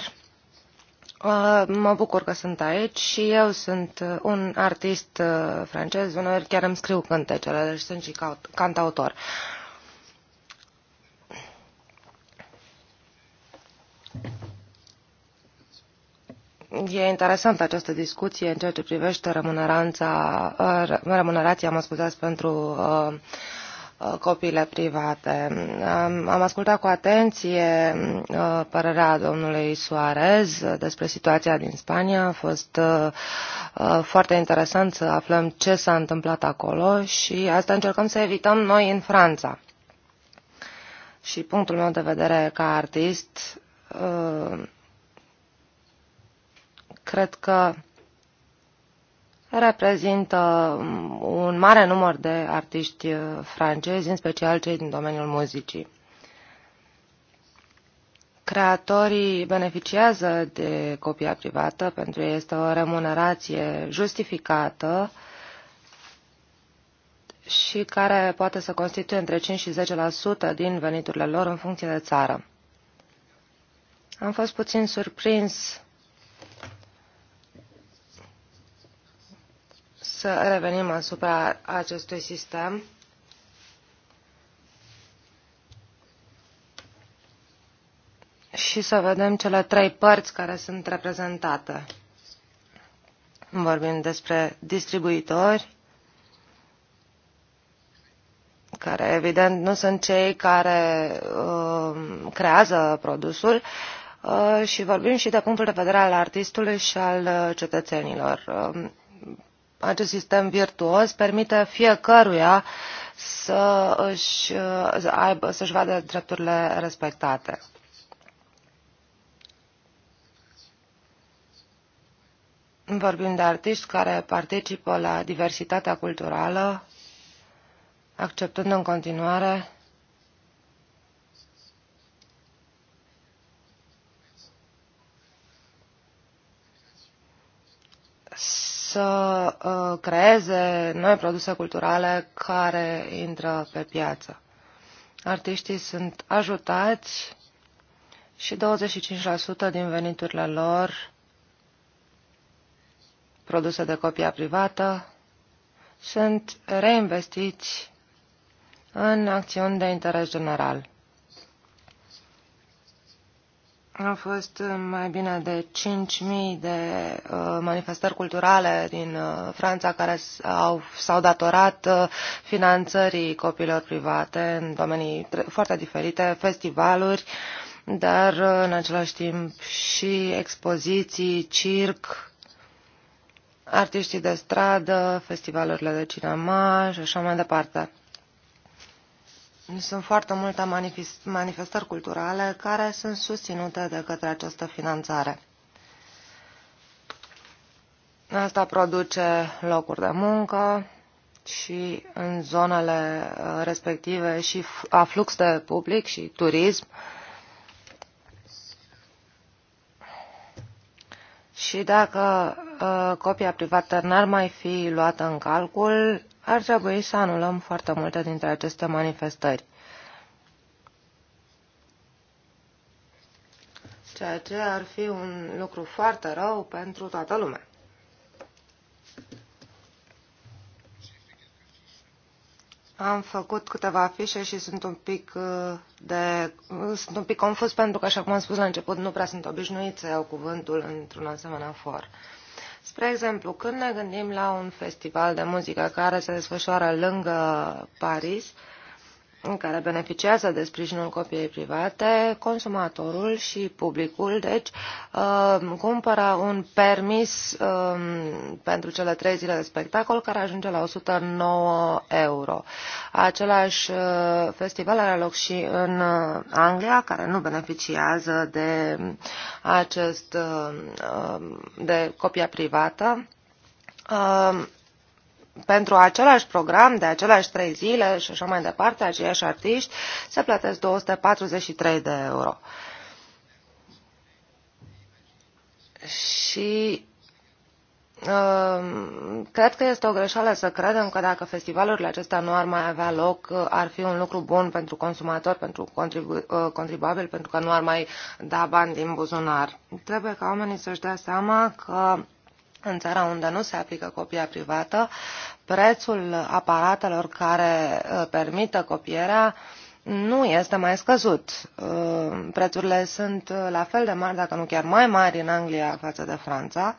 uh, mă bucur că sunt aici și eu sunt un artist uh, francez, uneori chiar îmi scriu cântecele, deci sunt și cantautor. E interesantă această discuție în ceea ce privește remuneranța, uh, remunerația, mă scuzați, pentru uh, uh, copiile private. Am, ascultat cu atenție părerea domnului Suarez despre situația din Spania. A fost foarte interesant să aflăm ce s-a întâmplat acolo și asta încercăm să evităm noi în Franța. Și punctul meu de vedere ca artist cred că reprezintă un mare număr de artiști uh, francezi, în special cei din domeniul muzicii. Creatorii beneficiază de copia privată pentru ei este o remunerație justificată și care poate să constituie între 5 și 10% din veniturile lor în funcție de țară. Am fost puțin surprins să revenim asupra acestui sistem. și să vedem cele trei părți care sunt reprezentate. Vorbim despre distribuitori, care evident nu sunt cei care uh, creează produsul, uh, și vorbim și de punctul de vedere al artistului și al uh, cetățenilor. Uh, acest sistem virtuos permite fiecăruia să își, să aibă, să-și vadă drepturile respectate. Vorbim de artiști care participă la diversitatea culturală, acceptând în continuare să uh, creeze noi produse culturale care intră pe piață. Artiștii sunt ajutați și 25% din veniturile lor produse de copia privată sunt reinvestiți în acțiuni de interes general. Au fost mai bine de 5.000 de uh, manifestări culturale din uh, Franța care s-au, datorat uh, finanțării copiilor private în domenii foarte diferite, festivaluri, dar uh, în același timp și expoziții, circ, artiștii de stradă, festivalurile de cinema și așa mai departe. Sunt foarte multe manifestări culturale care sunt susținute de către această finanțare. Asta produce locuri de muncă și în zonele uh, respective și aflux de public și turism. Și dacă uh, copia privată n-ar mai fi luată în calcul, ar trebui să anulăm foarte multe dintre aceste manifestări. Ceea ce ar fi un lucru foarte rău pentru toată lumea. Am făcut câteva afișe și sunt un pic, uh, de, uh, sunt un pic confuz pentru că, așa cum am spus la început, nu prea sunt obișnuit să iau cuvântul într-un asemenea for. Spre exemplu, când ne gândim la un festival de muzică care se desfășoară lângă Paris, uh, care beneficiază de sprijinul copiei private, consumatorul și publicul, deci uh, cumpără un permis um, pentru cele trei zile de spectacol care ajunge la 109 euro. Același uh, festival are loc și în uh, Anglia, care nu beneficiază de, acest, de copia privată pentru același program de aceleași trei zile și așa mai departe, aceiași artiști, se plătesc 243 de euro. Și uh, cred că este o greșeală să credem că dacă festivalurile acestea nu ar mai avea loc, uh, ar fi un lucru bun pentru consumator, pentru contribu uh, contribuabil, pentru că nu ar mai da bani din buzunar. Trebuie ca oamenii să-și dea seama că în țara unde nu se aplică copia privată, prețul aparatelor care uh, permită copierea nu este mai scăzut. Uh, prețurile sunt uh, la fel de mari, dacă nu chiar mai mari, în Anglia față de Franța.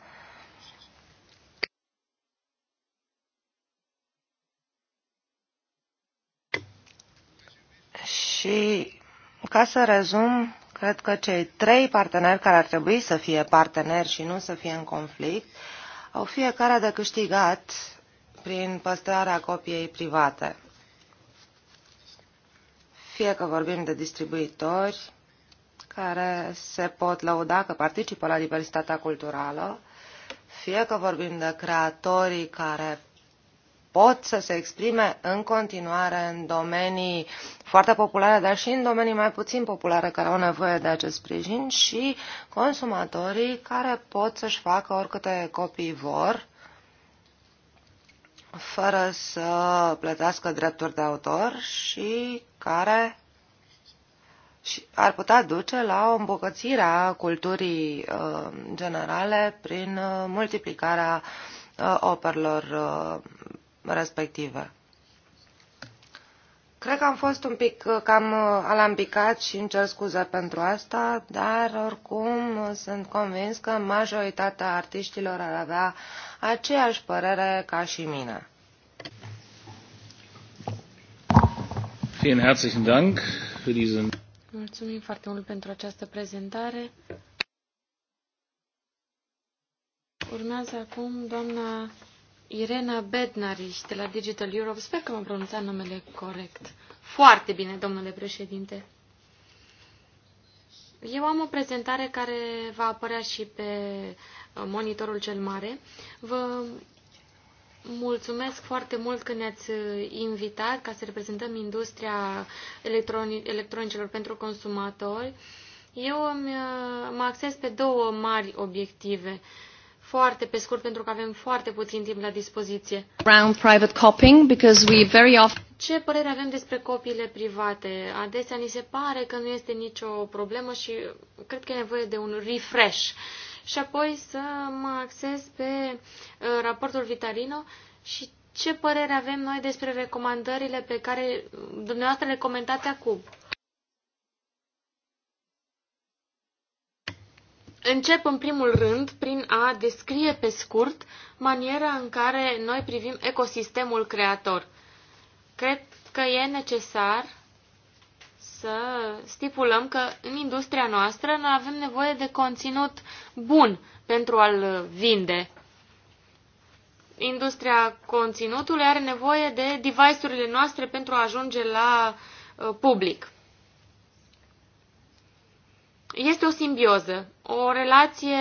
Și ca să rezum, Cred că cei trei parteneri care ar trebui să fie parteneri și nu să fie în conflict au fiecare de câștigat prin păstrarea copiei private. Fie că vorbim de distribuitori care se pot lăuda că participă la diversitatea culturală, fie că vorbim de creatorii care pot să se exprime în continuare în domenii foarte populare, dar și în domenii mai puțin populare care au nevoie de acest sprijin și consumatorii care pot să-și facă oricâte copii vor fără să plătească drepturi de autor și care ar putea duce la o îmbogățire a culturii uh, generale prin uh, multiplicarea uh, operelor respective. Cred că am fost un pic uh, cam uh, alambicat și îmi cer scuze pentru asta, dar oricum uh, sunt convins că majoritatea artiștilor ar avea aceeași părere ca și mine. Vielen herzlichen Dank für diesen Mulțumim foarte mult pentru această prezentare. Urmează acum doamna Irena Bednarich de la Digital Europe. Sper că m-am pronunțat numele corect. Foarte bine, domnule președinte. Eu am o prezentare care va apărea și pe uh, monitorul cel mare. Vă mulțumesc foarte mult că ne-ați uh, invitat ca să reprezentăm industria electronic electronicelor pentru consumatori. Eu uh, mă acces pe două mari obiective. Uh, foarte pe scurt pentru că avem foarte puțin timp la dispoziție. Around private copying because we very often ce părere avem despre copiile private? Adesea ni se pare că nu este nicio problemă și cred că e nevoie de un refresh. Și apoi să mă acces pe uh, raportul Vitarino și ce părere avem noi despre recomandările pe care dumneavoastră le comentați acum. Încep în primul rând prin a descrie pe scurt maniera în care noi privim ecosistemul creator. Cred că e necesar să stipulăm că în industria noastră noi avem nevoie de conținut bun pentru a-l vinde. Industria conținutului are nevoie de device-urile noastre pentru a ajunge la uh, public. Este o simbioză, o relație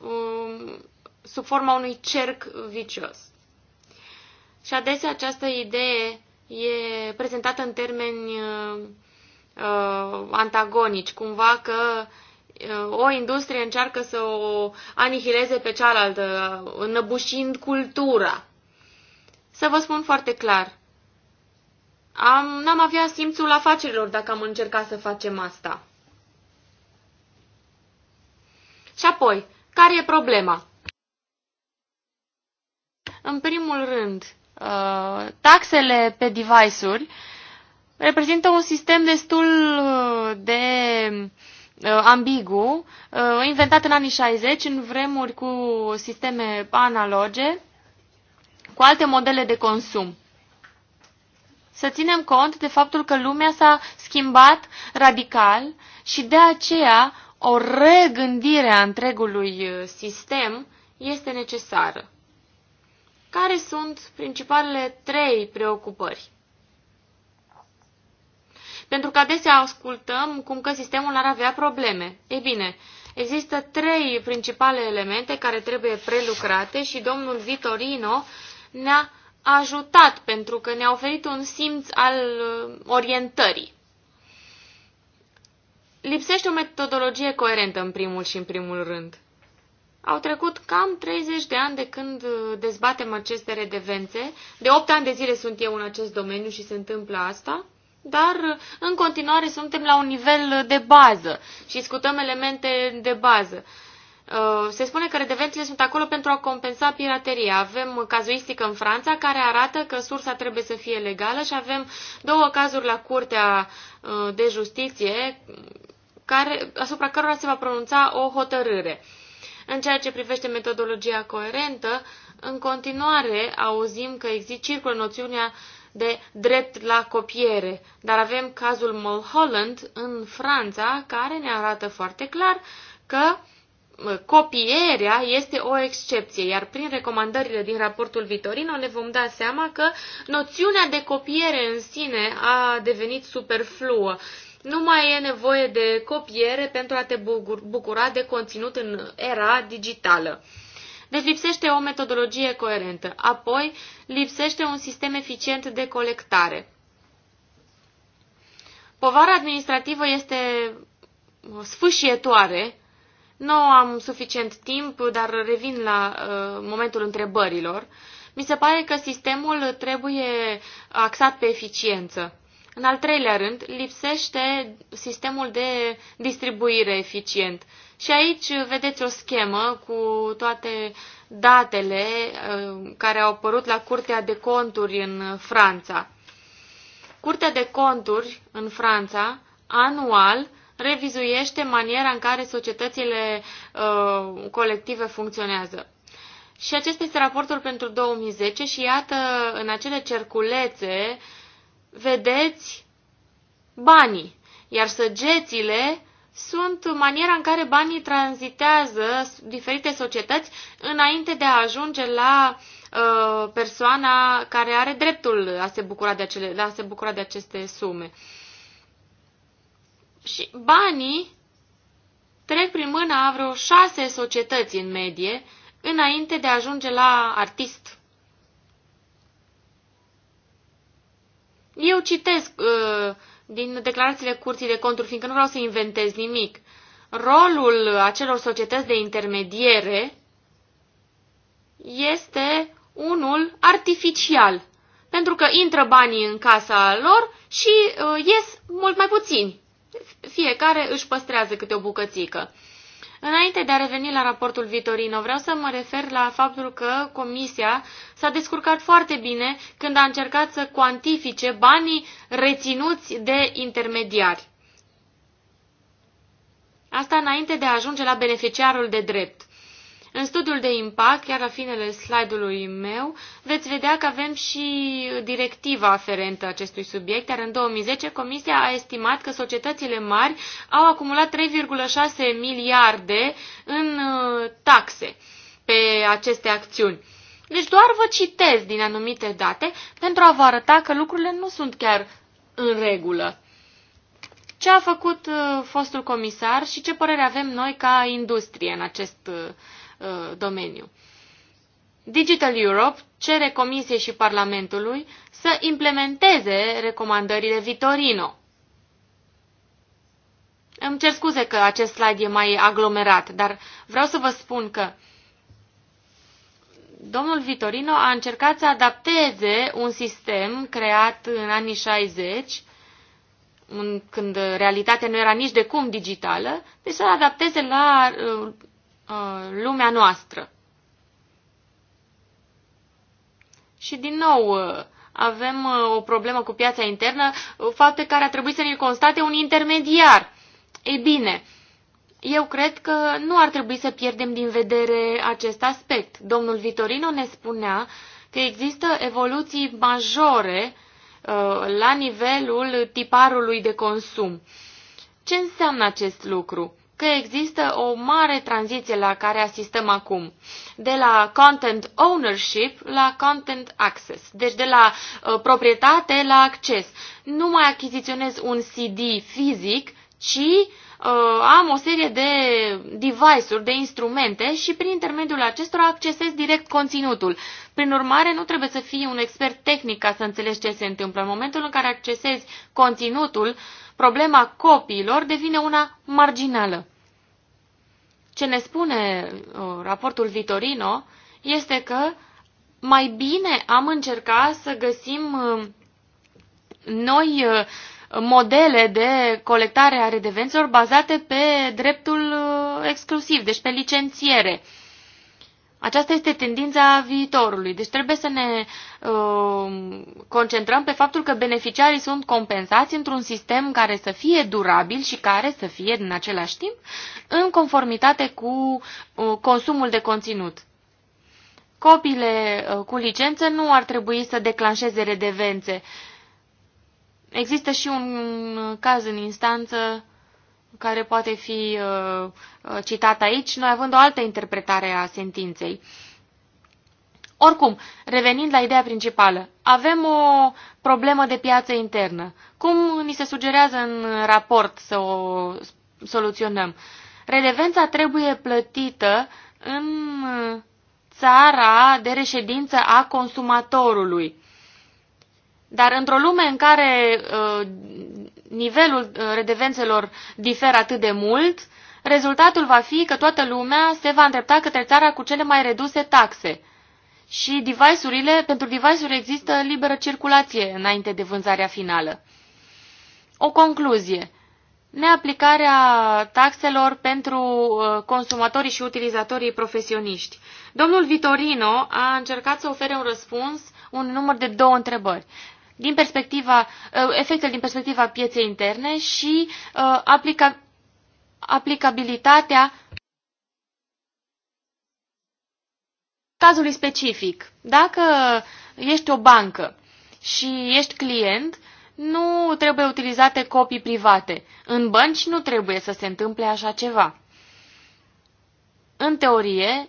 um, sub forma unui cerc vicios. Și adesea această idee e prezentată în termeni uh, uh, antagonici, cumva că uh, o industrie încearcă să o anihileze pe cealaltă, înăbușind cultura. Să vă spun foarte clar, am, n-am avea simțul afacerilor dacă am încercat să facem asta. Și apoi, care e problema? În primul rând, uh, taxele pe device-uri reprezintă un sistem destul uh, de uh, ambigu, inventat în anii 60, în vremuri cu sisteme analoge, cu alte modele de consum. Să ținem cont de faptul că lumea s-a schimbat radical și de aceea o regândire a întregului uh, sistem este necesară. Care sunt principalele trei preocupări? Pentru că adesea ascultăm cum că sistemul ar avea probleme. Ei bine, există trei principale elemente care trebuie prelucrate și domnul Vitorino ne-a ajutat pentru că ne-a oferit un simț al uh, orientării. Lipsește o metodologie coerentă în primul și în primul rând. Au trecut cam 30 de ani de când uh, dezbatem aceste redevențe. De 8 ani de zile sunt eu în acest domeniu și se întâmplă asta, dar uh, în continuare suntem la un nivel uh, de bază și discutăm elemente de bază. Se spune că redevențele sunt acolo pentru a compensa pirateria. Avem cazuistică în Franța care arată că sursa trebuie să fie legală și avem două cazuri la Curtea de Justiție care, asupra cărora se va pronunța o hotărâre. În ceea ce privește metodologia coerentă, în continuare auzim că există circulă noțiunea de drept la copiere, dar avem cazul Mulholland în Franța care ne arată foarte clar că copierea este o excepție, iar prin recomandările din raportul Vitorino ne vom da seama că noțiunea de copiere în sine a devenit superfluă nu mai e nevoie de copiere pentru a te bucura de conținut în era digitală. Deci lipsește o metodologie coerentă. Apoi, lipsește un sistem eficient de colectare. Povara administrativă este sfâșietoare. Nu am suficient timp, dar revin la uh, momentul întrebărilor. Mi se pare că sistemul trebuie axat pe eficiență. În al treilea rând, lipsește sistemul de distribuire eficient. Și aici vedeți o schemă cu toate datele uh, care au apărut la Curtea de Conturi în Franța. Curtea de Conturi în Franța anual revizuiește maniera în care societățile uh, colective funcționează. Și acesta este raportul pentru 2010 și iată în acele cerculețe uh, vedeți banii, iar săgețile sunt maniera în care banii tranzitează diferite societăți înainte de a ajunge la uh, persoana care are dreptul a se bucura de, acele, de a se bucura de aceste sume. Și banii trec prin mâna a vreo șase societăți în medie înainte de a ajunge la artist Eu citesc uh, din declarațiile curții de conturi, fiindcă nu vreau să inventez nimic. Rolul acelor societăți de intermediere este unul artificial, pentru că intră banii în casa lor și uh, ies mult mai puțini. Fiecare își păstrează câte o bucățică. Înainte de a reveni la raportul Vitorino, vreau să mă refer la faptul că Comisia s-a descurcat foarte bine când a încercat să cuantifice banii reținuți de intermediari. Asta înainte de a ajunge la beneficiarul de drept. În studiul de impact, chiar la finele slide-ului meu, veți vedea că avem și directiva aferentă acestui subiect, iar în 2010 Comisia a estimat că societățile mari au acumulat 3,6 miliarde în uh, taxe pe aceste acțiuni. Deci doar vă citez din anumite date pentru a vă arăta că lucrurile nu sunt chiar în regulă. Ce a făcut uh, fostul comisar și ce părere avem noi ca industrie în acest uh, Uh, domeniu. Digital Europe cere Comisiei și Parlamentului să implementeze recomandările Vitorino. Îmi cer scuze că acest slide e mai aglomerat, dar vreau să vă spun că domnul Vitorino a încercat să adapteze un sistem creat în anii 60, când realitatea nu era nici de cum digitală, deci să adapteze la uh, Uh, lumea noastră. Și din nou uh, avem uh, o problemă cu piața internă, fapte care a trebuit să ne constate un intermediar. Ei bine, eu cred că nu ar trebui să pierdem din vedere acest aspect. Domnul Vitorino ne spunea că există evoluții majore la nivelul tiparului de consum. Ce înseamnă acest lucru? că există o mare tranziție la care asistăm acum, de la content ownership la content access, deci de la uh, proprietate la acces. Nu mai achiziționez un CD fizic, ci uh, am o serie de device-uri, de instrumente și prin intermediul acestora accesez direct conținutul. Prin urmare, nu trebuie să fii un expert tehnic ca să înțelegi ce se întâmplă. În momentul în care accesezi conținutul, uh, problema copiilor devine una marginală. Ce ne spune uh, raportul Vitorino este că mai bine am încercat să găsim uh, noi uh, modele de colectare a redevențelor bazate pe dreptul exclusiv, deci pe licențiere. Aceasta este tendința viitorului. Deci trebuie să ne uh, concentrăm pe faptul că beneficiarii sunt compensați într-un sistem care să fie durabil și care să fie în același timp în conformitate cu uh, consumul de conținut. Copiile uh, cu licență nu ar trebui să declanșeze redevențe. Există și un caz în instanță care poate fi uh, uh, citat aici, noi având o altă interpretare a sentinței. Oricum, revenind la ideea principală, avem o problemă de piață internă. Cum ni se sugerează în raport să o soluționăm? Redevența trebuie plătită în țara de reședință a consumatorului. Dar într-o lume în care uh, nivelul uh, redevențelor diferă atât de mult, rezultatul va fi că toată lumea se va îndrepta către țara cu cele mai reduse taxe. Și device-urile, pentru device-uri există liberă circulație înainte de vânzarea finală. O concluzie. Neaplicarea taxelor pentru uh, consumatorii și utilizatorii profesioniști. Domnul Vitorino a încercat să ofere un răspuns un număr de două întrebări din perspectiva, uh, efectele din perspectiva pieței interne și uh, aplica, aplicabilitatea cazului specific. Dacă ești o bancă și ești client, nu trebuie utilizate copii private. În bănci nu trebuie să se întâmple așa ceva. În teorie,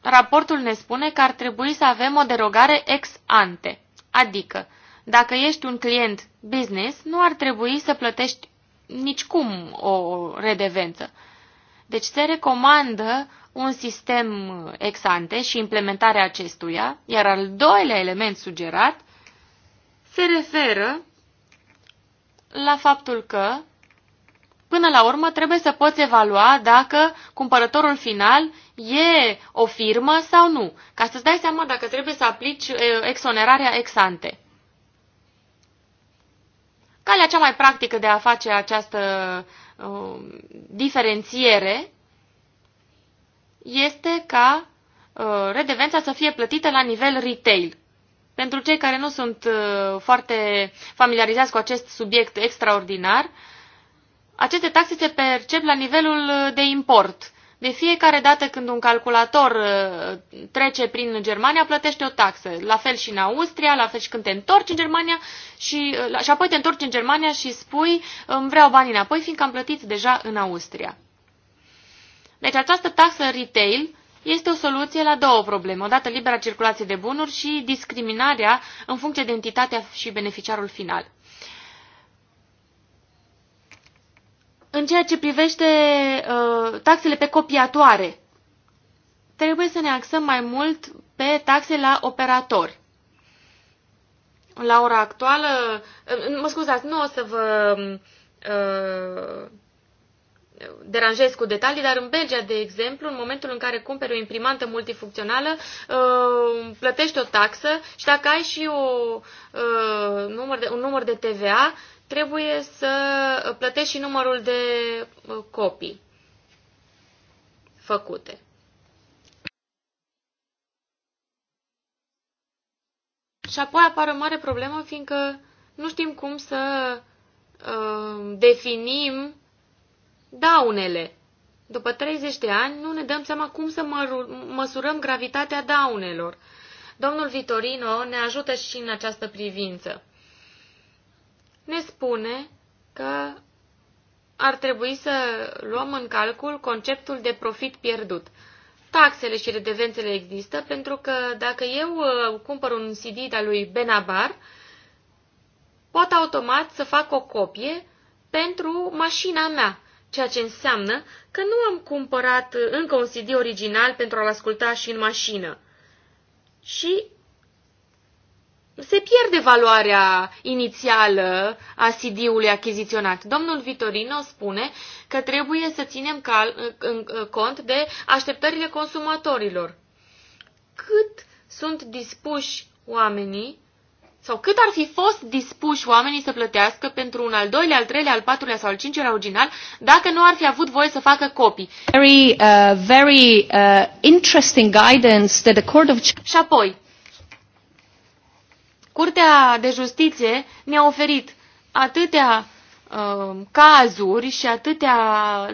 raportul ne spune că ar trebui să avem o derogare ex ante, adică dacă ești un client business, nu ar trebui să plătești nicicum o redevență. Deci se recomandă un sistem ex ante și implementarea acestuia, iar al doilea element sugerat se referă la faptul că, până la urmă, trebuie să poți evalua dacă cumpărătorul final e o firmă sau nu, ca să-ți dai seama dacă trebuie să aplici eh, exonerarea ex ante. Calea cea mai practică de a face această uh, diferențiere este ca uh, redevența să fie plătită la nivel retail. Pentru cei care nu sunt uh, foarte familiarizați cu acest subiect extraordinar, aceste taxe se percep la nivelul de import de fiecare dată când un calculator uh, trece prin Germania, plătește o taxă. La fel și în Austria, la fel și când te întorci în Germania și, uh, și apoi te întorci în Germania și spui vreau banii înapoi, fiindcă am plătit deja în Austria. Deci această taxă retail este o soluție la două probleme. Odată libera circulație de bunuri și discriminarea în funcție de entitatea și beneficiarul final. În ceea ce privește uh, taxele pe copiatoare, trebuie să ne axăm mai mult pe taxe la operatori. La ora actuală, uh, mă scuzați, nu o să vă uh, deranjez cu detalii, dar în Belgia, de exemplu, în momentul în care cumperi o imprimantă multifuncțională, uh, plătești o taxă și dacă ai și o, uh, număr de, un număr de TVA, trebuie să plătești și numărul de uh, copii făcute. Și apoi apare o mare problemă, fiindcă nu știm cum să uh, definim daunele. După 30 de ani nu ne dăm seama cum să măsurăm gravitatea daunelor. Domnul Vitorino ne ajută și în această privință ne spune că ar trebui să luăm în calcul conceptul de profit pierdut. Taxele și redevențele există pentru că dacă eu uh, cumpăr un CD de lui Benabar, pot automat să fac o copie pentru mașina mea, ceea ce înseamnă că nu am cumpărat încă un CD original pentru a-l asculta și în mașină. Și se pierde valoarea inițială a CD-ului achiziționat. Domnul Vitorino spune că trebuie să ținem cal- în, în, cont de așteptările consumatorilor. Cât sunt dispuși oamenii sau cât ar fi fost dispuși oamenii să plătească pentru un al doilea, al treilea, al patrulea sau al cincilea original dacă nu ar fi avut voie să facă copii. Very, uh, very uh, interesting guidance that the court of... Și apoi, Curtea de Justiție ne-a oferit atâtea uh, cazuri și atâtea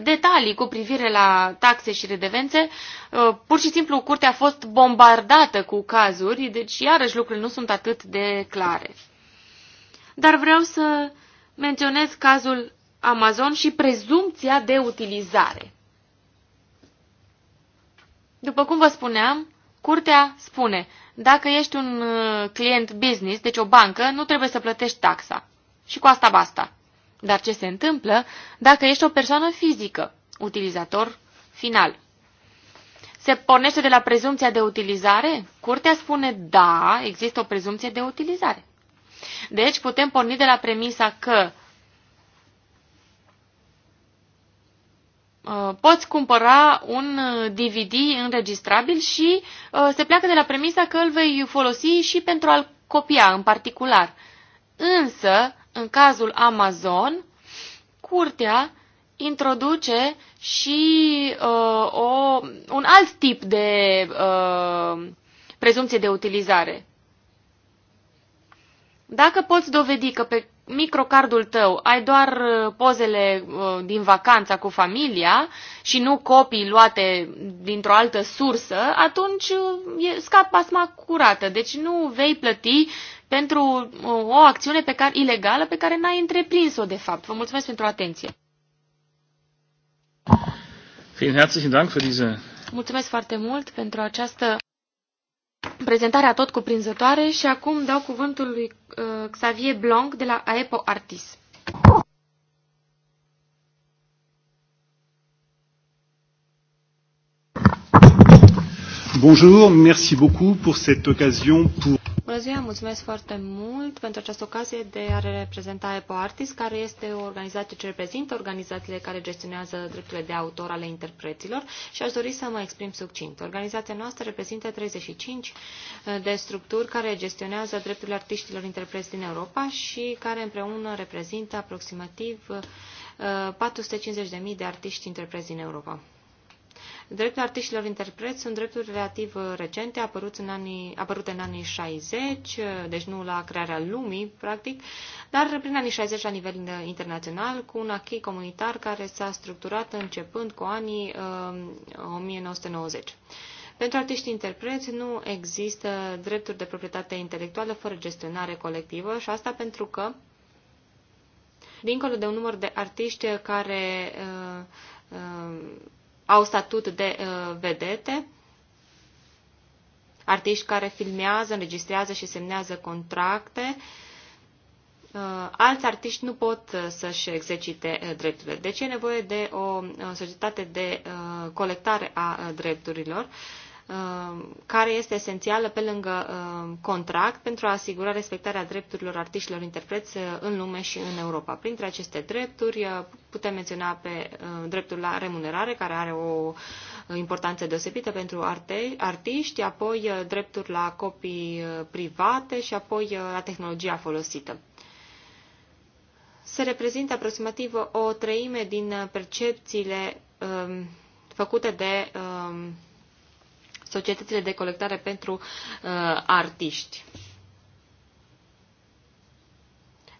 detalii cu privire la taxe și redevențe. Uh, pur și simplu, curtea a fost bombardată cu cazuri, deci iarăși lucrurile nu sunt atât de clare. Dar vreau să menționez cazul Amazon și prezumția de utilizare. După cum vă spuneam, curtea spune, dacă ești un uh, client business, deci o bancă, nu trebuie să plătești taxa. Și cu asta basta. Dar ce se întâmplă dacă ești o persoană fizică, utilizator final? Se pornește de la prezumția de utilizare? Curtea spune da, există o prezumție de utilizare. Deci putem porni de la premisa că Uh, poți cumpăra un DVD uh, înregistrabil și uh, se pleacă de la premisa că îl vei folosi și pentru a-l copia în particular. Însă, în cazul Amazon, curtea introduce și uh, o, un alt tip de uh, prezumție de utilizare. Dacă poți dovedi că pe microcardul tău, ai doar uh, pozele uh, din vacanța cu familia și nu copii luate dintr-o altă sursă, atunci uh, scap pasma curată. Deci nu vei plăti pentru o acțiune pe care, ilegală pe care n-ai întreprins-o, de fapt. Vă mulțumesc pentru atenție. Mulțumesc foarte mult pentru această prezentarea tot cuprinzătoare și acum dau cuvântul lui uh, Xavier Blanc de la AEPO Artis. Bonjour, merci beaucoup pour cette occasion pour Bună ziua, mulțumesc foarte mult pentru această ocazie de a reprezenta EpoArtis, care este o organizație ce reprezintă organizațiile care gestionează drepturile de autor ale interpreților și aș dori să mă exprim succint. Organizația noastră reprezintă 35 eh, de structuri care gestionează drepturile artiștilor interpreți din Europa și care împreună reprezintă aproximativ 450.000 eh, de artiști interpreți din Europa. Drepturile artiștilor interpreți sunt drepturi relativ uh, recente, apărute în anii, apărute în anii 60, uh, deci nu la crearea lumii, practic, dar prin anii 60 la nivel uh, internațional, cu un achei comunitar care s-a structurat începând cu anii uh, 1990. Pentru artiști interpreți nu există drepturi de proprietate intelectuală fără gestionare colectivă și asta pentru că, dincolo de un număr de artiști care uh, uh, au statut de uh, vedete, artiști care filmează, înregistrează și semnează contracte. Uh, alți artiști nu pot uh, să-și exercite uh, drepturile. Deci e nevoie de o societate de colectare a drepturilor Uh, care este esențială pe lângă uh, contract pentru a asigura respectarea drepturilor artiștilor interpreți uh, în lume și în Europa. Printre aceste drepturi putem menționa pe dreptul la remunerare, care are o importanță deosebită pentru arte, artiști, apoi drepturi la copii private și apoi la tehnologia folosită se reprezintă aproximativ o treime din percepțiile um, făcute de um, societățile de colectare pentru uh, artiști.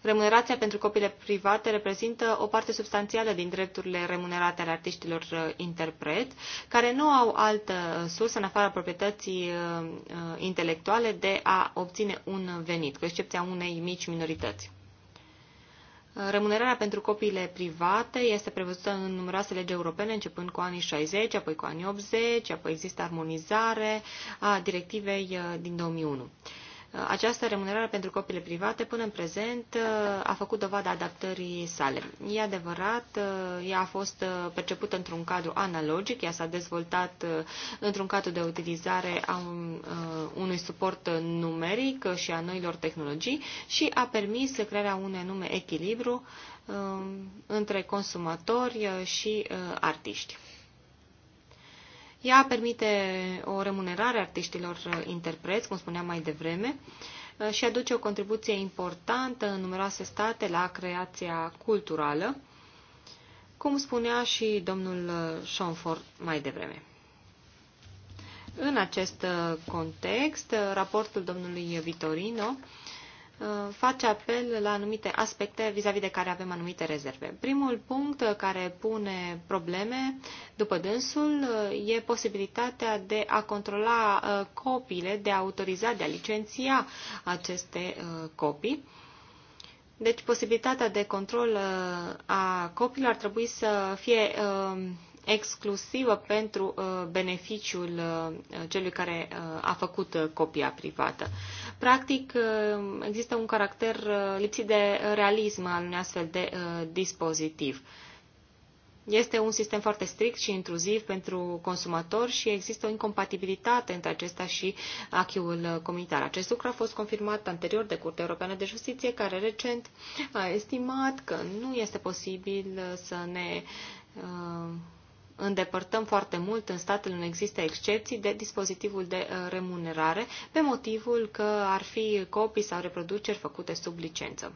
Remunerația pentru copiile private reprezintă o parte substanțială din drepturile remunerate ale artiștilor uh, interpret, care nu au altă uh, sursă în afara proprietății uh, intelectuale de a obține un venit, cu excepția unei mici minorități. Remunerarea pentru copiile private este prevăzută în numeroase legi europene, începând cu anii 60, apoi cu anii 80, apoi există armonizare a directivei uh, din 2001. Această remunerare pentru copiile private până în prezent a făcut dovada adaptării sale. E adevărat, ea a fost percepută într-un cadru analogic, ea s-a dezvoltat uh, într-un cadru de utilizare a uh, unui suport numeric și a noilor tehnologii și a permis crearea unui anume echilibru uh, între consumatori și artiști. Ea permite o remunerare artiștilor interpreți, cum spuneam mai devreme, uh, și aduce o contribuție importantă în numeroase state la creația culturală, cum spunea și domnul uh, Schonfort mai devreme. În acest uh, context, raportul domnului Vitorino Uh, face apel la anumite aspecte vis-a-vis -vis de care avem anumite rezerve. Primul punct care pune probleme, după dânsul, uh, e posibilitatea de a controla uh, copiile, de a autoriza, de a licenția aceste copii. Deci posibilitatea de control a copiilor ar trebui să fie exclusivă pentru uh, beneficiul uh, celui care uh, a făcut copia privată. Practic, există un caracter lipsit de realism al unui astfel de dispozitiv. Este un sistem foarte strict și intruziv pentru consumator și există o incompatibilitate între acesta și achiul comunitar. Acest lucru a fost confirmat anterior de Curtea Europeană de Justiție, care recent a estimat că nu este posibil să ne uh, îndepărtăm foarte mult în statele unde există excepții de dispozitivul de uh, remunerare pe motivul că ar fi copii sau reproduceri făcute sub licență.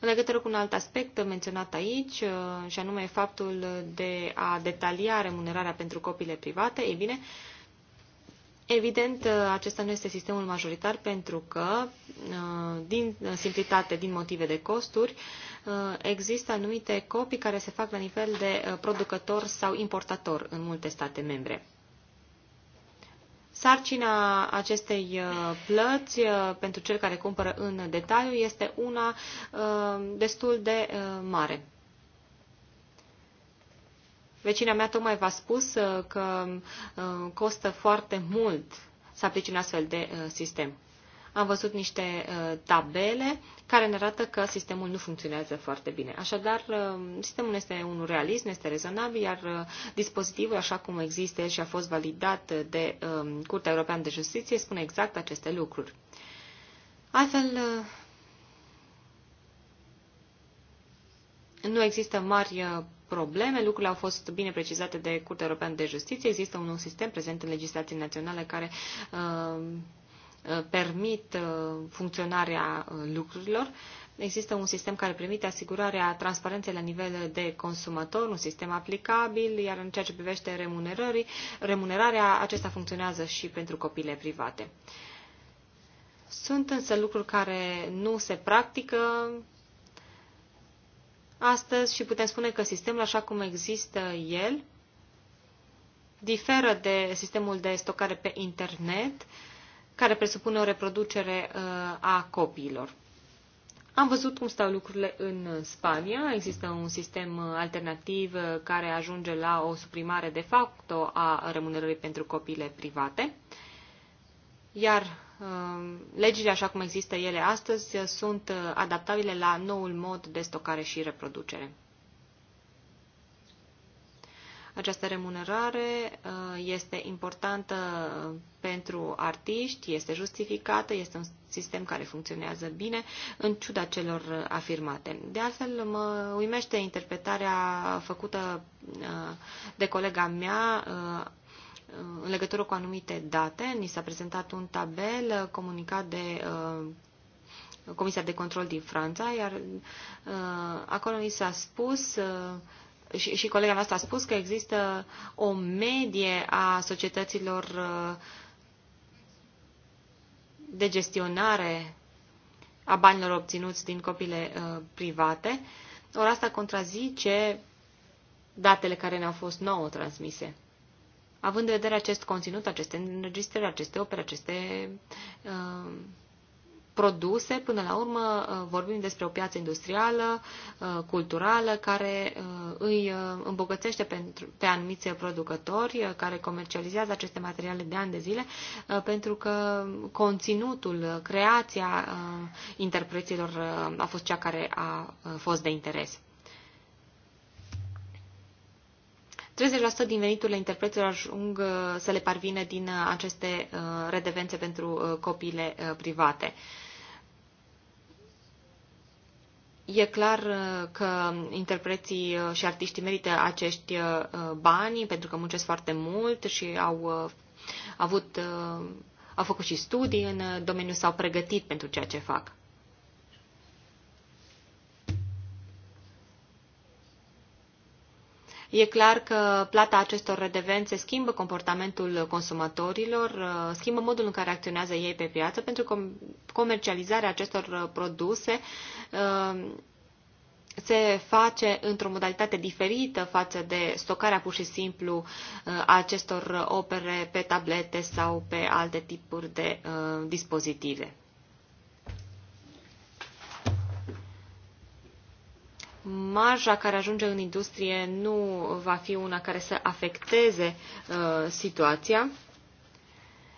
În legătură cu un alt aspect menționat aici, uh, și anume faptul de a detalia remunerarea pentru copiile private, e bine, Evident, uh, acesta nu este sistemul majoritar pentru că, din simplitate, din motive de costuri, Uh, există anumite copii care se fac la nivel de uh, producător sau importator în multe state membre. Sarcina acestei uh, plăți pentru cel care cumpără în detaliu este una destul de mare. Vecina mea tocmai v-a spus că costă foarte mult să aplici un astfel de sistem am văzut niște uh, tabele care ne arată că sistemul nu funcționează foarte bine. Așadar, uh, sistemul este unul realist, nu este rezonabil, iar uh, dispozitivul, așa cum există și a fost validat de um, Curtea Europeană de Justiție, spune exact aceste lucruri. Altfel, nu există mari probleme, lucrurile au fost bine precizate de Curtea Europeană de Justiție, există un nou sistem prezent în legislații naționale care uh, Uh, permit uh, funcționarea uh, lucrurilor. Există un sistem care permite asigurarea transparenței la nivel de consumator, un sistem aplicabil, iar în ceea ce privește remunerării, remunerarea acesta funcționează și pentru copiile private. Sunt însă lucruri care nu se practică astăzi și putem spune că sistemul așa cum există el diferă de sistemul de stocare pe internet, uh, care presupune o reproducere uh, a copiilor. Am văzut cum stau lucrurile în uh, Spania. Există un sistem uh, alternativ care ajunge la o suprimare de facto a remunerării pentru copiile private. Iar legile așa cum există ele astăzi sunt adaptabile la noul mod de stocare și reproducere. Această remunerare uh, este importantă pentru artiști, este justificată, este un sistem care funcționează bine, în ciuda celor afirmate. De altfel, mă uimește interpretarea făcută uh, de colega mea uh, în legătură cu anumite date. Ni s-a prezentat un tabel comunicat de Comisia de Control din Franța, iar acolo ni s-a spus și, și colega noastră a spus că există o medie a societăților uh, de gestionare a banilor obținuți din copile uh, private, ori asta contrazice datele care ne-au fost nouă transmise. Având în vedere acest conținut, aceste înregistrări, aceste opere, aceste uh, produse, până la urmă uh, vorbim despre o piață industrială, uh, culturală, care uh, îi îmbogățește pe anumiți producători care comercializează aceste materiale de ani de zile, pentru că conținutul, creația interpreților a fost cea care a fost de interes. 30% din veniturile interpreților ajung să le parvine din aceste redevențe pentru copiile private. E clar uh, că interpreții uh, și artiștii merită acești uh, bani pentru că muncesc foarte mult și au avut, au făcut și studii în domeniu, s-au pregătit pentru ceea ce fac. E clar că plata acestor redevențe schimbă comportamentul consumatorilor, uh, schimbă modul în care acționează ei pe piață, pentru că comercializarea acestor uh, produse uh, se face într-o modalitate diferită față de stocarea pur și simplu a acestor opere pe tablete sau pe alte tipuri de dispozitive. marja care ajunge în industrie nu va fi una care să afecteze uh, situația.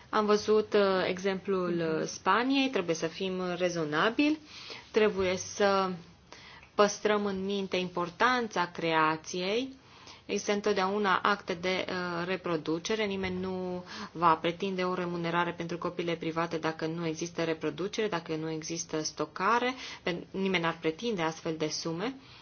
Am văzut uh, exemplul uh, Spaniei, trebuie să fim rezonabili, trebuie să păstrăm în minte importanța creației. Există întotdeauna acte de uh, reproducere, nimeni nu va pretinde o remunerare pentru copiile private dacă nu există reproducere, dacă nu există stocare, nimeni n-ar pretinde astfel de sume. Uh,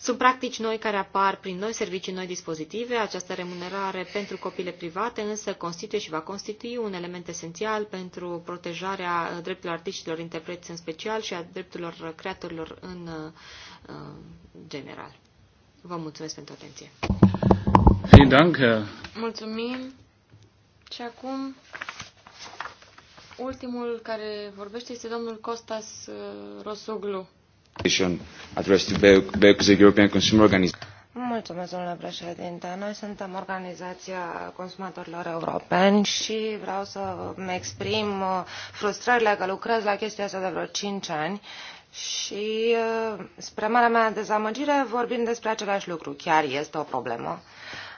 sunt practici noi care apar prin noi servicii noi dispozitive. Această remunerare pentru copile private însă constituie și va constitui un element esențial pentru protejarea drepturilor artiștilor, interpreți în special și a drepturilor creatorilor în uh, general. Vă mulțumesc pentru atenție. Mulțumim. Și acum ultimul care vorbește este domnul Costas uh, Rosoglu. Mulțumesc, domnule președinte. Noi suntem Organizația Consumatorilor Europeni și vreau să mă exprim uh, frustrările că lucrez la chestia asta de vreo 5 ani și, uh, spre marea mea dezamăgire, vorbim despre același lucru. Chiar este o problemă.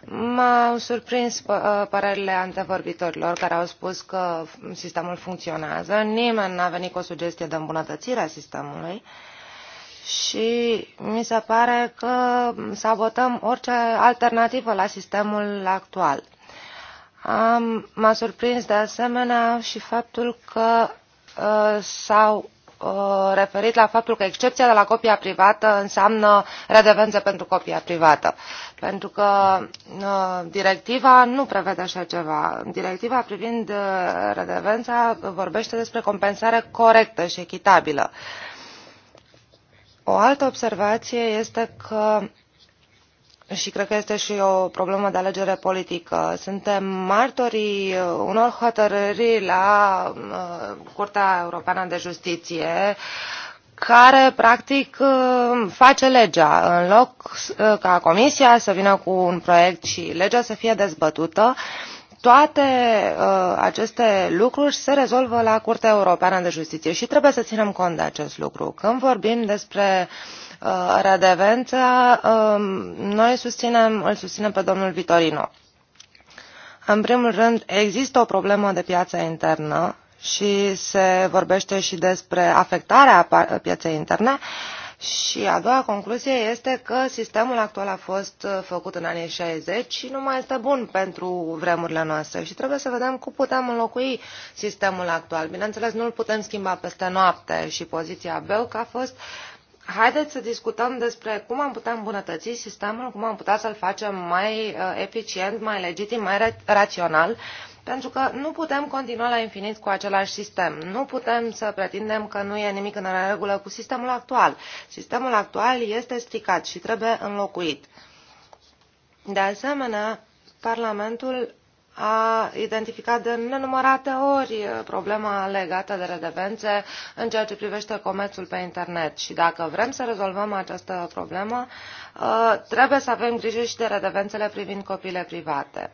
M-au surprins uh, părerile antevorbitorilor care au spus că sistemul funcționează, nimeni n-a venit cu o sugestie de îmbunătățire a sistemului. Uh, și mi se pare că sabotăm orice alternativă la sistemul actual. M-a surprins de asemenea și faptul că uh, s-au uh, referit la faptul că excepția de la copia privată înseamnă redevențe pentru copia privată. Pentru că uh, directiva nu prevede așa ceva. Directiva privind uh, redevența vorbește despre compensare corectă și echitabilă. Uh, o altă observație este că și cred că este și o problemă de alegere politică. Suntem martorii unor hotărâri la uh, Curtea Europeană de Justiție care practic uh, face legea. În loc uh, ca Comisia să vină cu un proiect și legea să fie dezbătută, uh, toate uh, aceste lucruri se rezolvă la Curtea Europeană de Justiție și trebuie să ținem cont de acest lucru. Când vorbim despre uh, Radevența, uh, um, noi susținem, îl susținem pe domnul Vitorino. În primul rând, există o problemă de piață internă și se vorbește și despre afectarea pieței interne. Uh, și a doua concluzie este că sistemul actual a fost uh, făcut în anii 60 și nu mai este bun pentru vremurile noastre și trebuie să vedem cum putem înlocui sistemul actual. Bineînțeles, nu îl putem schimba peste noapte și poziția că a fost Haideți să discutăm despre cum am putea îmbunătăți sistemul, cum am putea să-l facem mai uh, eficient, mai legitim, mai rațional pentru că nu putem continua la infinit cu același sistem. Nu putem să pretindem că nu e nimic în regulă cu sistemul actual. Sistemul actual este stricat și trebuie înlocuit. De asemenea, Parlamentul a identificat de nenumărate ori problema legată de redevențe în ceea ce privește comerțul pe internet. Și dacă vrem să rezolvăm această problemă, ă, trebuie să avem grijă și de redevențele privind copiile private.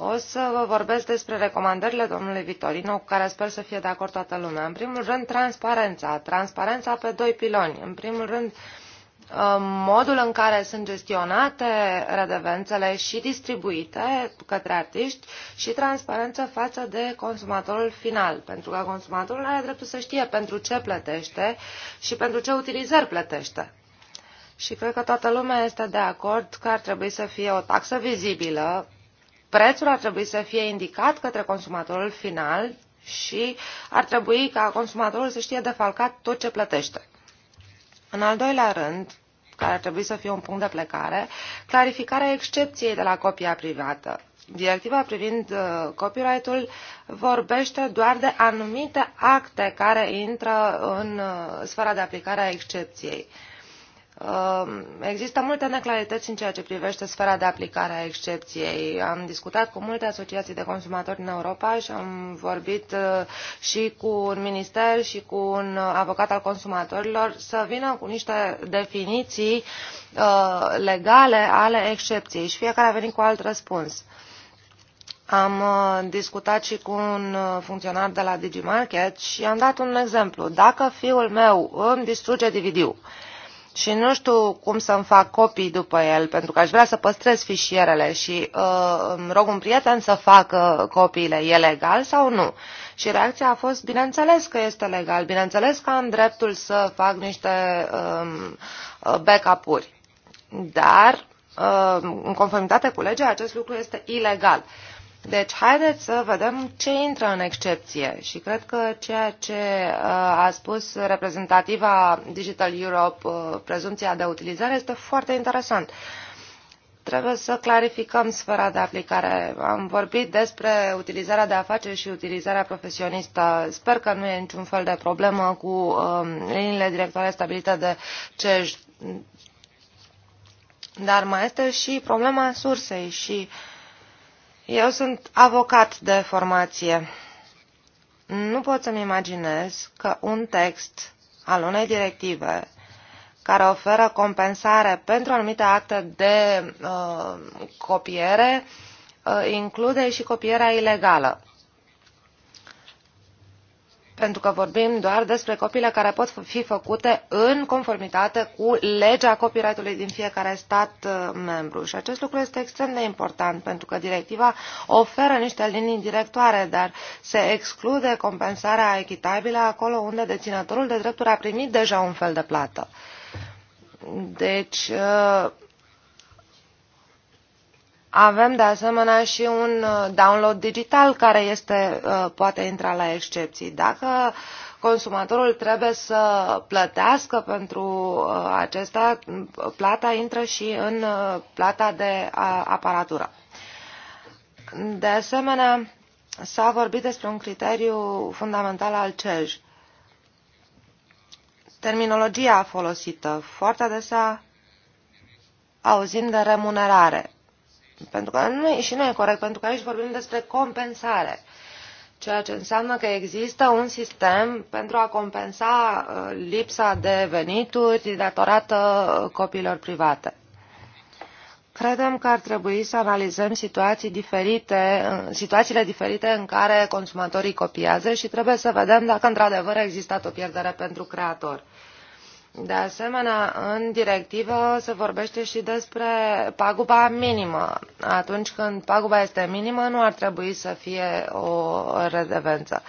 O să vă vorbesc despre recomandările domnului Vitorino, cu care sper să fie de acord toată lumea. În primul rând, transparența. Transparența pe doi piloni. În primul rând, uh, modul în care sunt gestionate redevențele și distribuite către artiști și transparență față de consumatorul final, pentru că consumatorul are dreptul să știe pentru ce plătește și pentru ce utilizări plătește. Și cred că toată lumea este de acord că ar trebui să fie o taxă vizibilă prețul ar trebui să fie indicat către consumatorul final și ar trebui ca consumatorul să știe defalcat tot ce plătește. În al doilea rând, care ar trebui să fie un punct de plecare, clarificarea excepției de la copia privată. Directiva privind uh, copyright-ul vorbește doar de anumite acte care intră în uh, sfera de aplicare a excepției. Um, există multe neclarități în ceea ce privește sfera de aplicare a excepției. Am discutat cu multe asociații de consumatori în Europa și am vorbit uh, și cu un minister și cu un uh, avocat al consumatorilor să vină cu niște definiții uh, legale ale excepției și fiecare a venit cu alt răspuns. Am discutat și cu un funcționar de la DigiMarket și am dat un exemplu. Dacă fiul meu îmi distruge DVD-ul, și nu știu cum să-mi fac copii după el, pentru că aș vrea să păstrez fișierele și uh, îmi rog un prieten să facă copiile. E legal sau nu? Și reacția a fost, bineînțeles că este legal, bineînțeles că am dreptul să fac niște um, uh, backup-uri. Dar, uh, în conformitate cu legea, acest lucru este ilegal. Uh, deci, haideți să vedem ce intră în excepție și cred că ceea ce uh, a spus reprezentativa Digital Europe, uh, prezumția de utilizare, este foarte interesant. Trebuie să clarificăm sfera de aplicare. Am vorbit despre utilizarea de afaceri și utilizarea profesionistă. Sper că nu e niciun fel de problemă cu um, liniile directoare stabilite de CEJ. Dar mai este și problema sursei și uh, eu sunt avocat de formație. Nu pot să-mi imaginez că un text al unei directive care oferă compensare pentru anumite acte de uh, copiere uh, include și copierea ilegală pentru că vorbim doar despre copiile care pot fi făcute în conformitate cu legea copyrightului din fiecare stat uh, membru. Și acest lucru este extrem de important, pentru că directiva oferă niște linii directoare, dar se exclude compensarea echitabilă acolo unde deținătorul de drepturi a primit deja un fel de plată. Deci, uh, avem de asemenea și un uh, download digital care este, uh, poate intra la excepții. Dacă consumatorul trebuie să plătească pentru uh, acesta, plata intră și în plata de aparatură. De asemenea, s-a vorbit despre un criteriu fundamental al CEJ. Terminologia folosită. Foarte adesea auzim de remunerare. Pentru că nu, și nu e corect, pentru că aici vorbim despre compensare. Ceea ce înseamnă că există un sistem pentru a compensa uh, lipsa de venituri datorată uh, copiilor private. Credem că ar trebui să analizăm situații diferite, uh, situațiile diferite în care consumatorii copiază și trebuie să vedem dacă într-adevăr a existat o pierdere pentru creator. De asemenea, în directivă se vorbește și despre paguba minimă. Atunci când paguba este minimă, nu ar trebui să fie o redevență.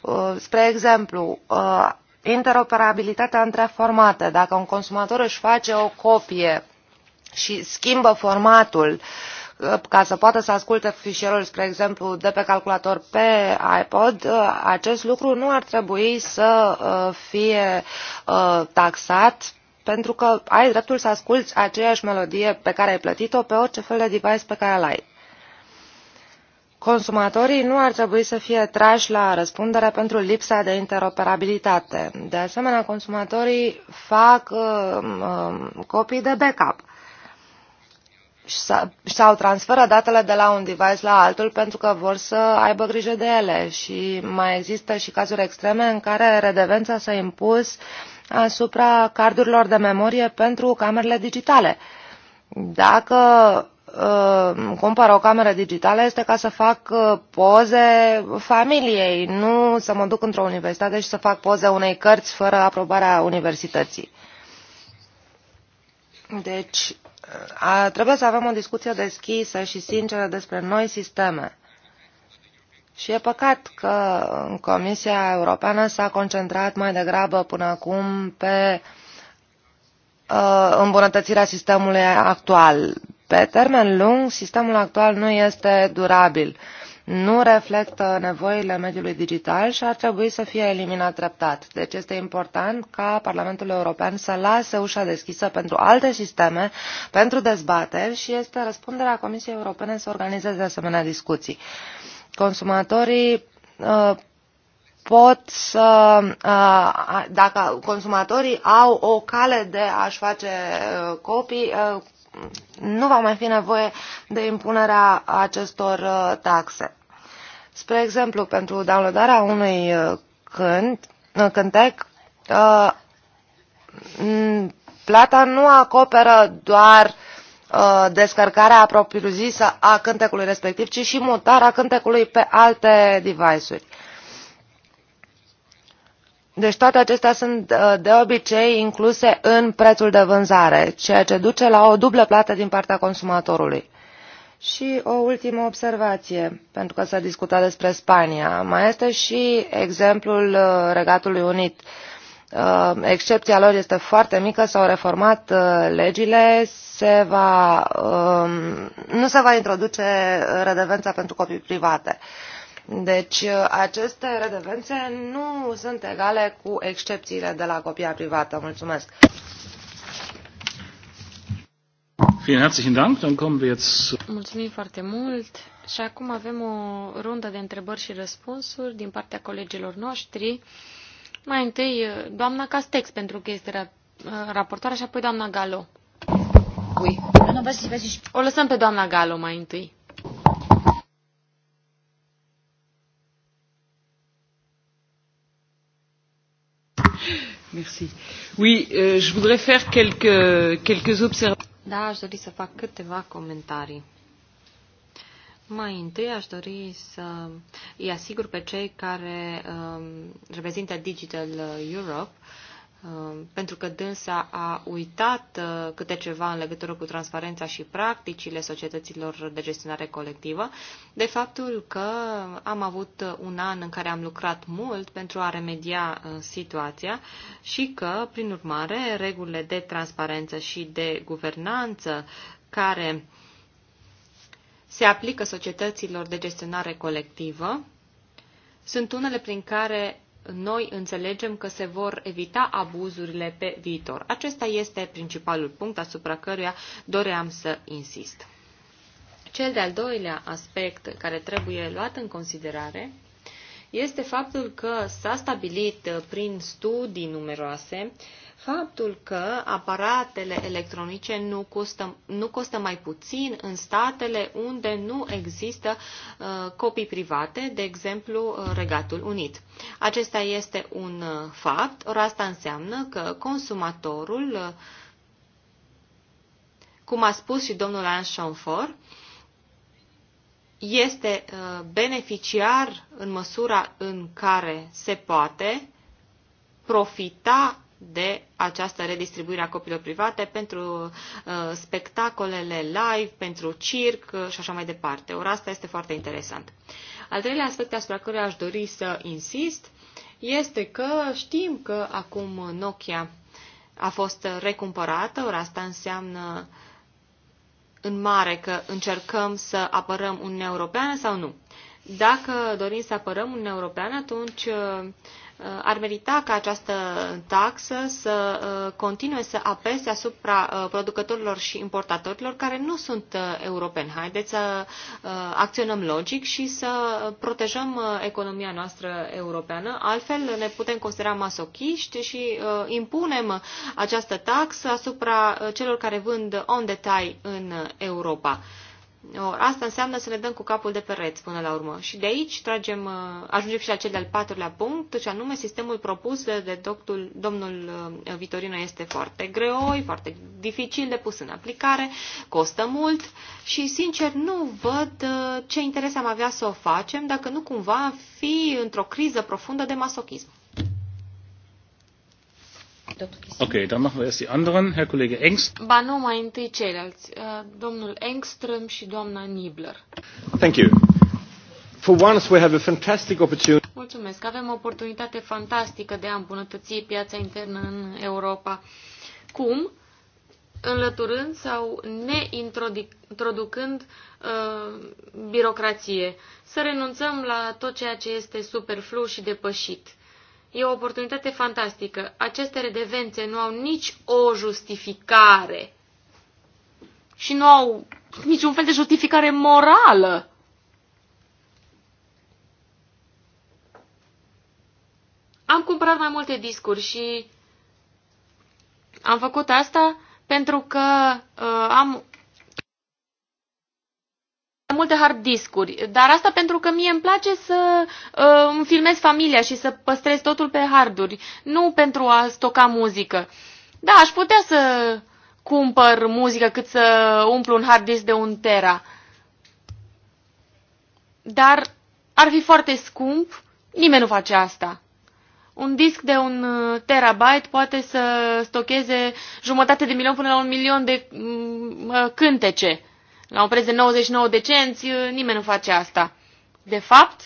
Uh, spre exemplu, uh, interoperabilitatea între formate. Dacă un consumator își face o copie și schimbă formatul uh, ca să poată să asculte fișierul, spre exemplu, de pe calculator pe iPod, acest lucru nu ar trebui să uh, fie uh, taxat pentru că ai dreptul să asculti aceeași melodie pe care ai plătit-o pe orice fel de device pe care îl ai. Consumatorii nu ar trebui să fie trași la răspundere pentru lipsa de interoperabilitate. De asemenea, consumatorii fac uh, uh, copii de backup. Uh, sau transferă datele de la un device la altul pentru că vor să aibă grijă de ele și mai există și cazuri extreme în care redevența s-a impus asupra cardurilor de memorie pentru camerele digitale. Dacă uh, cumpăr o cameră digitală este ca să fac uh, poze familiei, nu să mă duc într-o universitate și să fac poze unei cărți fără aprobarea universității. Deci, a, trebuie să avem o discuție deschisă și sinceră despre noi sisteme. Și e păcat că Comisia Europeană s-a concentrat mai degrabă până acum pe uh, îmbunătățirea sistemului actual. Pe termen lung, sistemul actual nu este durabil. Uh, nu reflectă nevoile mediului digital și ar trebui să fie eliminat treptat. Deci este important ca Parlamentul European să lase ușa deschisă pentru alte sisteme, pentru dezbateri și este răspunderea Comisiei Europene să organizeze asemenea discuții. Consumatorii uh, pot să, uh, dacă consumatorii au o cale de a-și face uh, copii, nu va mai fi nevoie de impunerea acestor uh, taxe. Spre exemplu, pentru downloadarea unui uh, cânt, uh, cântec, plata nu acoperă doar descărcarea propriu-zisă a cântecului respectiv, ci și mutarea cântecului pe alte device-uri. Deci toate acestea sunt uh, de obicei incluse în prețul de vânzare, ceea ce duce la o dublă plată din partea consumatorului. Și o ultimă observație, pentru că s-a discutat despre Spania. Mai este și exemplul uh, Regatului Unit. Uh, excepția lor este foarte mică, s-au reformat legile, se va, um, nu se va introduce redevența pentru copii private. Deci aceste redevențe nu sunt egale cu excepțiile de la copia privată. Mulțumesc! Mulțumim foarte mult și acum avem o rundă de întrebări și răspunsuri din partea colegilor noștri. Mai întâi doamna Castex pentru că este raportoarea și apoi doamna Galo. O lăsăm pe doamna Galo mai întâi. Euh, je voudrais faire quelques, quelques observations. Da, aș dori să fac câteva comentarii. Mai întâi aș dori să îi asigur pe cei care um, reprezintă Digital Europe uh, Um, pentru că dânsa a uitat uh, câte ceva în legătură cu transparența și practicile societăților de gestionare colectivă, de faptul că am avut un an în care am lucrat mult pentru a remedia uh, situația și că, prin urmare, regulile de transparență și de guvernanță care se aplică societăților de gestionare colectivă sunt unele prin care noi înțelegem că se vor evita abuzurile pe viitor. Acesta este principalul punct asupra căruia doream să insist. Cel de-al doilea aspect care trebuie luat în considerare este faptul că s-a stabilit prin studii numeroase Faptul că aparatele electronice nu costă, nu costă mai puțin în statele unde nu există uh, copii private, de exemplu uh, Regatul Unit. Acesta este un uh, fapt, ori asta înseamnă că consumatorul, uh, cum a spus și domnul Anchonfort, este uh, beneficiar în măsura în care se poate profita de această redistribuire a copiilor private pentru uh, spectacolele live, pentru circ uh, și așa mai departe. Ora asta este foarte interesant. Al treilea aspect asupra care aș dori să insist este că știm că acum Nokia a fost recumpărată, ora asta înseamnă în mare că încercăm să apărăm Uniunea Europeană sau nu. Dacă dorim să apărăm Uniunea Europeană, atunci uh, Uh, ar merita ca această taxă să uh, continue să apese asupra uh, producătorilor și importatorilor care nu sunt europeni. Haideți să acționăm logic și să protejăm economia noastră europeană, altfel ne putem considera masochiști și impunem această taxă asupra celor care vând on detail în Europa. Or, asta înseamnă să ne dăm cu capul de pereți până la urmă. Și de aici tragem, uh, ajungem și la cel de-al patrulea punct, și anume sistemul propus de doctul, domnul uh, Vitorino este foarte greoi, foarte dificil de pus în aplicare, costă mult și, sincer, nu văd uh, ce interes am avea să o facem dacă nu cumva fi într-o criză profundă de masochism. Ok, dar machen wir erst die anderen. Herr Kollege Engst. Ba nu, mai întâi ceilalți. Uh, domnul Engström și doamna Nibler. Thank you. For once we have a fantastic opportunity. Mulțumesc. Avem o oportunitate fantastică de a îmbunătăți piața internă în Europa. Cum? Înlăturând sau neintroducând uh, birocrație. Să renunțăm la tot ceea ce este superflu și depășit. Uh, E o oportunitate fantastică. Aceste redevențe nu au nici o justificare și nu au niciun fel de justificare morală. Am cumpărat mai multe discuri și am făcut asta pentru că uh, am multe hard discuri, dar asta pentru că mie îmi place să uh, îmi filmez familia și să păstrez totul pe harduri, nu pentru a stoca muzică. Da, aș putea să cumpăr muzică cât să umplu un hard disk de un tera. Dar ar fi foarte scump, nimeni nu face asta. Un disc de un uh, terabyte poate să stocheze jumătate de milion până la un milion de mm, uh, cântece la un preț de 99 de cenți, uh, nimeni nu face asta. De fapt,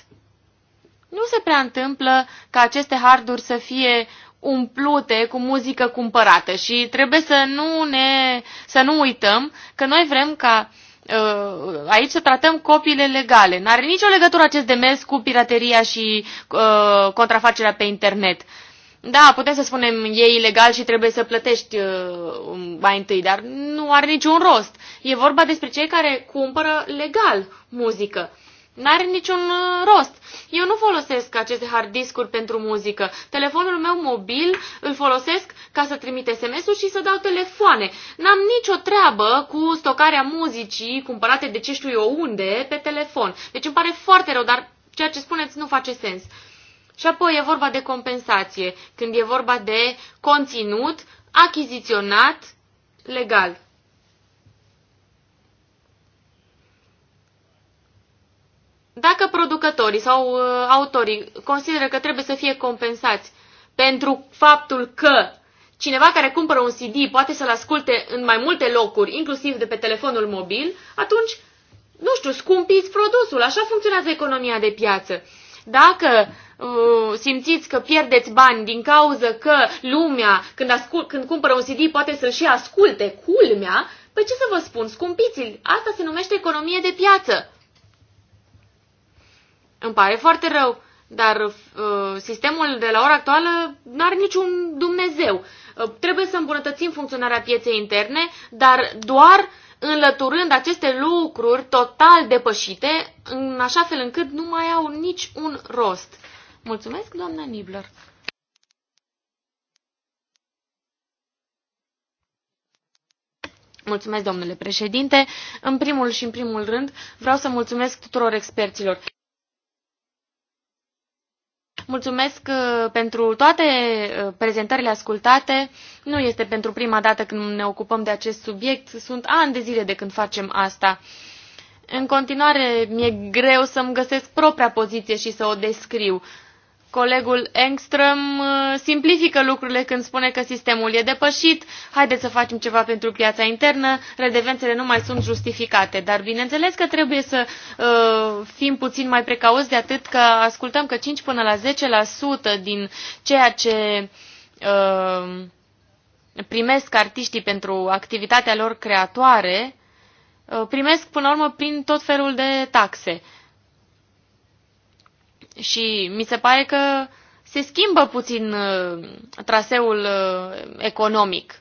nu se prea întâmplă ca aceste harduri să fie umplute cu muzică cumpărată și trebuie să nu, ne, să nu uităm că noi vrem ca uh, aici să tratăm copiile legale. N-are nicio legătură acest demers cu pirateria și uh, contrafacerea pe internet. Da, putem să spunem, e ilegal și trebuie să plătești uh, mai întâi, dar nu are niciun rost. E vorba despre cei care cumpără legal muzică. N-are niciun uh, rost. Eu nu folosesc aceste hard discuri pentru muzică. Telefonul meu mobil îl folosesc ca să trimit SMS-uri și să dau telefoane. N-am nicio treabă cu stocarea muzicii cumpărate de ce știu eu unde pe telefon. Deci îmi pare foarte rău, dar ceea ce spuneți nu face sens. Și apoi e vorba de compensație, când e vorba de conținut achiziționat legal. Dacă producătorii sau uh, autorii consideră că trebuie să fie compensați pentru faptul că cineva care cumpără un CD poate să-l asculte în mai multe locuri, inclusiv de pe telefonul mobil, atunci, nu știu, scumpiți produsul. Așa funcționează economia de piață. Dacă Uh, simțiți că pierdeți bani din cauza că lumea, când, ascult, când cumpără un CD, poate să-l și asculte, culmea, păi ce să vă spun, scumpiți-l, asta se numește economie de piață. Îmi pare foarte rău, dar uh, sistemul de la ora actuală nu are niciun Dumnezeu. Uh, trebuie să îmbunătățim funcționarea pieței interne, dar doar înlăturând aceste lucruri total depășite, în așa fel încât nu mai au nici un rost. Mulțumesc, doamna Nibler. Mulțumesc, domnule președinte. În primul și în primul rând, vreau să mulțumesc tuturor experților. Mulțumesc uh, pentru toate uh, prezentările ascultate. Nu este pentru prima dată când ne ocupăm de acest subiect. Sunt ani de zile de când facem asta. În continuare, mi-e greu să-mi găsesc propria poziție și să o descriu. Colegul Engström uh, simplifică lucrurile când spune că sistemul e depășit, haideți să facem ceva pentru piața internă, redevențele nu mai sunt justificate. Dar bineînțeles că trebuie să uh, fim puțin mai precauți de atât că ascultăm că 5 până la 10% din ceea ce uh, primesc artiștii pentru activitatea lor creatoare, uh, primesc până la urmă prin tot felul de taxe. Uh, și mi se pare că se schimbă puțin uh, traseul uh, economic.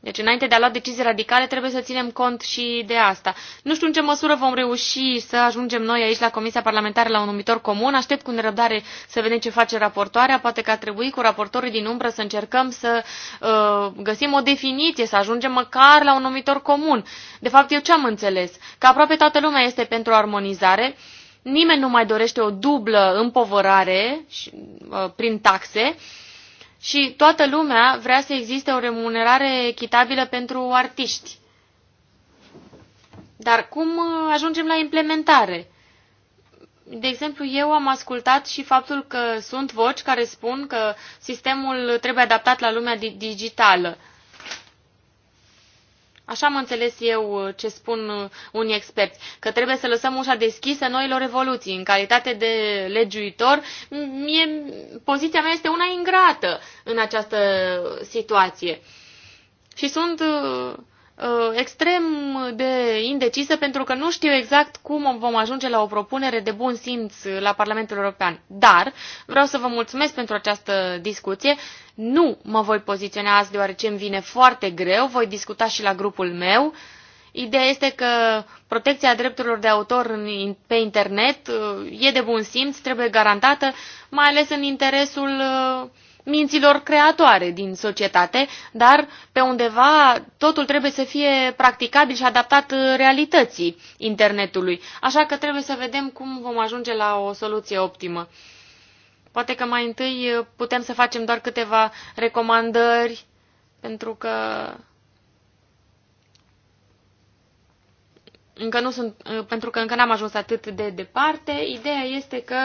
Deci înainte de a lua decizii radicale trebuie să ținem cont și de asta. Nu știu în ce măsură vom reuși să ajungem noi aici la Comisia Parlamentară la un numitor comun. Aștept cu nerăbdare să vedem ce face raportoarea. Poate că ar trebui cu raportorii din umbră să încercăm să uh, găsim o definiție, să ajungem măcar la un numitor comun. De fapt, eu ce am înțeles? Că aproape toată lumea este pentru armonizare. Uh, Nimeni nu mai dorește o dublă împovărare uh, prin taxe și toată lumea vrea să existe o remunerare echitabilă pentru artiști. Dar cum uh, ajungem la implementare? De exemplu, eu am ascultat și faptul că sunt voci care spun că sistemul trebuie adaptat la lumea digitală. Așa am înțeles eu uh, ce spun uh, unii experți, că trebuie să lăsăm ușa deschisă noilor evoluții. În calitate de legiuitor, mie, poziția mea este una ingrată în această uh, situație. Și sunt Uh, extrem de indecisă pentru că nu știu exact cum vom ajunge la o propunere de bun simț la Parlamentul European. Dar vreau să vă mulțumesc pentru această discuție. Nu mă voi poziționa azi deoarece îmi vine foarte greu, voi discuta și la grupul meu. Ideea este că protecția drepturilor de autor pe internet uh, e de bun simț, trebuie garantată, mai ales în interesul uh, minților creatoare din societate, dar pe undeva totul trebuie să fie practicabil și adaptat uh, realității internetului. Așa că trebuie să vedem cum vom ajunge la o soluție optimă. Poate că mai întâi uh, putem să facem doar câteva recomandări, pentru că încă nu sunt, uh, pentru că încă n-am ajuns atât de departe. Ideea este că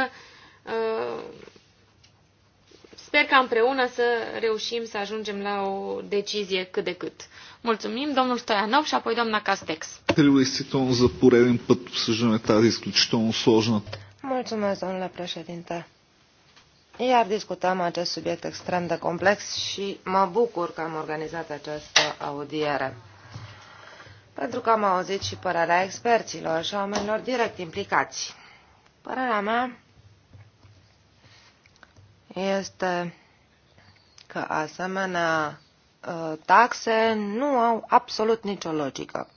Sper că împreună să reușim să ajungem la o decizie cât de cât. Mulțumim, domnul Stoianov și apoi doamna Castex. Mulțumesc, domnule președinte. Iar discutăm acest subiect extrem de complex și mă bucur că am organizat această audiere. Pentru că am auzit și părerea experților și oamenilor direct implicați. Părerea mea este că asemenea ă, taxe nu au absolut nicio logică.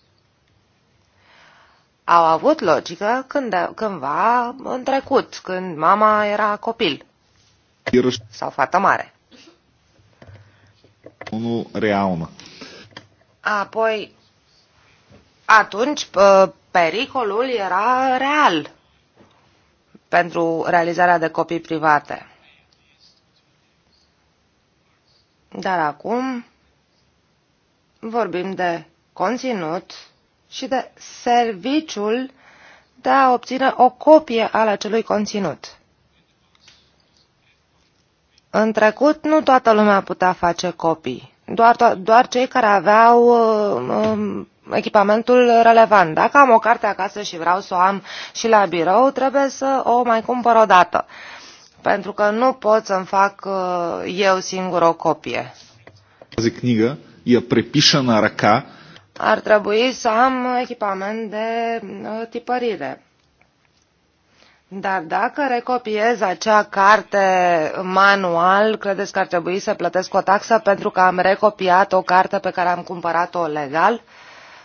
Au avut logică când, cândva în trecut, când mama era copil sau fată mare. Nu reală. Apoi, atunci, ă, pericolul era real pentru realizarea de copii private. Dar acum vorbim de conținut și de serviciul de a obține o copie al acelui conținut. În trecut, nu toată lumea putea face copii, doar, doar cei care aveau uh, um, echipamentul relevant. Dacă am o carte acasă și vreau să o am și la birou, trebuie să o mai cumpăr o dată. Uh, pentru că nu pot să-mi fac uh, eu singur o copie. Ar trebui să am echipament de uh, tipărire. Dar dacă recopiez acea carte manual, credeți că ar trebui să plătesc o taxă pentru că am recopiat o carte pe care am cumpărat-o legal?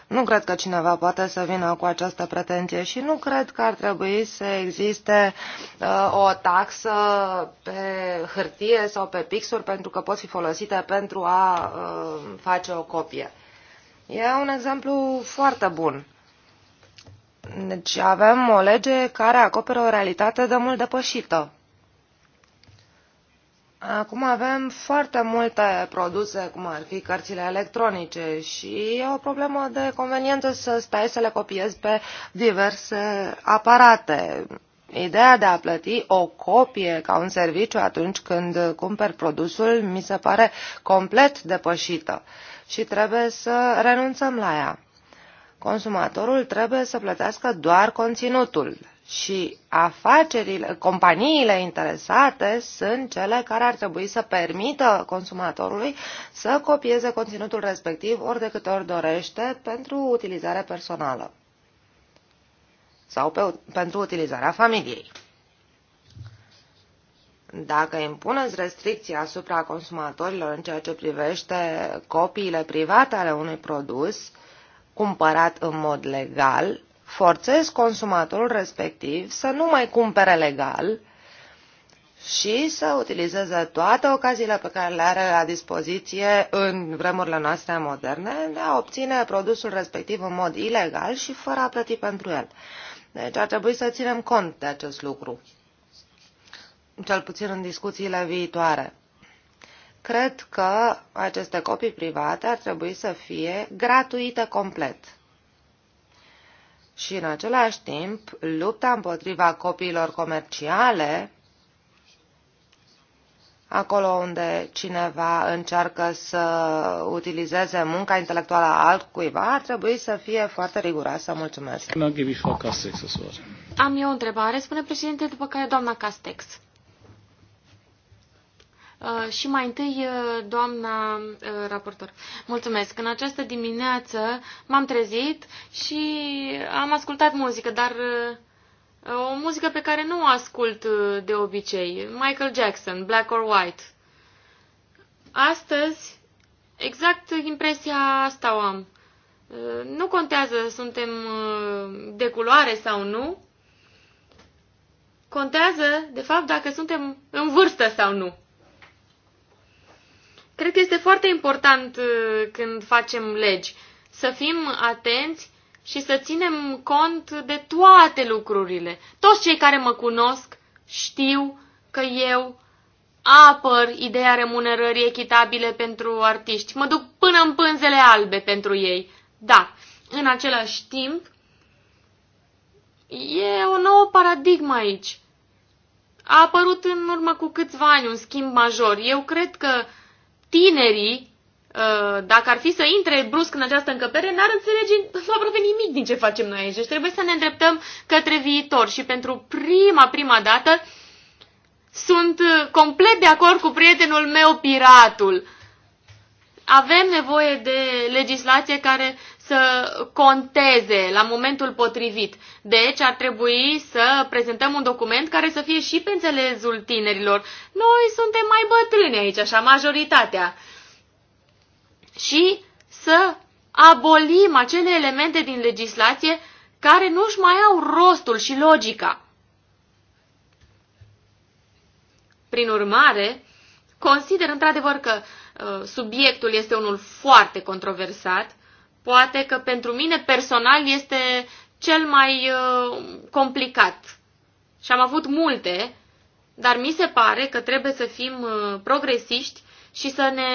Nu cred că cineva poate să vină cu această pretenție și nu cred că ar trebui să existe uh, o taxă pe hârtie sau pe pixuri pentru că pot fi folosite pentru a uh, face o copie. E un exemplu foarte bun. Deci avem o lege care acoperă o realitate de mult depășită. Acum avem foarte multe produse, cum ar fi cărțile electronice și e o problemă de conveniență să stai să le copiezi pe diverse aparate. Ideea de a plăti o copie ca un serviciu atunci când cumperi produsul mi se pare complet depășită și trebuie să renunțăm la ea. Consumatorul trebuie să plătească doar conținutul și afacerile, companiile interesate sunt cele care ar trebui să permită consumatorului să copieze conținutul respectiv ori de câte ori dorește pentru utilizare personală sau pe, pentru utilizarea familiei. Dacă impuneți restricții asupra consumatorilor în ceea ce privește copiile private ale unui produs cumpărat în mod legal, forțez consumatorul respectiv să nu mai cumpere legal și să utilizeze toate ocaziile pe care le are la dispoziție în vremurile noastre moderne de a obține produsul respectiv în mod ilegal și fără a plăti pentru el. Deci ar trebui să ținem cont de acest lucru, cel puțin în discuțiile viitoare. Cred că aceste copii private ar trebui să fie gratuite complet și în același timp lupta împotriva copiilor comerciale, acolo unde cineva încearcă să utilizeze munca intelectuală a altcuiva, ar trebui să fie foarte riguroasă. Mulțumesc. Am eu o întrebare, spune președinte, după care doamna Castex. Uh, și mai întâi, uh, doamna uh, raportor, mulțumesc. În această dimineață m-am trezit și am ascultat muzică, dar o muzică pe care nu o ascult de obicei. Michael Jackson, Black or White. Astăzi, exact impresia asta o am. Nu contează, suntem de culoare sau nu. Contează, de fapt, dacă suntem în vârstă sau nu. Cred că este foarte important uh, când facem legi să fim atenți și să ținem cont de toate lucrurile. Toți cei care mă cunosc știu că eu apăr ideea remunerării echitabile pentru artiști. Mă duc până în pânzele albe pentru ei. Da, în același timp, e o nouă paradigmă aici. A apărut în urmă cu câțiva ani un schimb major. Eu cred că tinerii, uh, dacă ar fi să intre brusc în această încăpere, n-ar înțelege aproape nimic din ce facem noi aici. Deci trebuie să ne îndreptăm către viitor și pentru prima, prima dată sunt uh, complet de acord cu prietenul meu, piratul. Avem nevoie de legislație care să conteze la momentul potrivit. Deci ar trebui să prezentăm un document care să fie și pe înțelesul tinerilor. Noi suntem mai bătrâni aici, așa, majoritatea. Și să abolim acele elemente din legislație care nu-și mai au rostul și logica. Prin urmare, consider într-adevăr că uh, subiectul este unul foarte controversat poate că pentru mine personal este cel mai uh, complicat. Și am avut multe, dar mi se pare că trebuie să fim uh, progresiști și să ne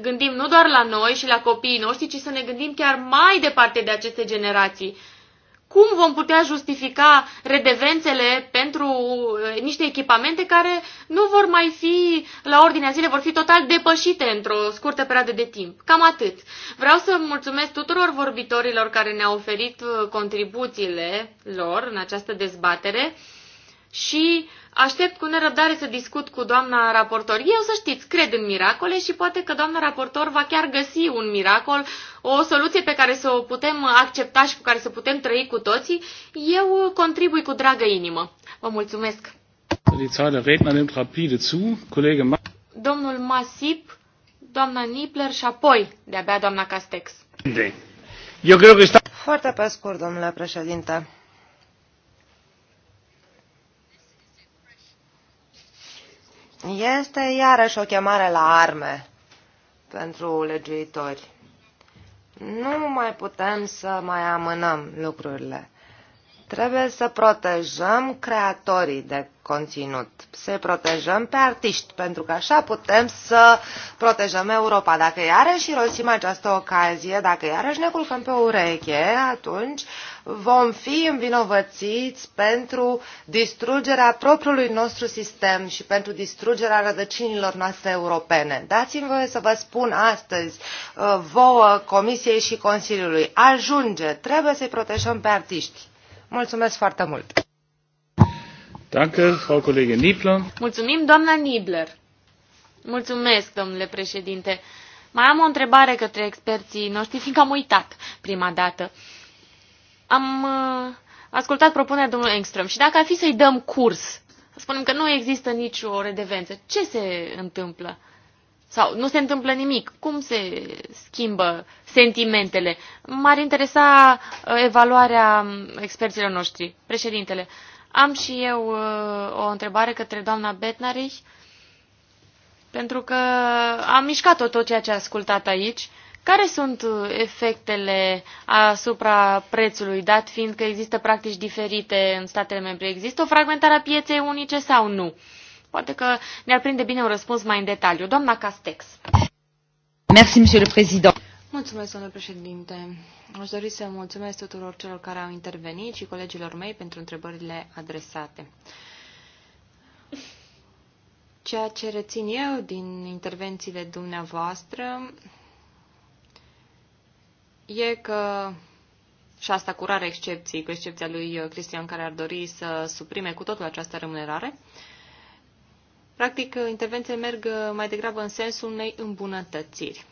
gândim nu doar la noi și la copiii noștri, ci să ne gândim chiar mai departe de aceste generații cum vom putea justifica redevențele pentru uh, niște echipamente care nu vor mai fi la ordinea zilei, vor fi total depășite într-o scurtă perioadă de timp. Cam atât. Vreau să mulțumesc tuturor vorbitorilor care ne-au oferit uh, contribuțiile lor în această dezbatere și aștept cu nerăbdare să discut cu doamna raportor. Eu, să știți, cred în miracole și poate că doamna raportor va chiar găsi un miracol, o soluție pe care să o putem accepta și cu care să putem trăi cu toții. Eu contribui cu dragă inimă. Vă mulțumesc! Domnul Masip, doamna Nipler și apoi de-abia doamna Castex. Foarte pe scurt, domnule președinte. este iarăși o chemare la arme pentru legiuitori. Nu mai putem să mai amânăm lucrurile. Trebuie să protejăm creatorii de conținut, să protejăm pe artiști, pentru că așa putem să protejăm Europa. Dacă iarăși irosim această ocazie, dacă iarăși ne culcăm pe ureche, atunci vom fi învinovățiți pentru distrugerea propriului nostru sistem și pentru distrugerea rădăcinilor noastre europene. Dați-mi voie să vă spun astăzi, uh, vouă, Comisiei și Consiliului, ajunge, trebuie să-i protejăm pe artiști Mulțumesc foarte mult! Danke, Frau Kollegin Niebler. Mulțumim, doamna Nibler. Mulțumesc, domnule președinte. Mai am o întrebare către experții noștri, fiindcă am uitat prima dată. Am uh, ascultat propunerea domnului Engström și dacă ar fi să-i dăm curs, să spunem că nu există nicio redevență, ce se întâmplă? sau nu se întâmplă nimic. Cum se schimbă sentimentele? M-ar interesa uh, evaluarea um, experților noștri. Președintele, am și eu uh, o întrebare către doamna Betnarich, pentru că am mișcat-o tot ceea ce a ascultat aici. Care sunt uh, efectele asupra prețului, dat fiind că există practici diferite în statele membre? Există o fragmentare a pieței unice sau nu? Uh, Poate că ne-ar prinde bine un răspuns mai în detaliu. Doamna Castex. Merci, monsieur le président. Mulțumesc, domnule președinte. Aș dori să mulțumesc tuturor celor care au intervenit și colegilor mei pentru întrebările adresate. Ceea ce rețin eu din intervențiile dumneavoastră e că, și asta cu rare excepții, cu excepția lui Cristian care ar dori să suprime cu totul această remunerare, uh, Practic, intervențiile merg mai degrabă în sensul unei îmbunătățiri.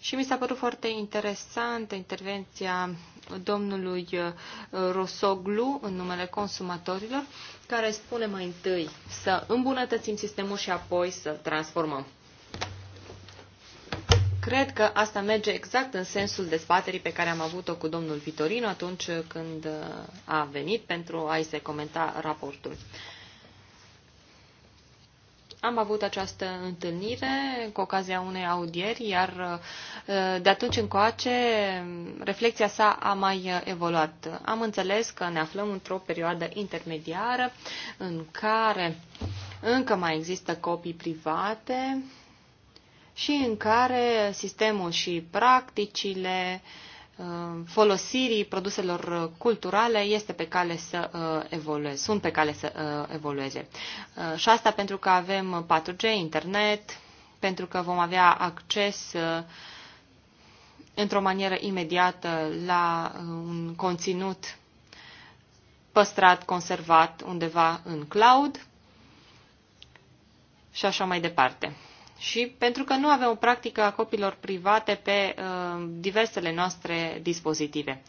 Și mi s-a părut foarte interesantă intervenția domnului uh, Rosoglu în numele consumatorilor, care spune mai întâi să îmbunătățim sistemul și apoi să transformăm. Cred că asta merge exact în sensul dezbaterii pe care am avut-o cu domnul Vitorino atunci când uh, a venit pentru a-i se comenta raportul. Am avut această întâlnire cu ocazia unei audieri, iar uh, de atunci încoace reflexia sa a mai evoluat. Am înțeles că ne aflăm într-o perioadă intermediară în care încă mai există copii private și în care sistemul și practicile uh, Uh, folosirii produselor culturale este pe cale să uh, evolueze, sunt pe cale să uh, evolueze. Și asta pentru că avem 4G, internet, pentru că vom avea acces într-o manieră imediată la un conținut păstrat, conservat undeva în cloud și așa mai departe și pentru că nu avem o practică a copiilor private pe uh, diversele noastre dispozitive.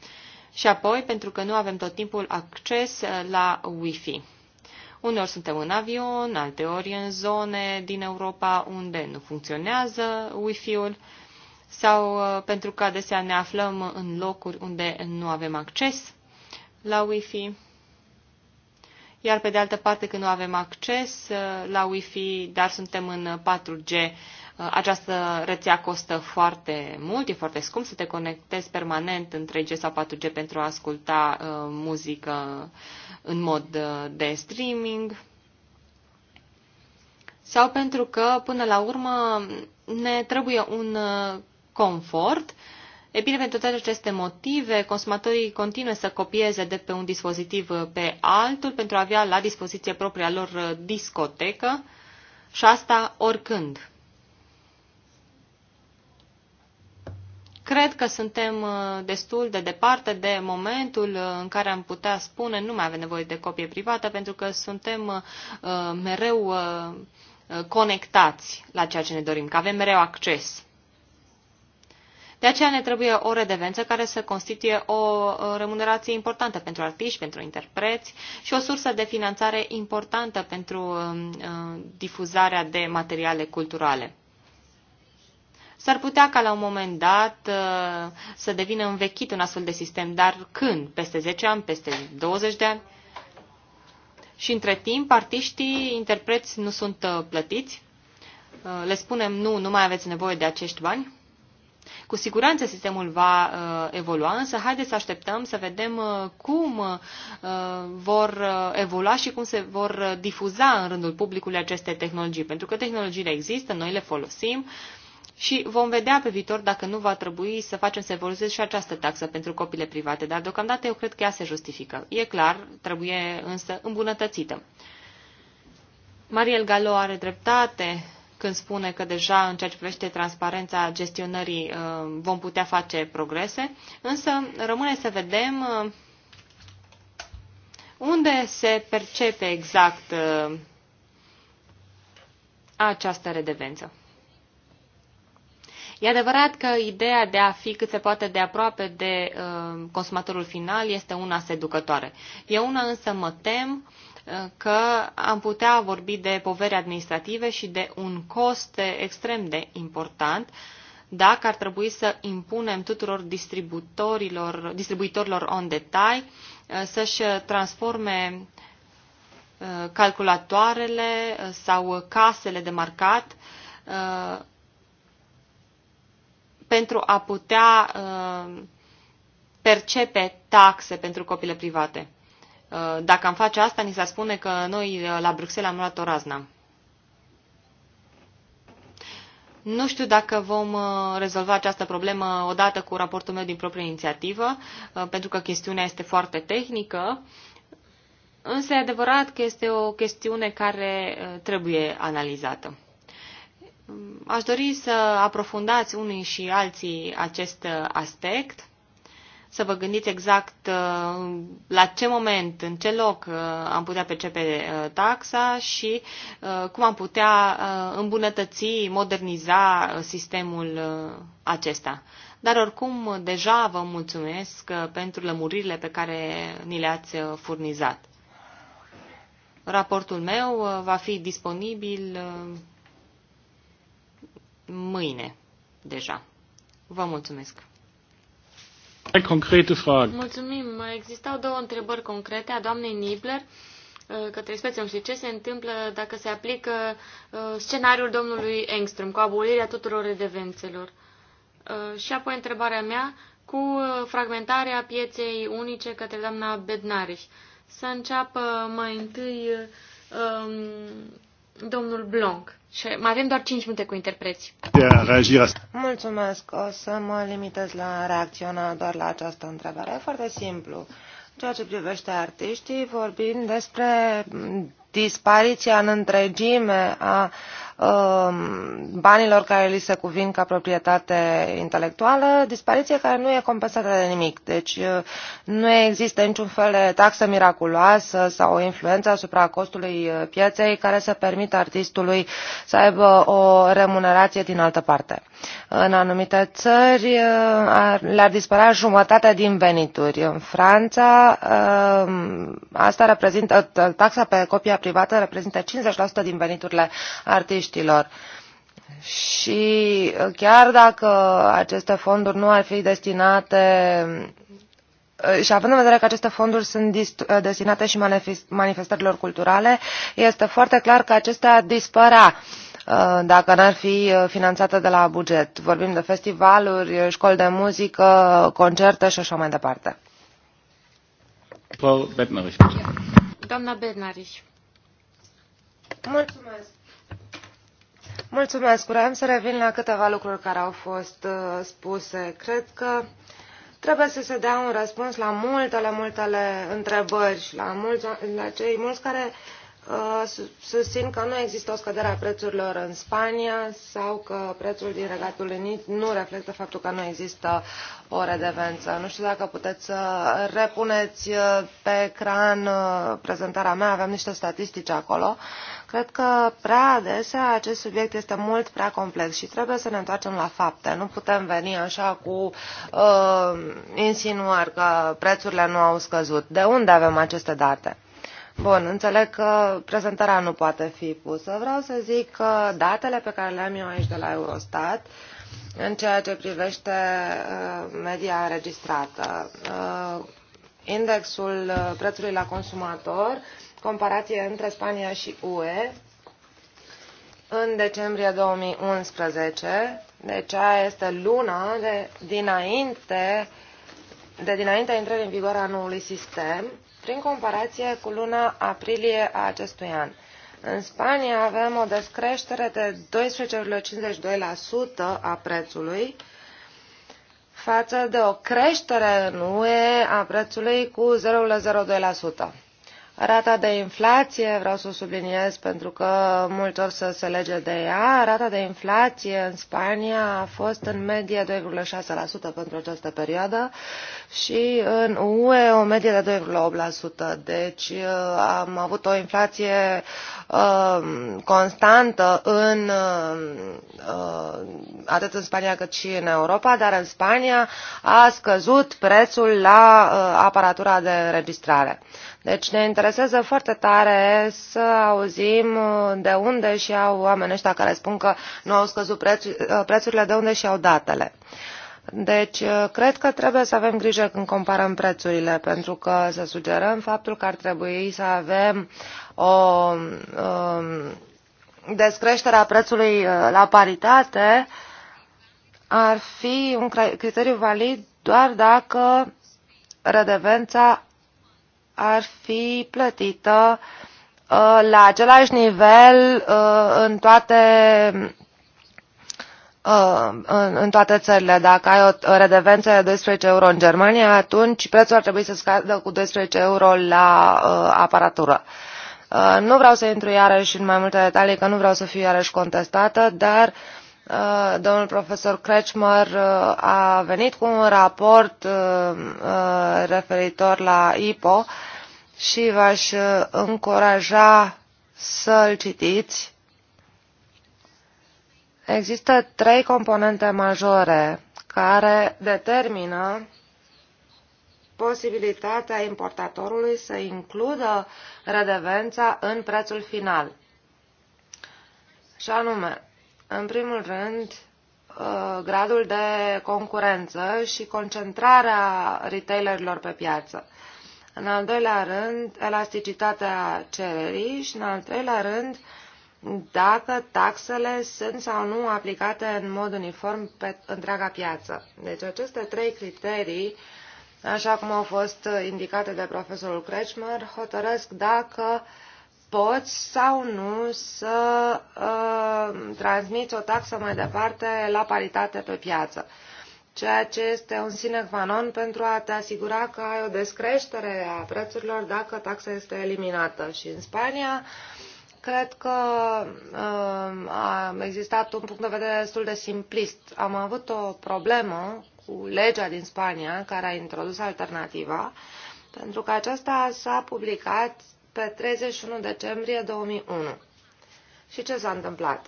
Și apoi, pentru că nu avem tot timpul acces uh, la Wi-Fi. Uneori suntem în avion, alteori în zone din Europa unde nu funcționează Wi-Fi-ul sau uh, pentru că adesea ne aflăm în locuri unde nu avem acces la Wi-Fi iar pe de altă parte când nu avem acces uh, la Wi-Fi, dar suntem în 4G, uh, uh, această rețea costă foarte mult, e foarte scump să te conectezi permanent în 3G sau 4G pentru a asculta muzică în mod de streaming sau pentru că, până la urmă, ne trebuie un confort uh, E bine, pentru toate aceste motive, consumatorii continuă să copieze de pe un dispozitiv uh, pe altul pentru a avea la dispoziție propria lor uh, discotecă și asta oricând. Cred că suntem uh, destul de departe de momentul în care am putea spune nu mai avem nevoie de copie privată pentru că suntem mereu conectați la ceea ce ne dorim, că avem mereu acces. De aceea ne trebuie o redevență care să constituie o remunerație importantă pentru artiști, pentru interpreți și o sursă de finanțare importantă pentru um, uh, difuzarea de materiale culturale. S-ar putea ca la un moment dat uh, să devină învechit un astfel de sistem, dar când? Peste 10 ani? Peste 20 de ani? Și între timp, artiștii, interpreți nu sunt uh, plătiți. Le spunem, nu, nu mai aveți nevoie de acești bani. Cu siguranță sistemul va uh, evolua, însă haideți să așteptăm să vedem uh, cum uh, vor evolua și cum se vor difuza în rândul publicului aceste tehnologii, pentru că tehnologiile există, noi le folosim și vom vedea pe viitor dacă nu va trebui să facem să evolueze și această taxă pentru copiile private, dar deocamdată eu cred că ea se justifică. E clar, trebuie însă îmbunătățită. Mariel Galo are dreptate când spune că deja în ceea ce privește transparența gestionării uh, vom putea face progrese, însă rămâne să vedem uh, unde se percepe exact uh, această redevență. E adevărat că ideea de a fi cât se poate de aproape de uh, consumatorul final este una seducătoare. Eu una însă mă tem că am putea vorbi de povere administrative și de un cost extrem de important dacă ar trebui să impunem tuturor distribuitorilor distribuitorilor on detail uh, să-și transforme uh, calculatoarele uh, sau casele de marcat pentru a putea percepe taxe pentru copile private. Uh, dacă am face asta, ni s spune că noi uh, la Bruxelles am luat o razna. Nu știu dacă vom uh, rezolva această problemă odată cu raportul meu din proprie inițiativă, pentru că chestiunea este foarte tehnică, însă e adevărat că este o chestiune care trebuie analizată. Um, aș dori să aprofundați unii și alții acest aspect să vă gândiți exact uh, la ce moment, în ce loc uh, am putea percepe uh, taxa și cum am putea îmbunătăți, moderniza sistemul acesta. Dar oricum, deja vă mulțumesc pentru lămuririle pe care ni le-ați furnizat. Raportul meu va fi disponibil mâine deja. Vă mulțumesc! Concrete frage. Mulțumim. Existau două întrebări concrete a doamnei Nibler uh, către spețe și ce se întâmplă dacă se aplică uh, scenariul domnului Engström cu abolirea tuturor redevențelor. Uh, și apoi întrebarea mea cu fragmentarea pieței unice către doamna Bednarich. Să înceapă mai întâi um, domnul Blanc. Și mai avem doar 5 minute cu interpreți. Mulțumesc. O să mă limitez la reacționa doar la această întrebare. E foarte simplu. Ceea ce privește artiștii, vorbim despre dispariția în întregime a um, banilor care li se cuvin ca proprietate intelectuală, dispariție care nu e compensată de nimic. Deci uh, nu există niciun fel de taxă miraculoasă sau o influență asupra costului uh, pieței care să permită artistului să aibă o remunerație din altă parte. În anumite țări uh, le-ar dispărea jumătate din venituri. În Franța asta reprezintă taxa pe copia privată reprezintă 50% din veniturile artiștilor. Și chiar dacă aceste fonduri nu ar fi destinate și având în vedere că aceste fonduri sunt destinate și manifestărilor culturale, este foarte clar că acestea dispărea uh, dacă n-ar fi uh, finanțate de la buget. Vorbim de festivaluri, școli de muzică, concerte și așa mai departe. Frau Bednarich. Doamna Bednarich. Mulțumesc! Mulțumesc! Vreau să revin la câteva lucruri care au fost uh, spuse. Cred că trebuie să se dea un răspuns la multele, multele întrebări și la, mulți, la cei mulți care uh, susțin că nu există o scădere a prețurilor în Spania sau că prețul din Regatul Unit nu reflectă faptul că nu există o redevență. Nu știu dacă puteți să uh, repuneți uh, pe ecran uh, prezentarea mea, avem niște statistici acolo Cred că prea adesea acest subiect este mult prea complex și trebuie să ne întoarcem la fapte. Nu putem veni așa cu uh, insinuări că prețurile nu au scăzut. De unde avem aceste date? Bun, înțeleg că prezentarea nu poate fi pusă. Vreau să zic că datele pe care le am eu aici de la Eurostat în ceea ce privește uh, media înregistrată, uh, indexul uh, prețului la consumator comparație între Spania și UE în decembrie 2011, deci aia este luna de dinainte, de dinainte intrării în vigoare a noului sistem, prin comparație cu luna aprilie a acestui an. În Spania avem o descreștere de 12,52% a prețului față de o creștere în UE a prețului cu 0,02%. Rata de inflație, vreau să o subliniez pentru că multor să se lege de ea, rata de inflație în Spania a fost în medie 2,6% pentru această perioadă și în UE o medie de 2,8%. Deci uh, am avut o inflație uh, constantă în, uh, atât în Spania cât și în Europa, dar în Spania a scăzut prețul la aparatura de înregistrare. Deci ne interesează foarte tare să auzim uh, de unde și au oamenii ăștia care spun că nu au scăzut uh, prețurile, de unde și au datele. Deci, uh, cred că trebuie să avem grijă când comparăm prețurile, pentru că să sugerăm faptul că ar trebui să avem o um, descreștere a prețului la paritate, ar fi un criteriu valid doar dacă redevența ar fi plătită uh, la același nivel uh, în toate uh, în toate țările. Dacă ai o redevență de 12 euro în Germania, atunci prețul ar trebui să scadă cu 12 euro la aparatură. Nu vreau să intru iarăși în mai multe detalii, că nu vreau să fiu iarăși contestată, dar uh, Uh, domnul profesor Kretschmer uh, a venit cu un raport uh, referitor la IPO și v-aș încuraja să-l citiți. Există trei componente majore care determină posibilitatea importatorului să includă redevența în prețul final. Și anume, în primul rând, uh, gradul de concurență și concentrarea retailerilor pe piață. În al doilea rând, elasticitatea cererii și în al treilea rând, dacă taxele sunt sau nu aplicate în mod uniform pe întreaga piață. Deci aceste trei criterii, așa cum au fost indicate de profesorul Kretschmer, hotărăsc dacă uh, poți sau nu să uh, transmiți o taxă mai departe la paritate pe piață, ceea ce este un sine qua non pentru a te asigura că ai o descreștere a prețurilor dacă taxa este eliminată. Și în Spania cred că uh, a existat un punct de vedere destul de simplist. Am avut o problemă cu legea din Spania care a introdus alternativa, pentru că aceasta s-a publicat pe 31 decembrie 2001. Și ce s-a întâmplat?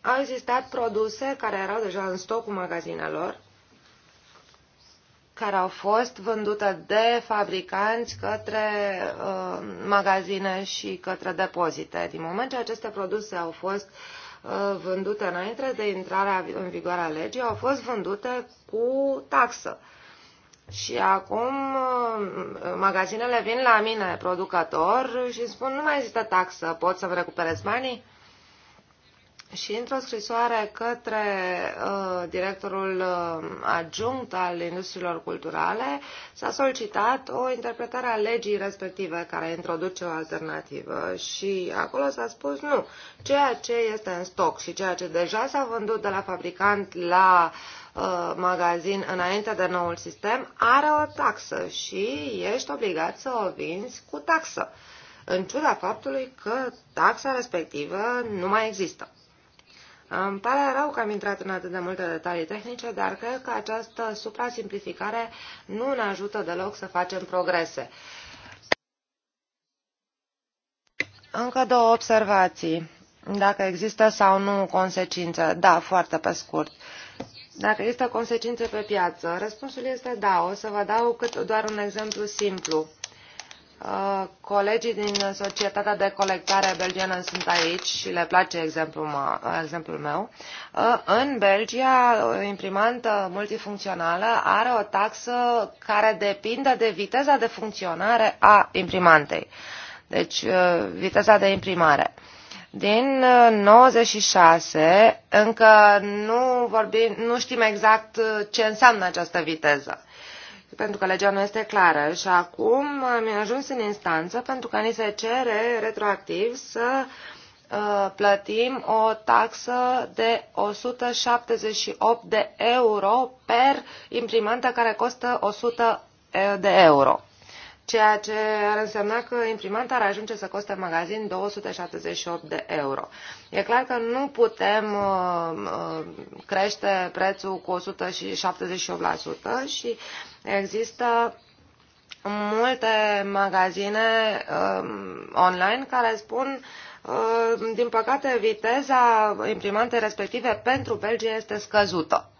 Au existat produse care erau deja în stocul magazinelor, care au fost vândute de fabricanți către uh, magazine și către depozite. Din moment ce aceste produse au fost uh, vândute înainte de intrarea în vigoare a legii, au fost vândute cu taxă. Uh, și acum uh, magazinele vin la mine, producător, și spun nu mai există taxă, pot să-mi recuperez banii? Și într-o scrisoare către uh, directorul uh, adjunct al industriilor culturale s-a solicitat o interpretare a legii respective care introduce o alternativă și acolo s-a spus nu, ceea ce este în stoc și ceea ce deja s-a vândut de la fabricant la uh, Uh, magazin înainte de noul sistem are o taxă și ești obligat să o vinzi cu taxă, în ciuda faptului că taxa respectivă nu mai există. Îmi pare rău că am intrat în atât de multe detalii tehnice, dar cred că această suprasimplificare nu ne ajută deloc să facem progrese. Încă două observații. Dacă există sau nu consecințe. Da, foarte pe scurt. Uh, dacă există consecințe pe piață? Răspunsul este da. O să vă dau cât, doar un exemplu simplu. Uh, colegii din Societatea de Colectare Belgiană sunt aici și le place exemplul, meu. Uh, în Belgia, o imprimantă multifuncțională are o taxă care depinde de viteza de funcționare a imprimantei, deci uh, viteza de imprimare. Din 96 uh, încă nu, vorbim, nu știm exact uh, ce înseamnă această viteză, pentru că legea nu este clară. Și acum uh, mi-a ajuns în instanță pentru că ni se cere retroactiv să plătim o taxă de 178 de euro per imprimantă care costă 100 de euro ceea ce ar însemna că imprimanta ar ajunge să coste în magazin 278 de euro. E clar că nu putem uh, uh, crește prețul cu 178% și există multe magazine um, online care spun uh, din păcate, viteza imprimantei respective pentru Belgia este scăzută.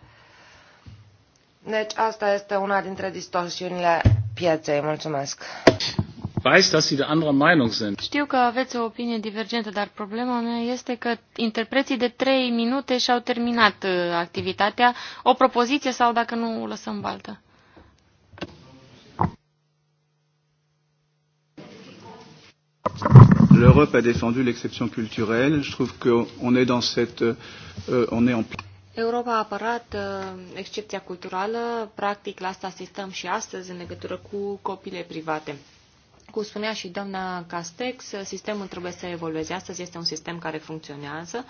Deci asta este una dintre distorsiunile pieței. Mulțumesc! Știu că aveți o opinie divergentă, dar problema mea este că interpreții de trei minute și-au terminat uh, activitatea. O propoziție sau dacă nu, o lăsăm baltă. L'Europe a défendu l'exception culturelle. Je trouve qu'on est dans cette, euh, on est en Europa a apărat uh, excepția culturală, practic la asta asistăm și astăzi în legătură cu copile private. Cum spunea și doamna Castex, sistemul trebuie să evolueze. Astăzi este un sistem care funcționează.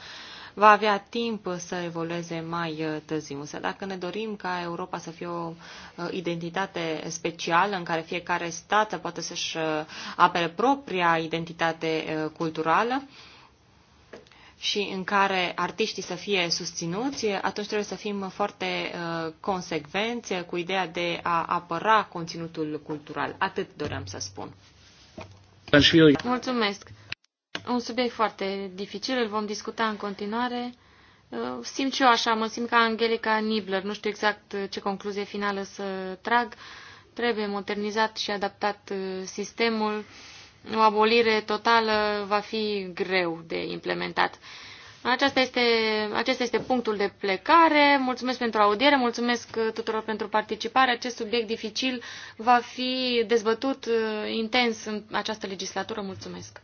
Va avea timp să evolueze mai uh, târziu. Însă dacă ne dorim ca Europa să fie o uh, identitate specială în care fiecare stat poate să-și uh, apere propria identitate culturală, și în care artiștii să fie susținuți, atunci trebuie să fim foarte uh, consecvenți cu ideea de a apăra conținutul cultural. Atât doream să spun. Mulțumesc. Un subiect foarte dificil, îl vom discuta în continuare. Uh, simt și eu așa, mă simt ca Angelica Nibler, nu știu exact uh, ce concluzie finală să trag. Trebuie modernizat și adaptat uh, sistemul o abolire totală va fi greu de implementat. Aceasta este, acesta este punctul de plecare. Mulțumesc pentru audiere, mulțumesc tuturor pentru participare. Acest subiect dificil va fi dezbătut uh, intens în această legislatură. Mulțumesc!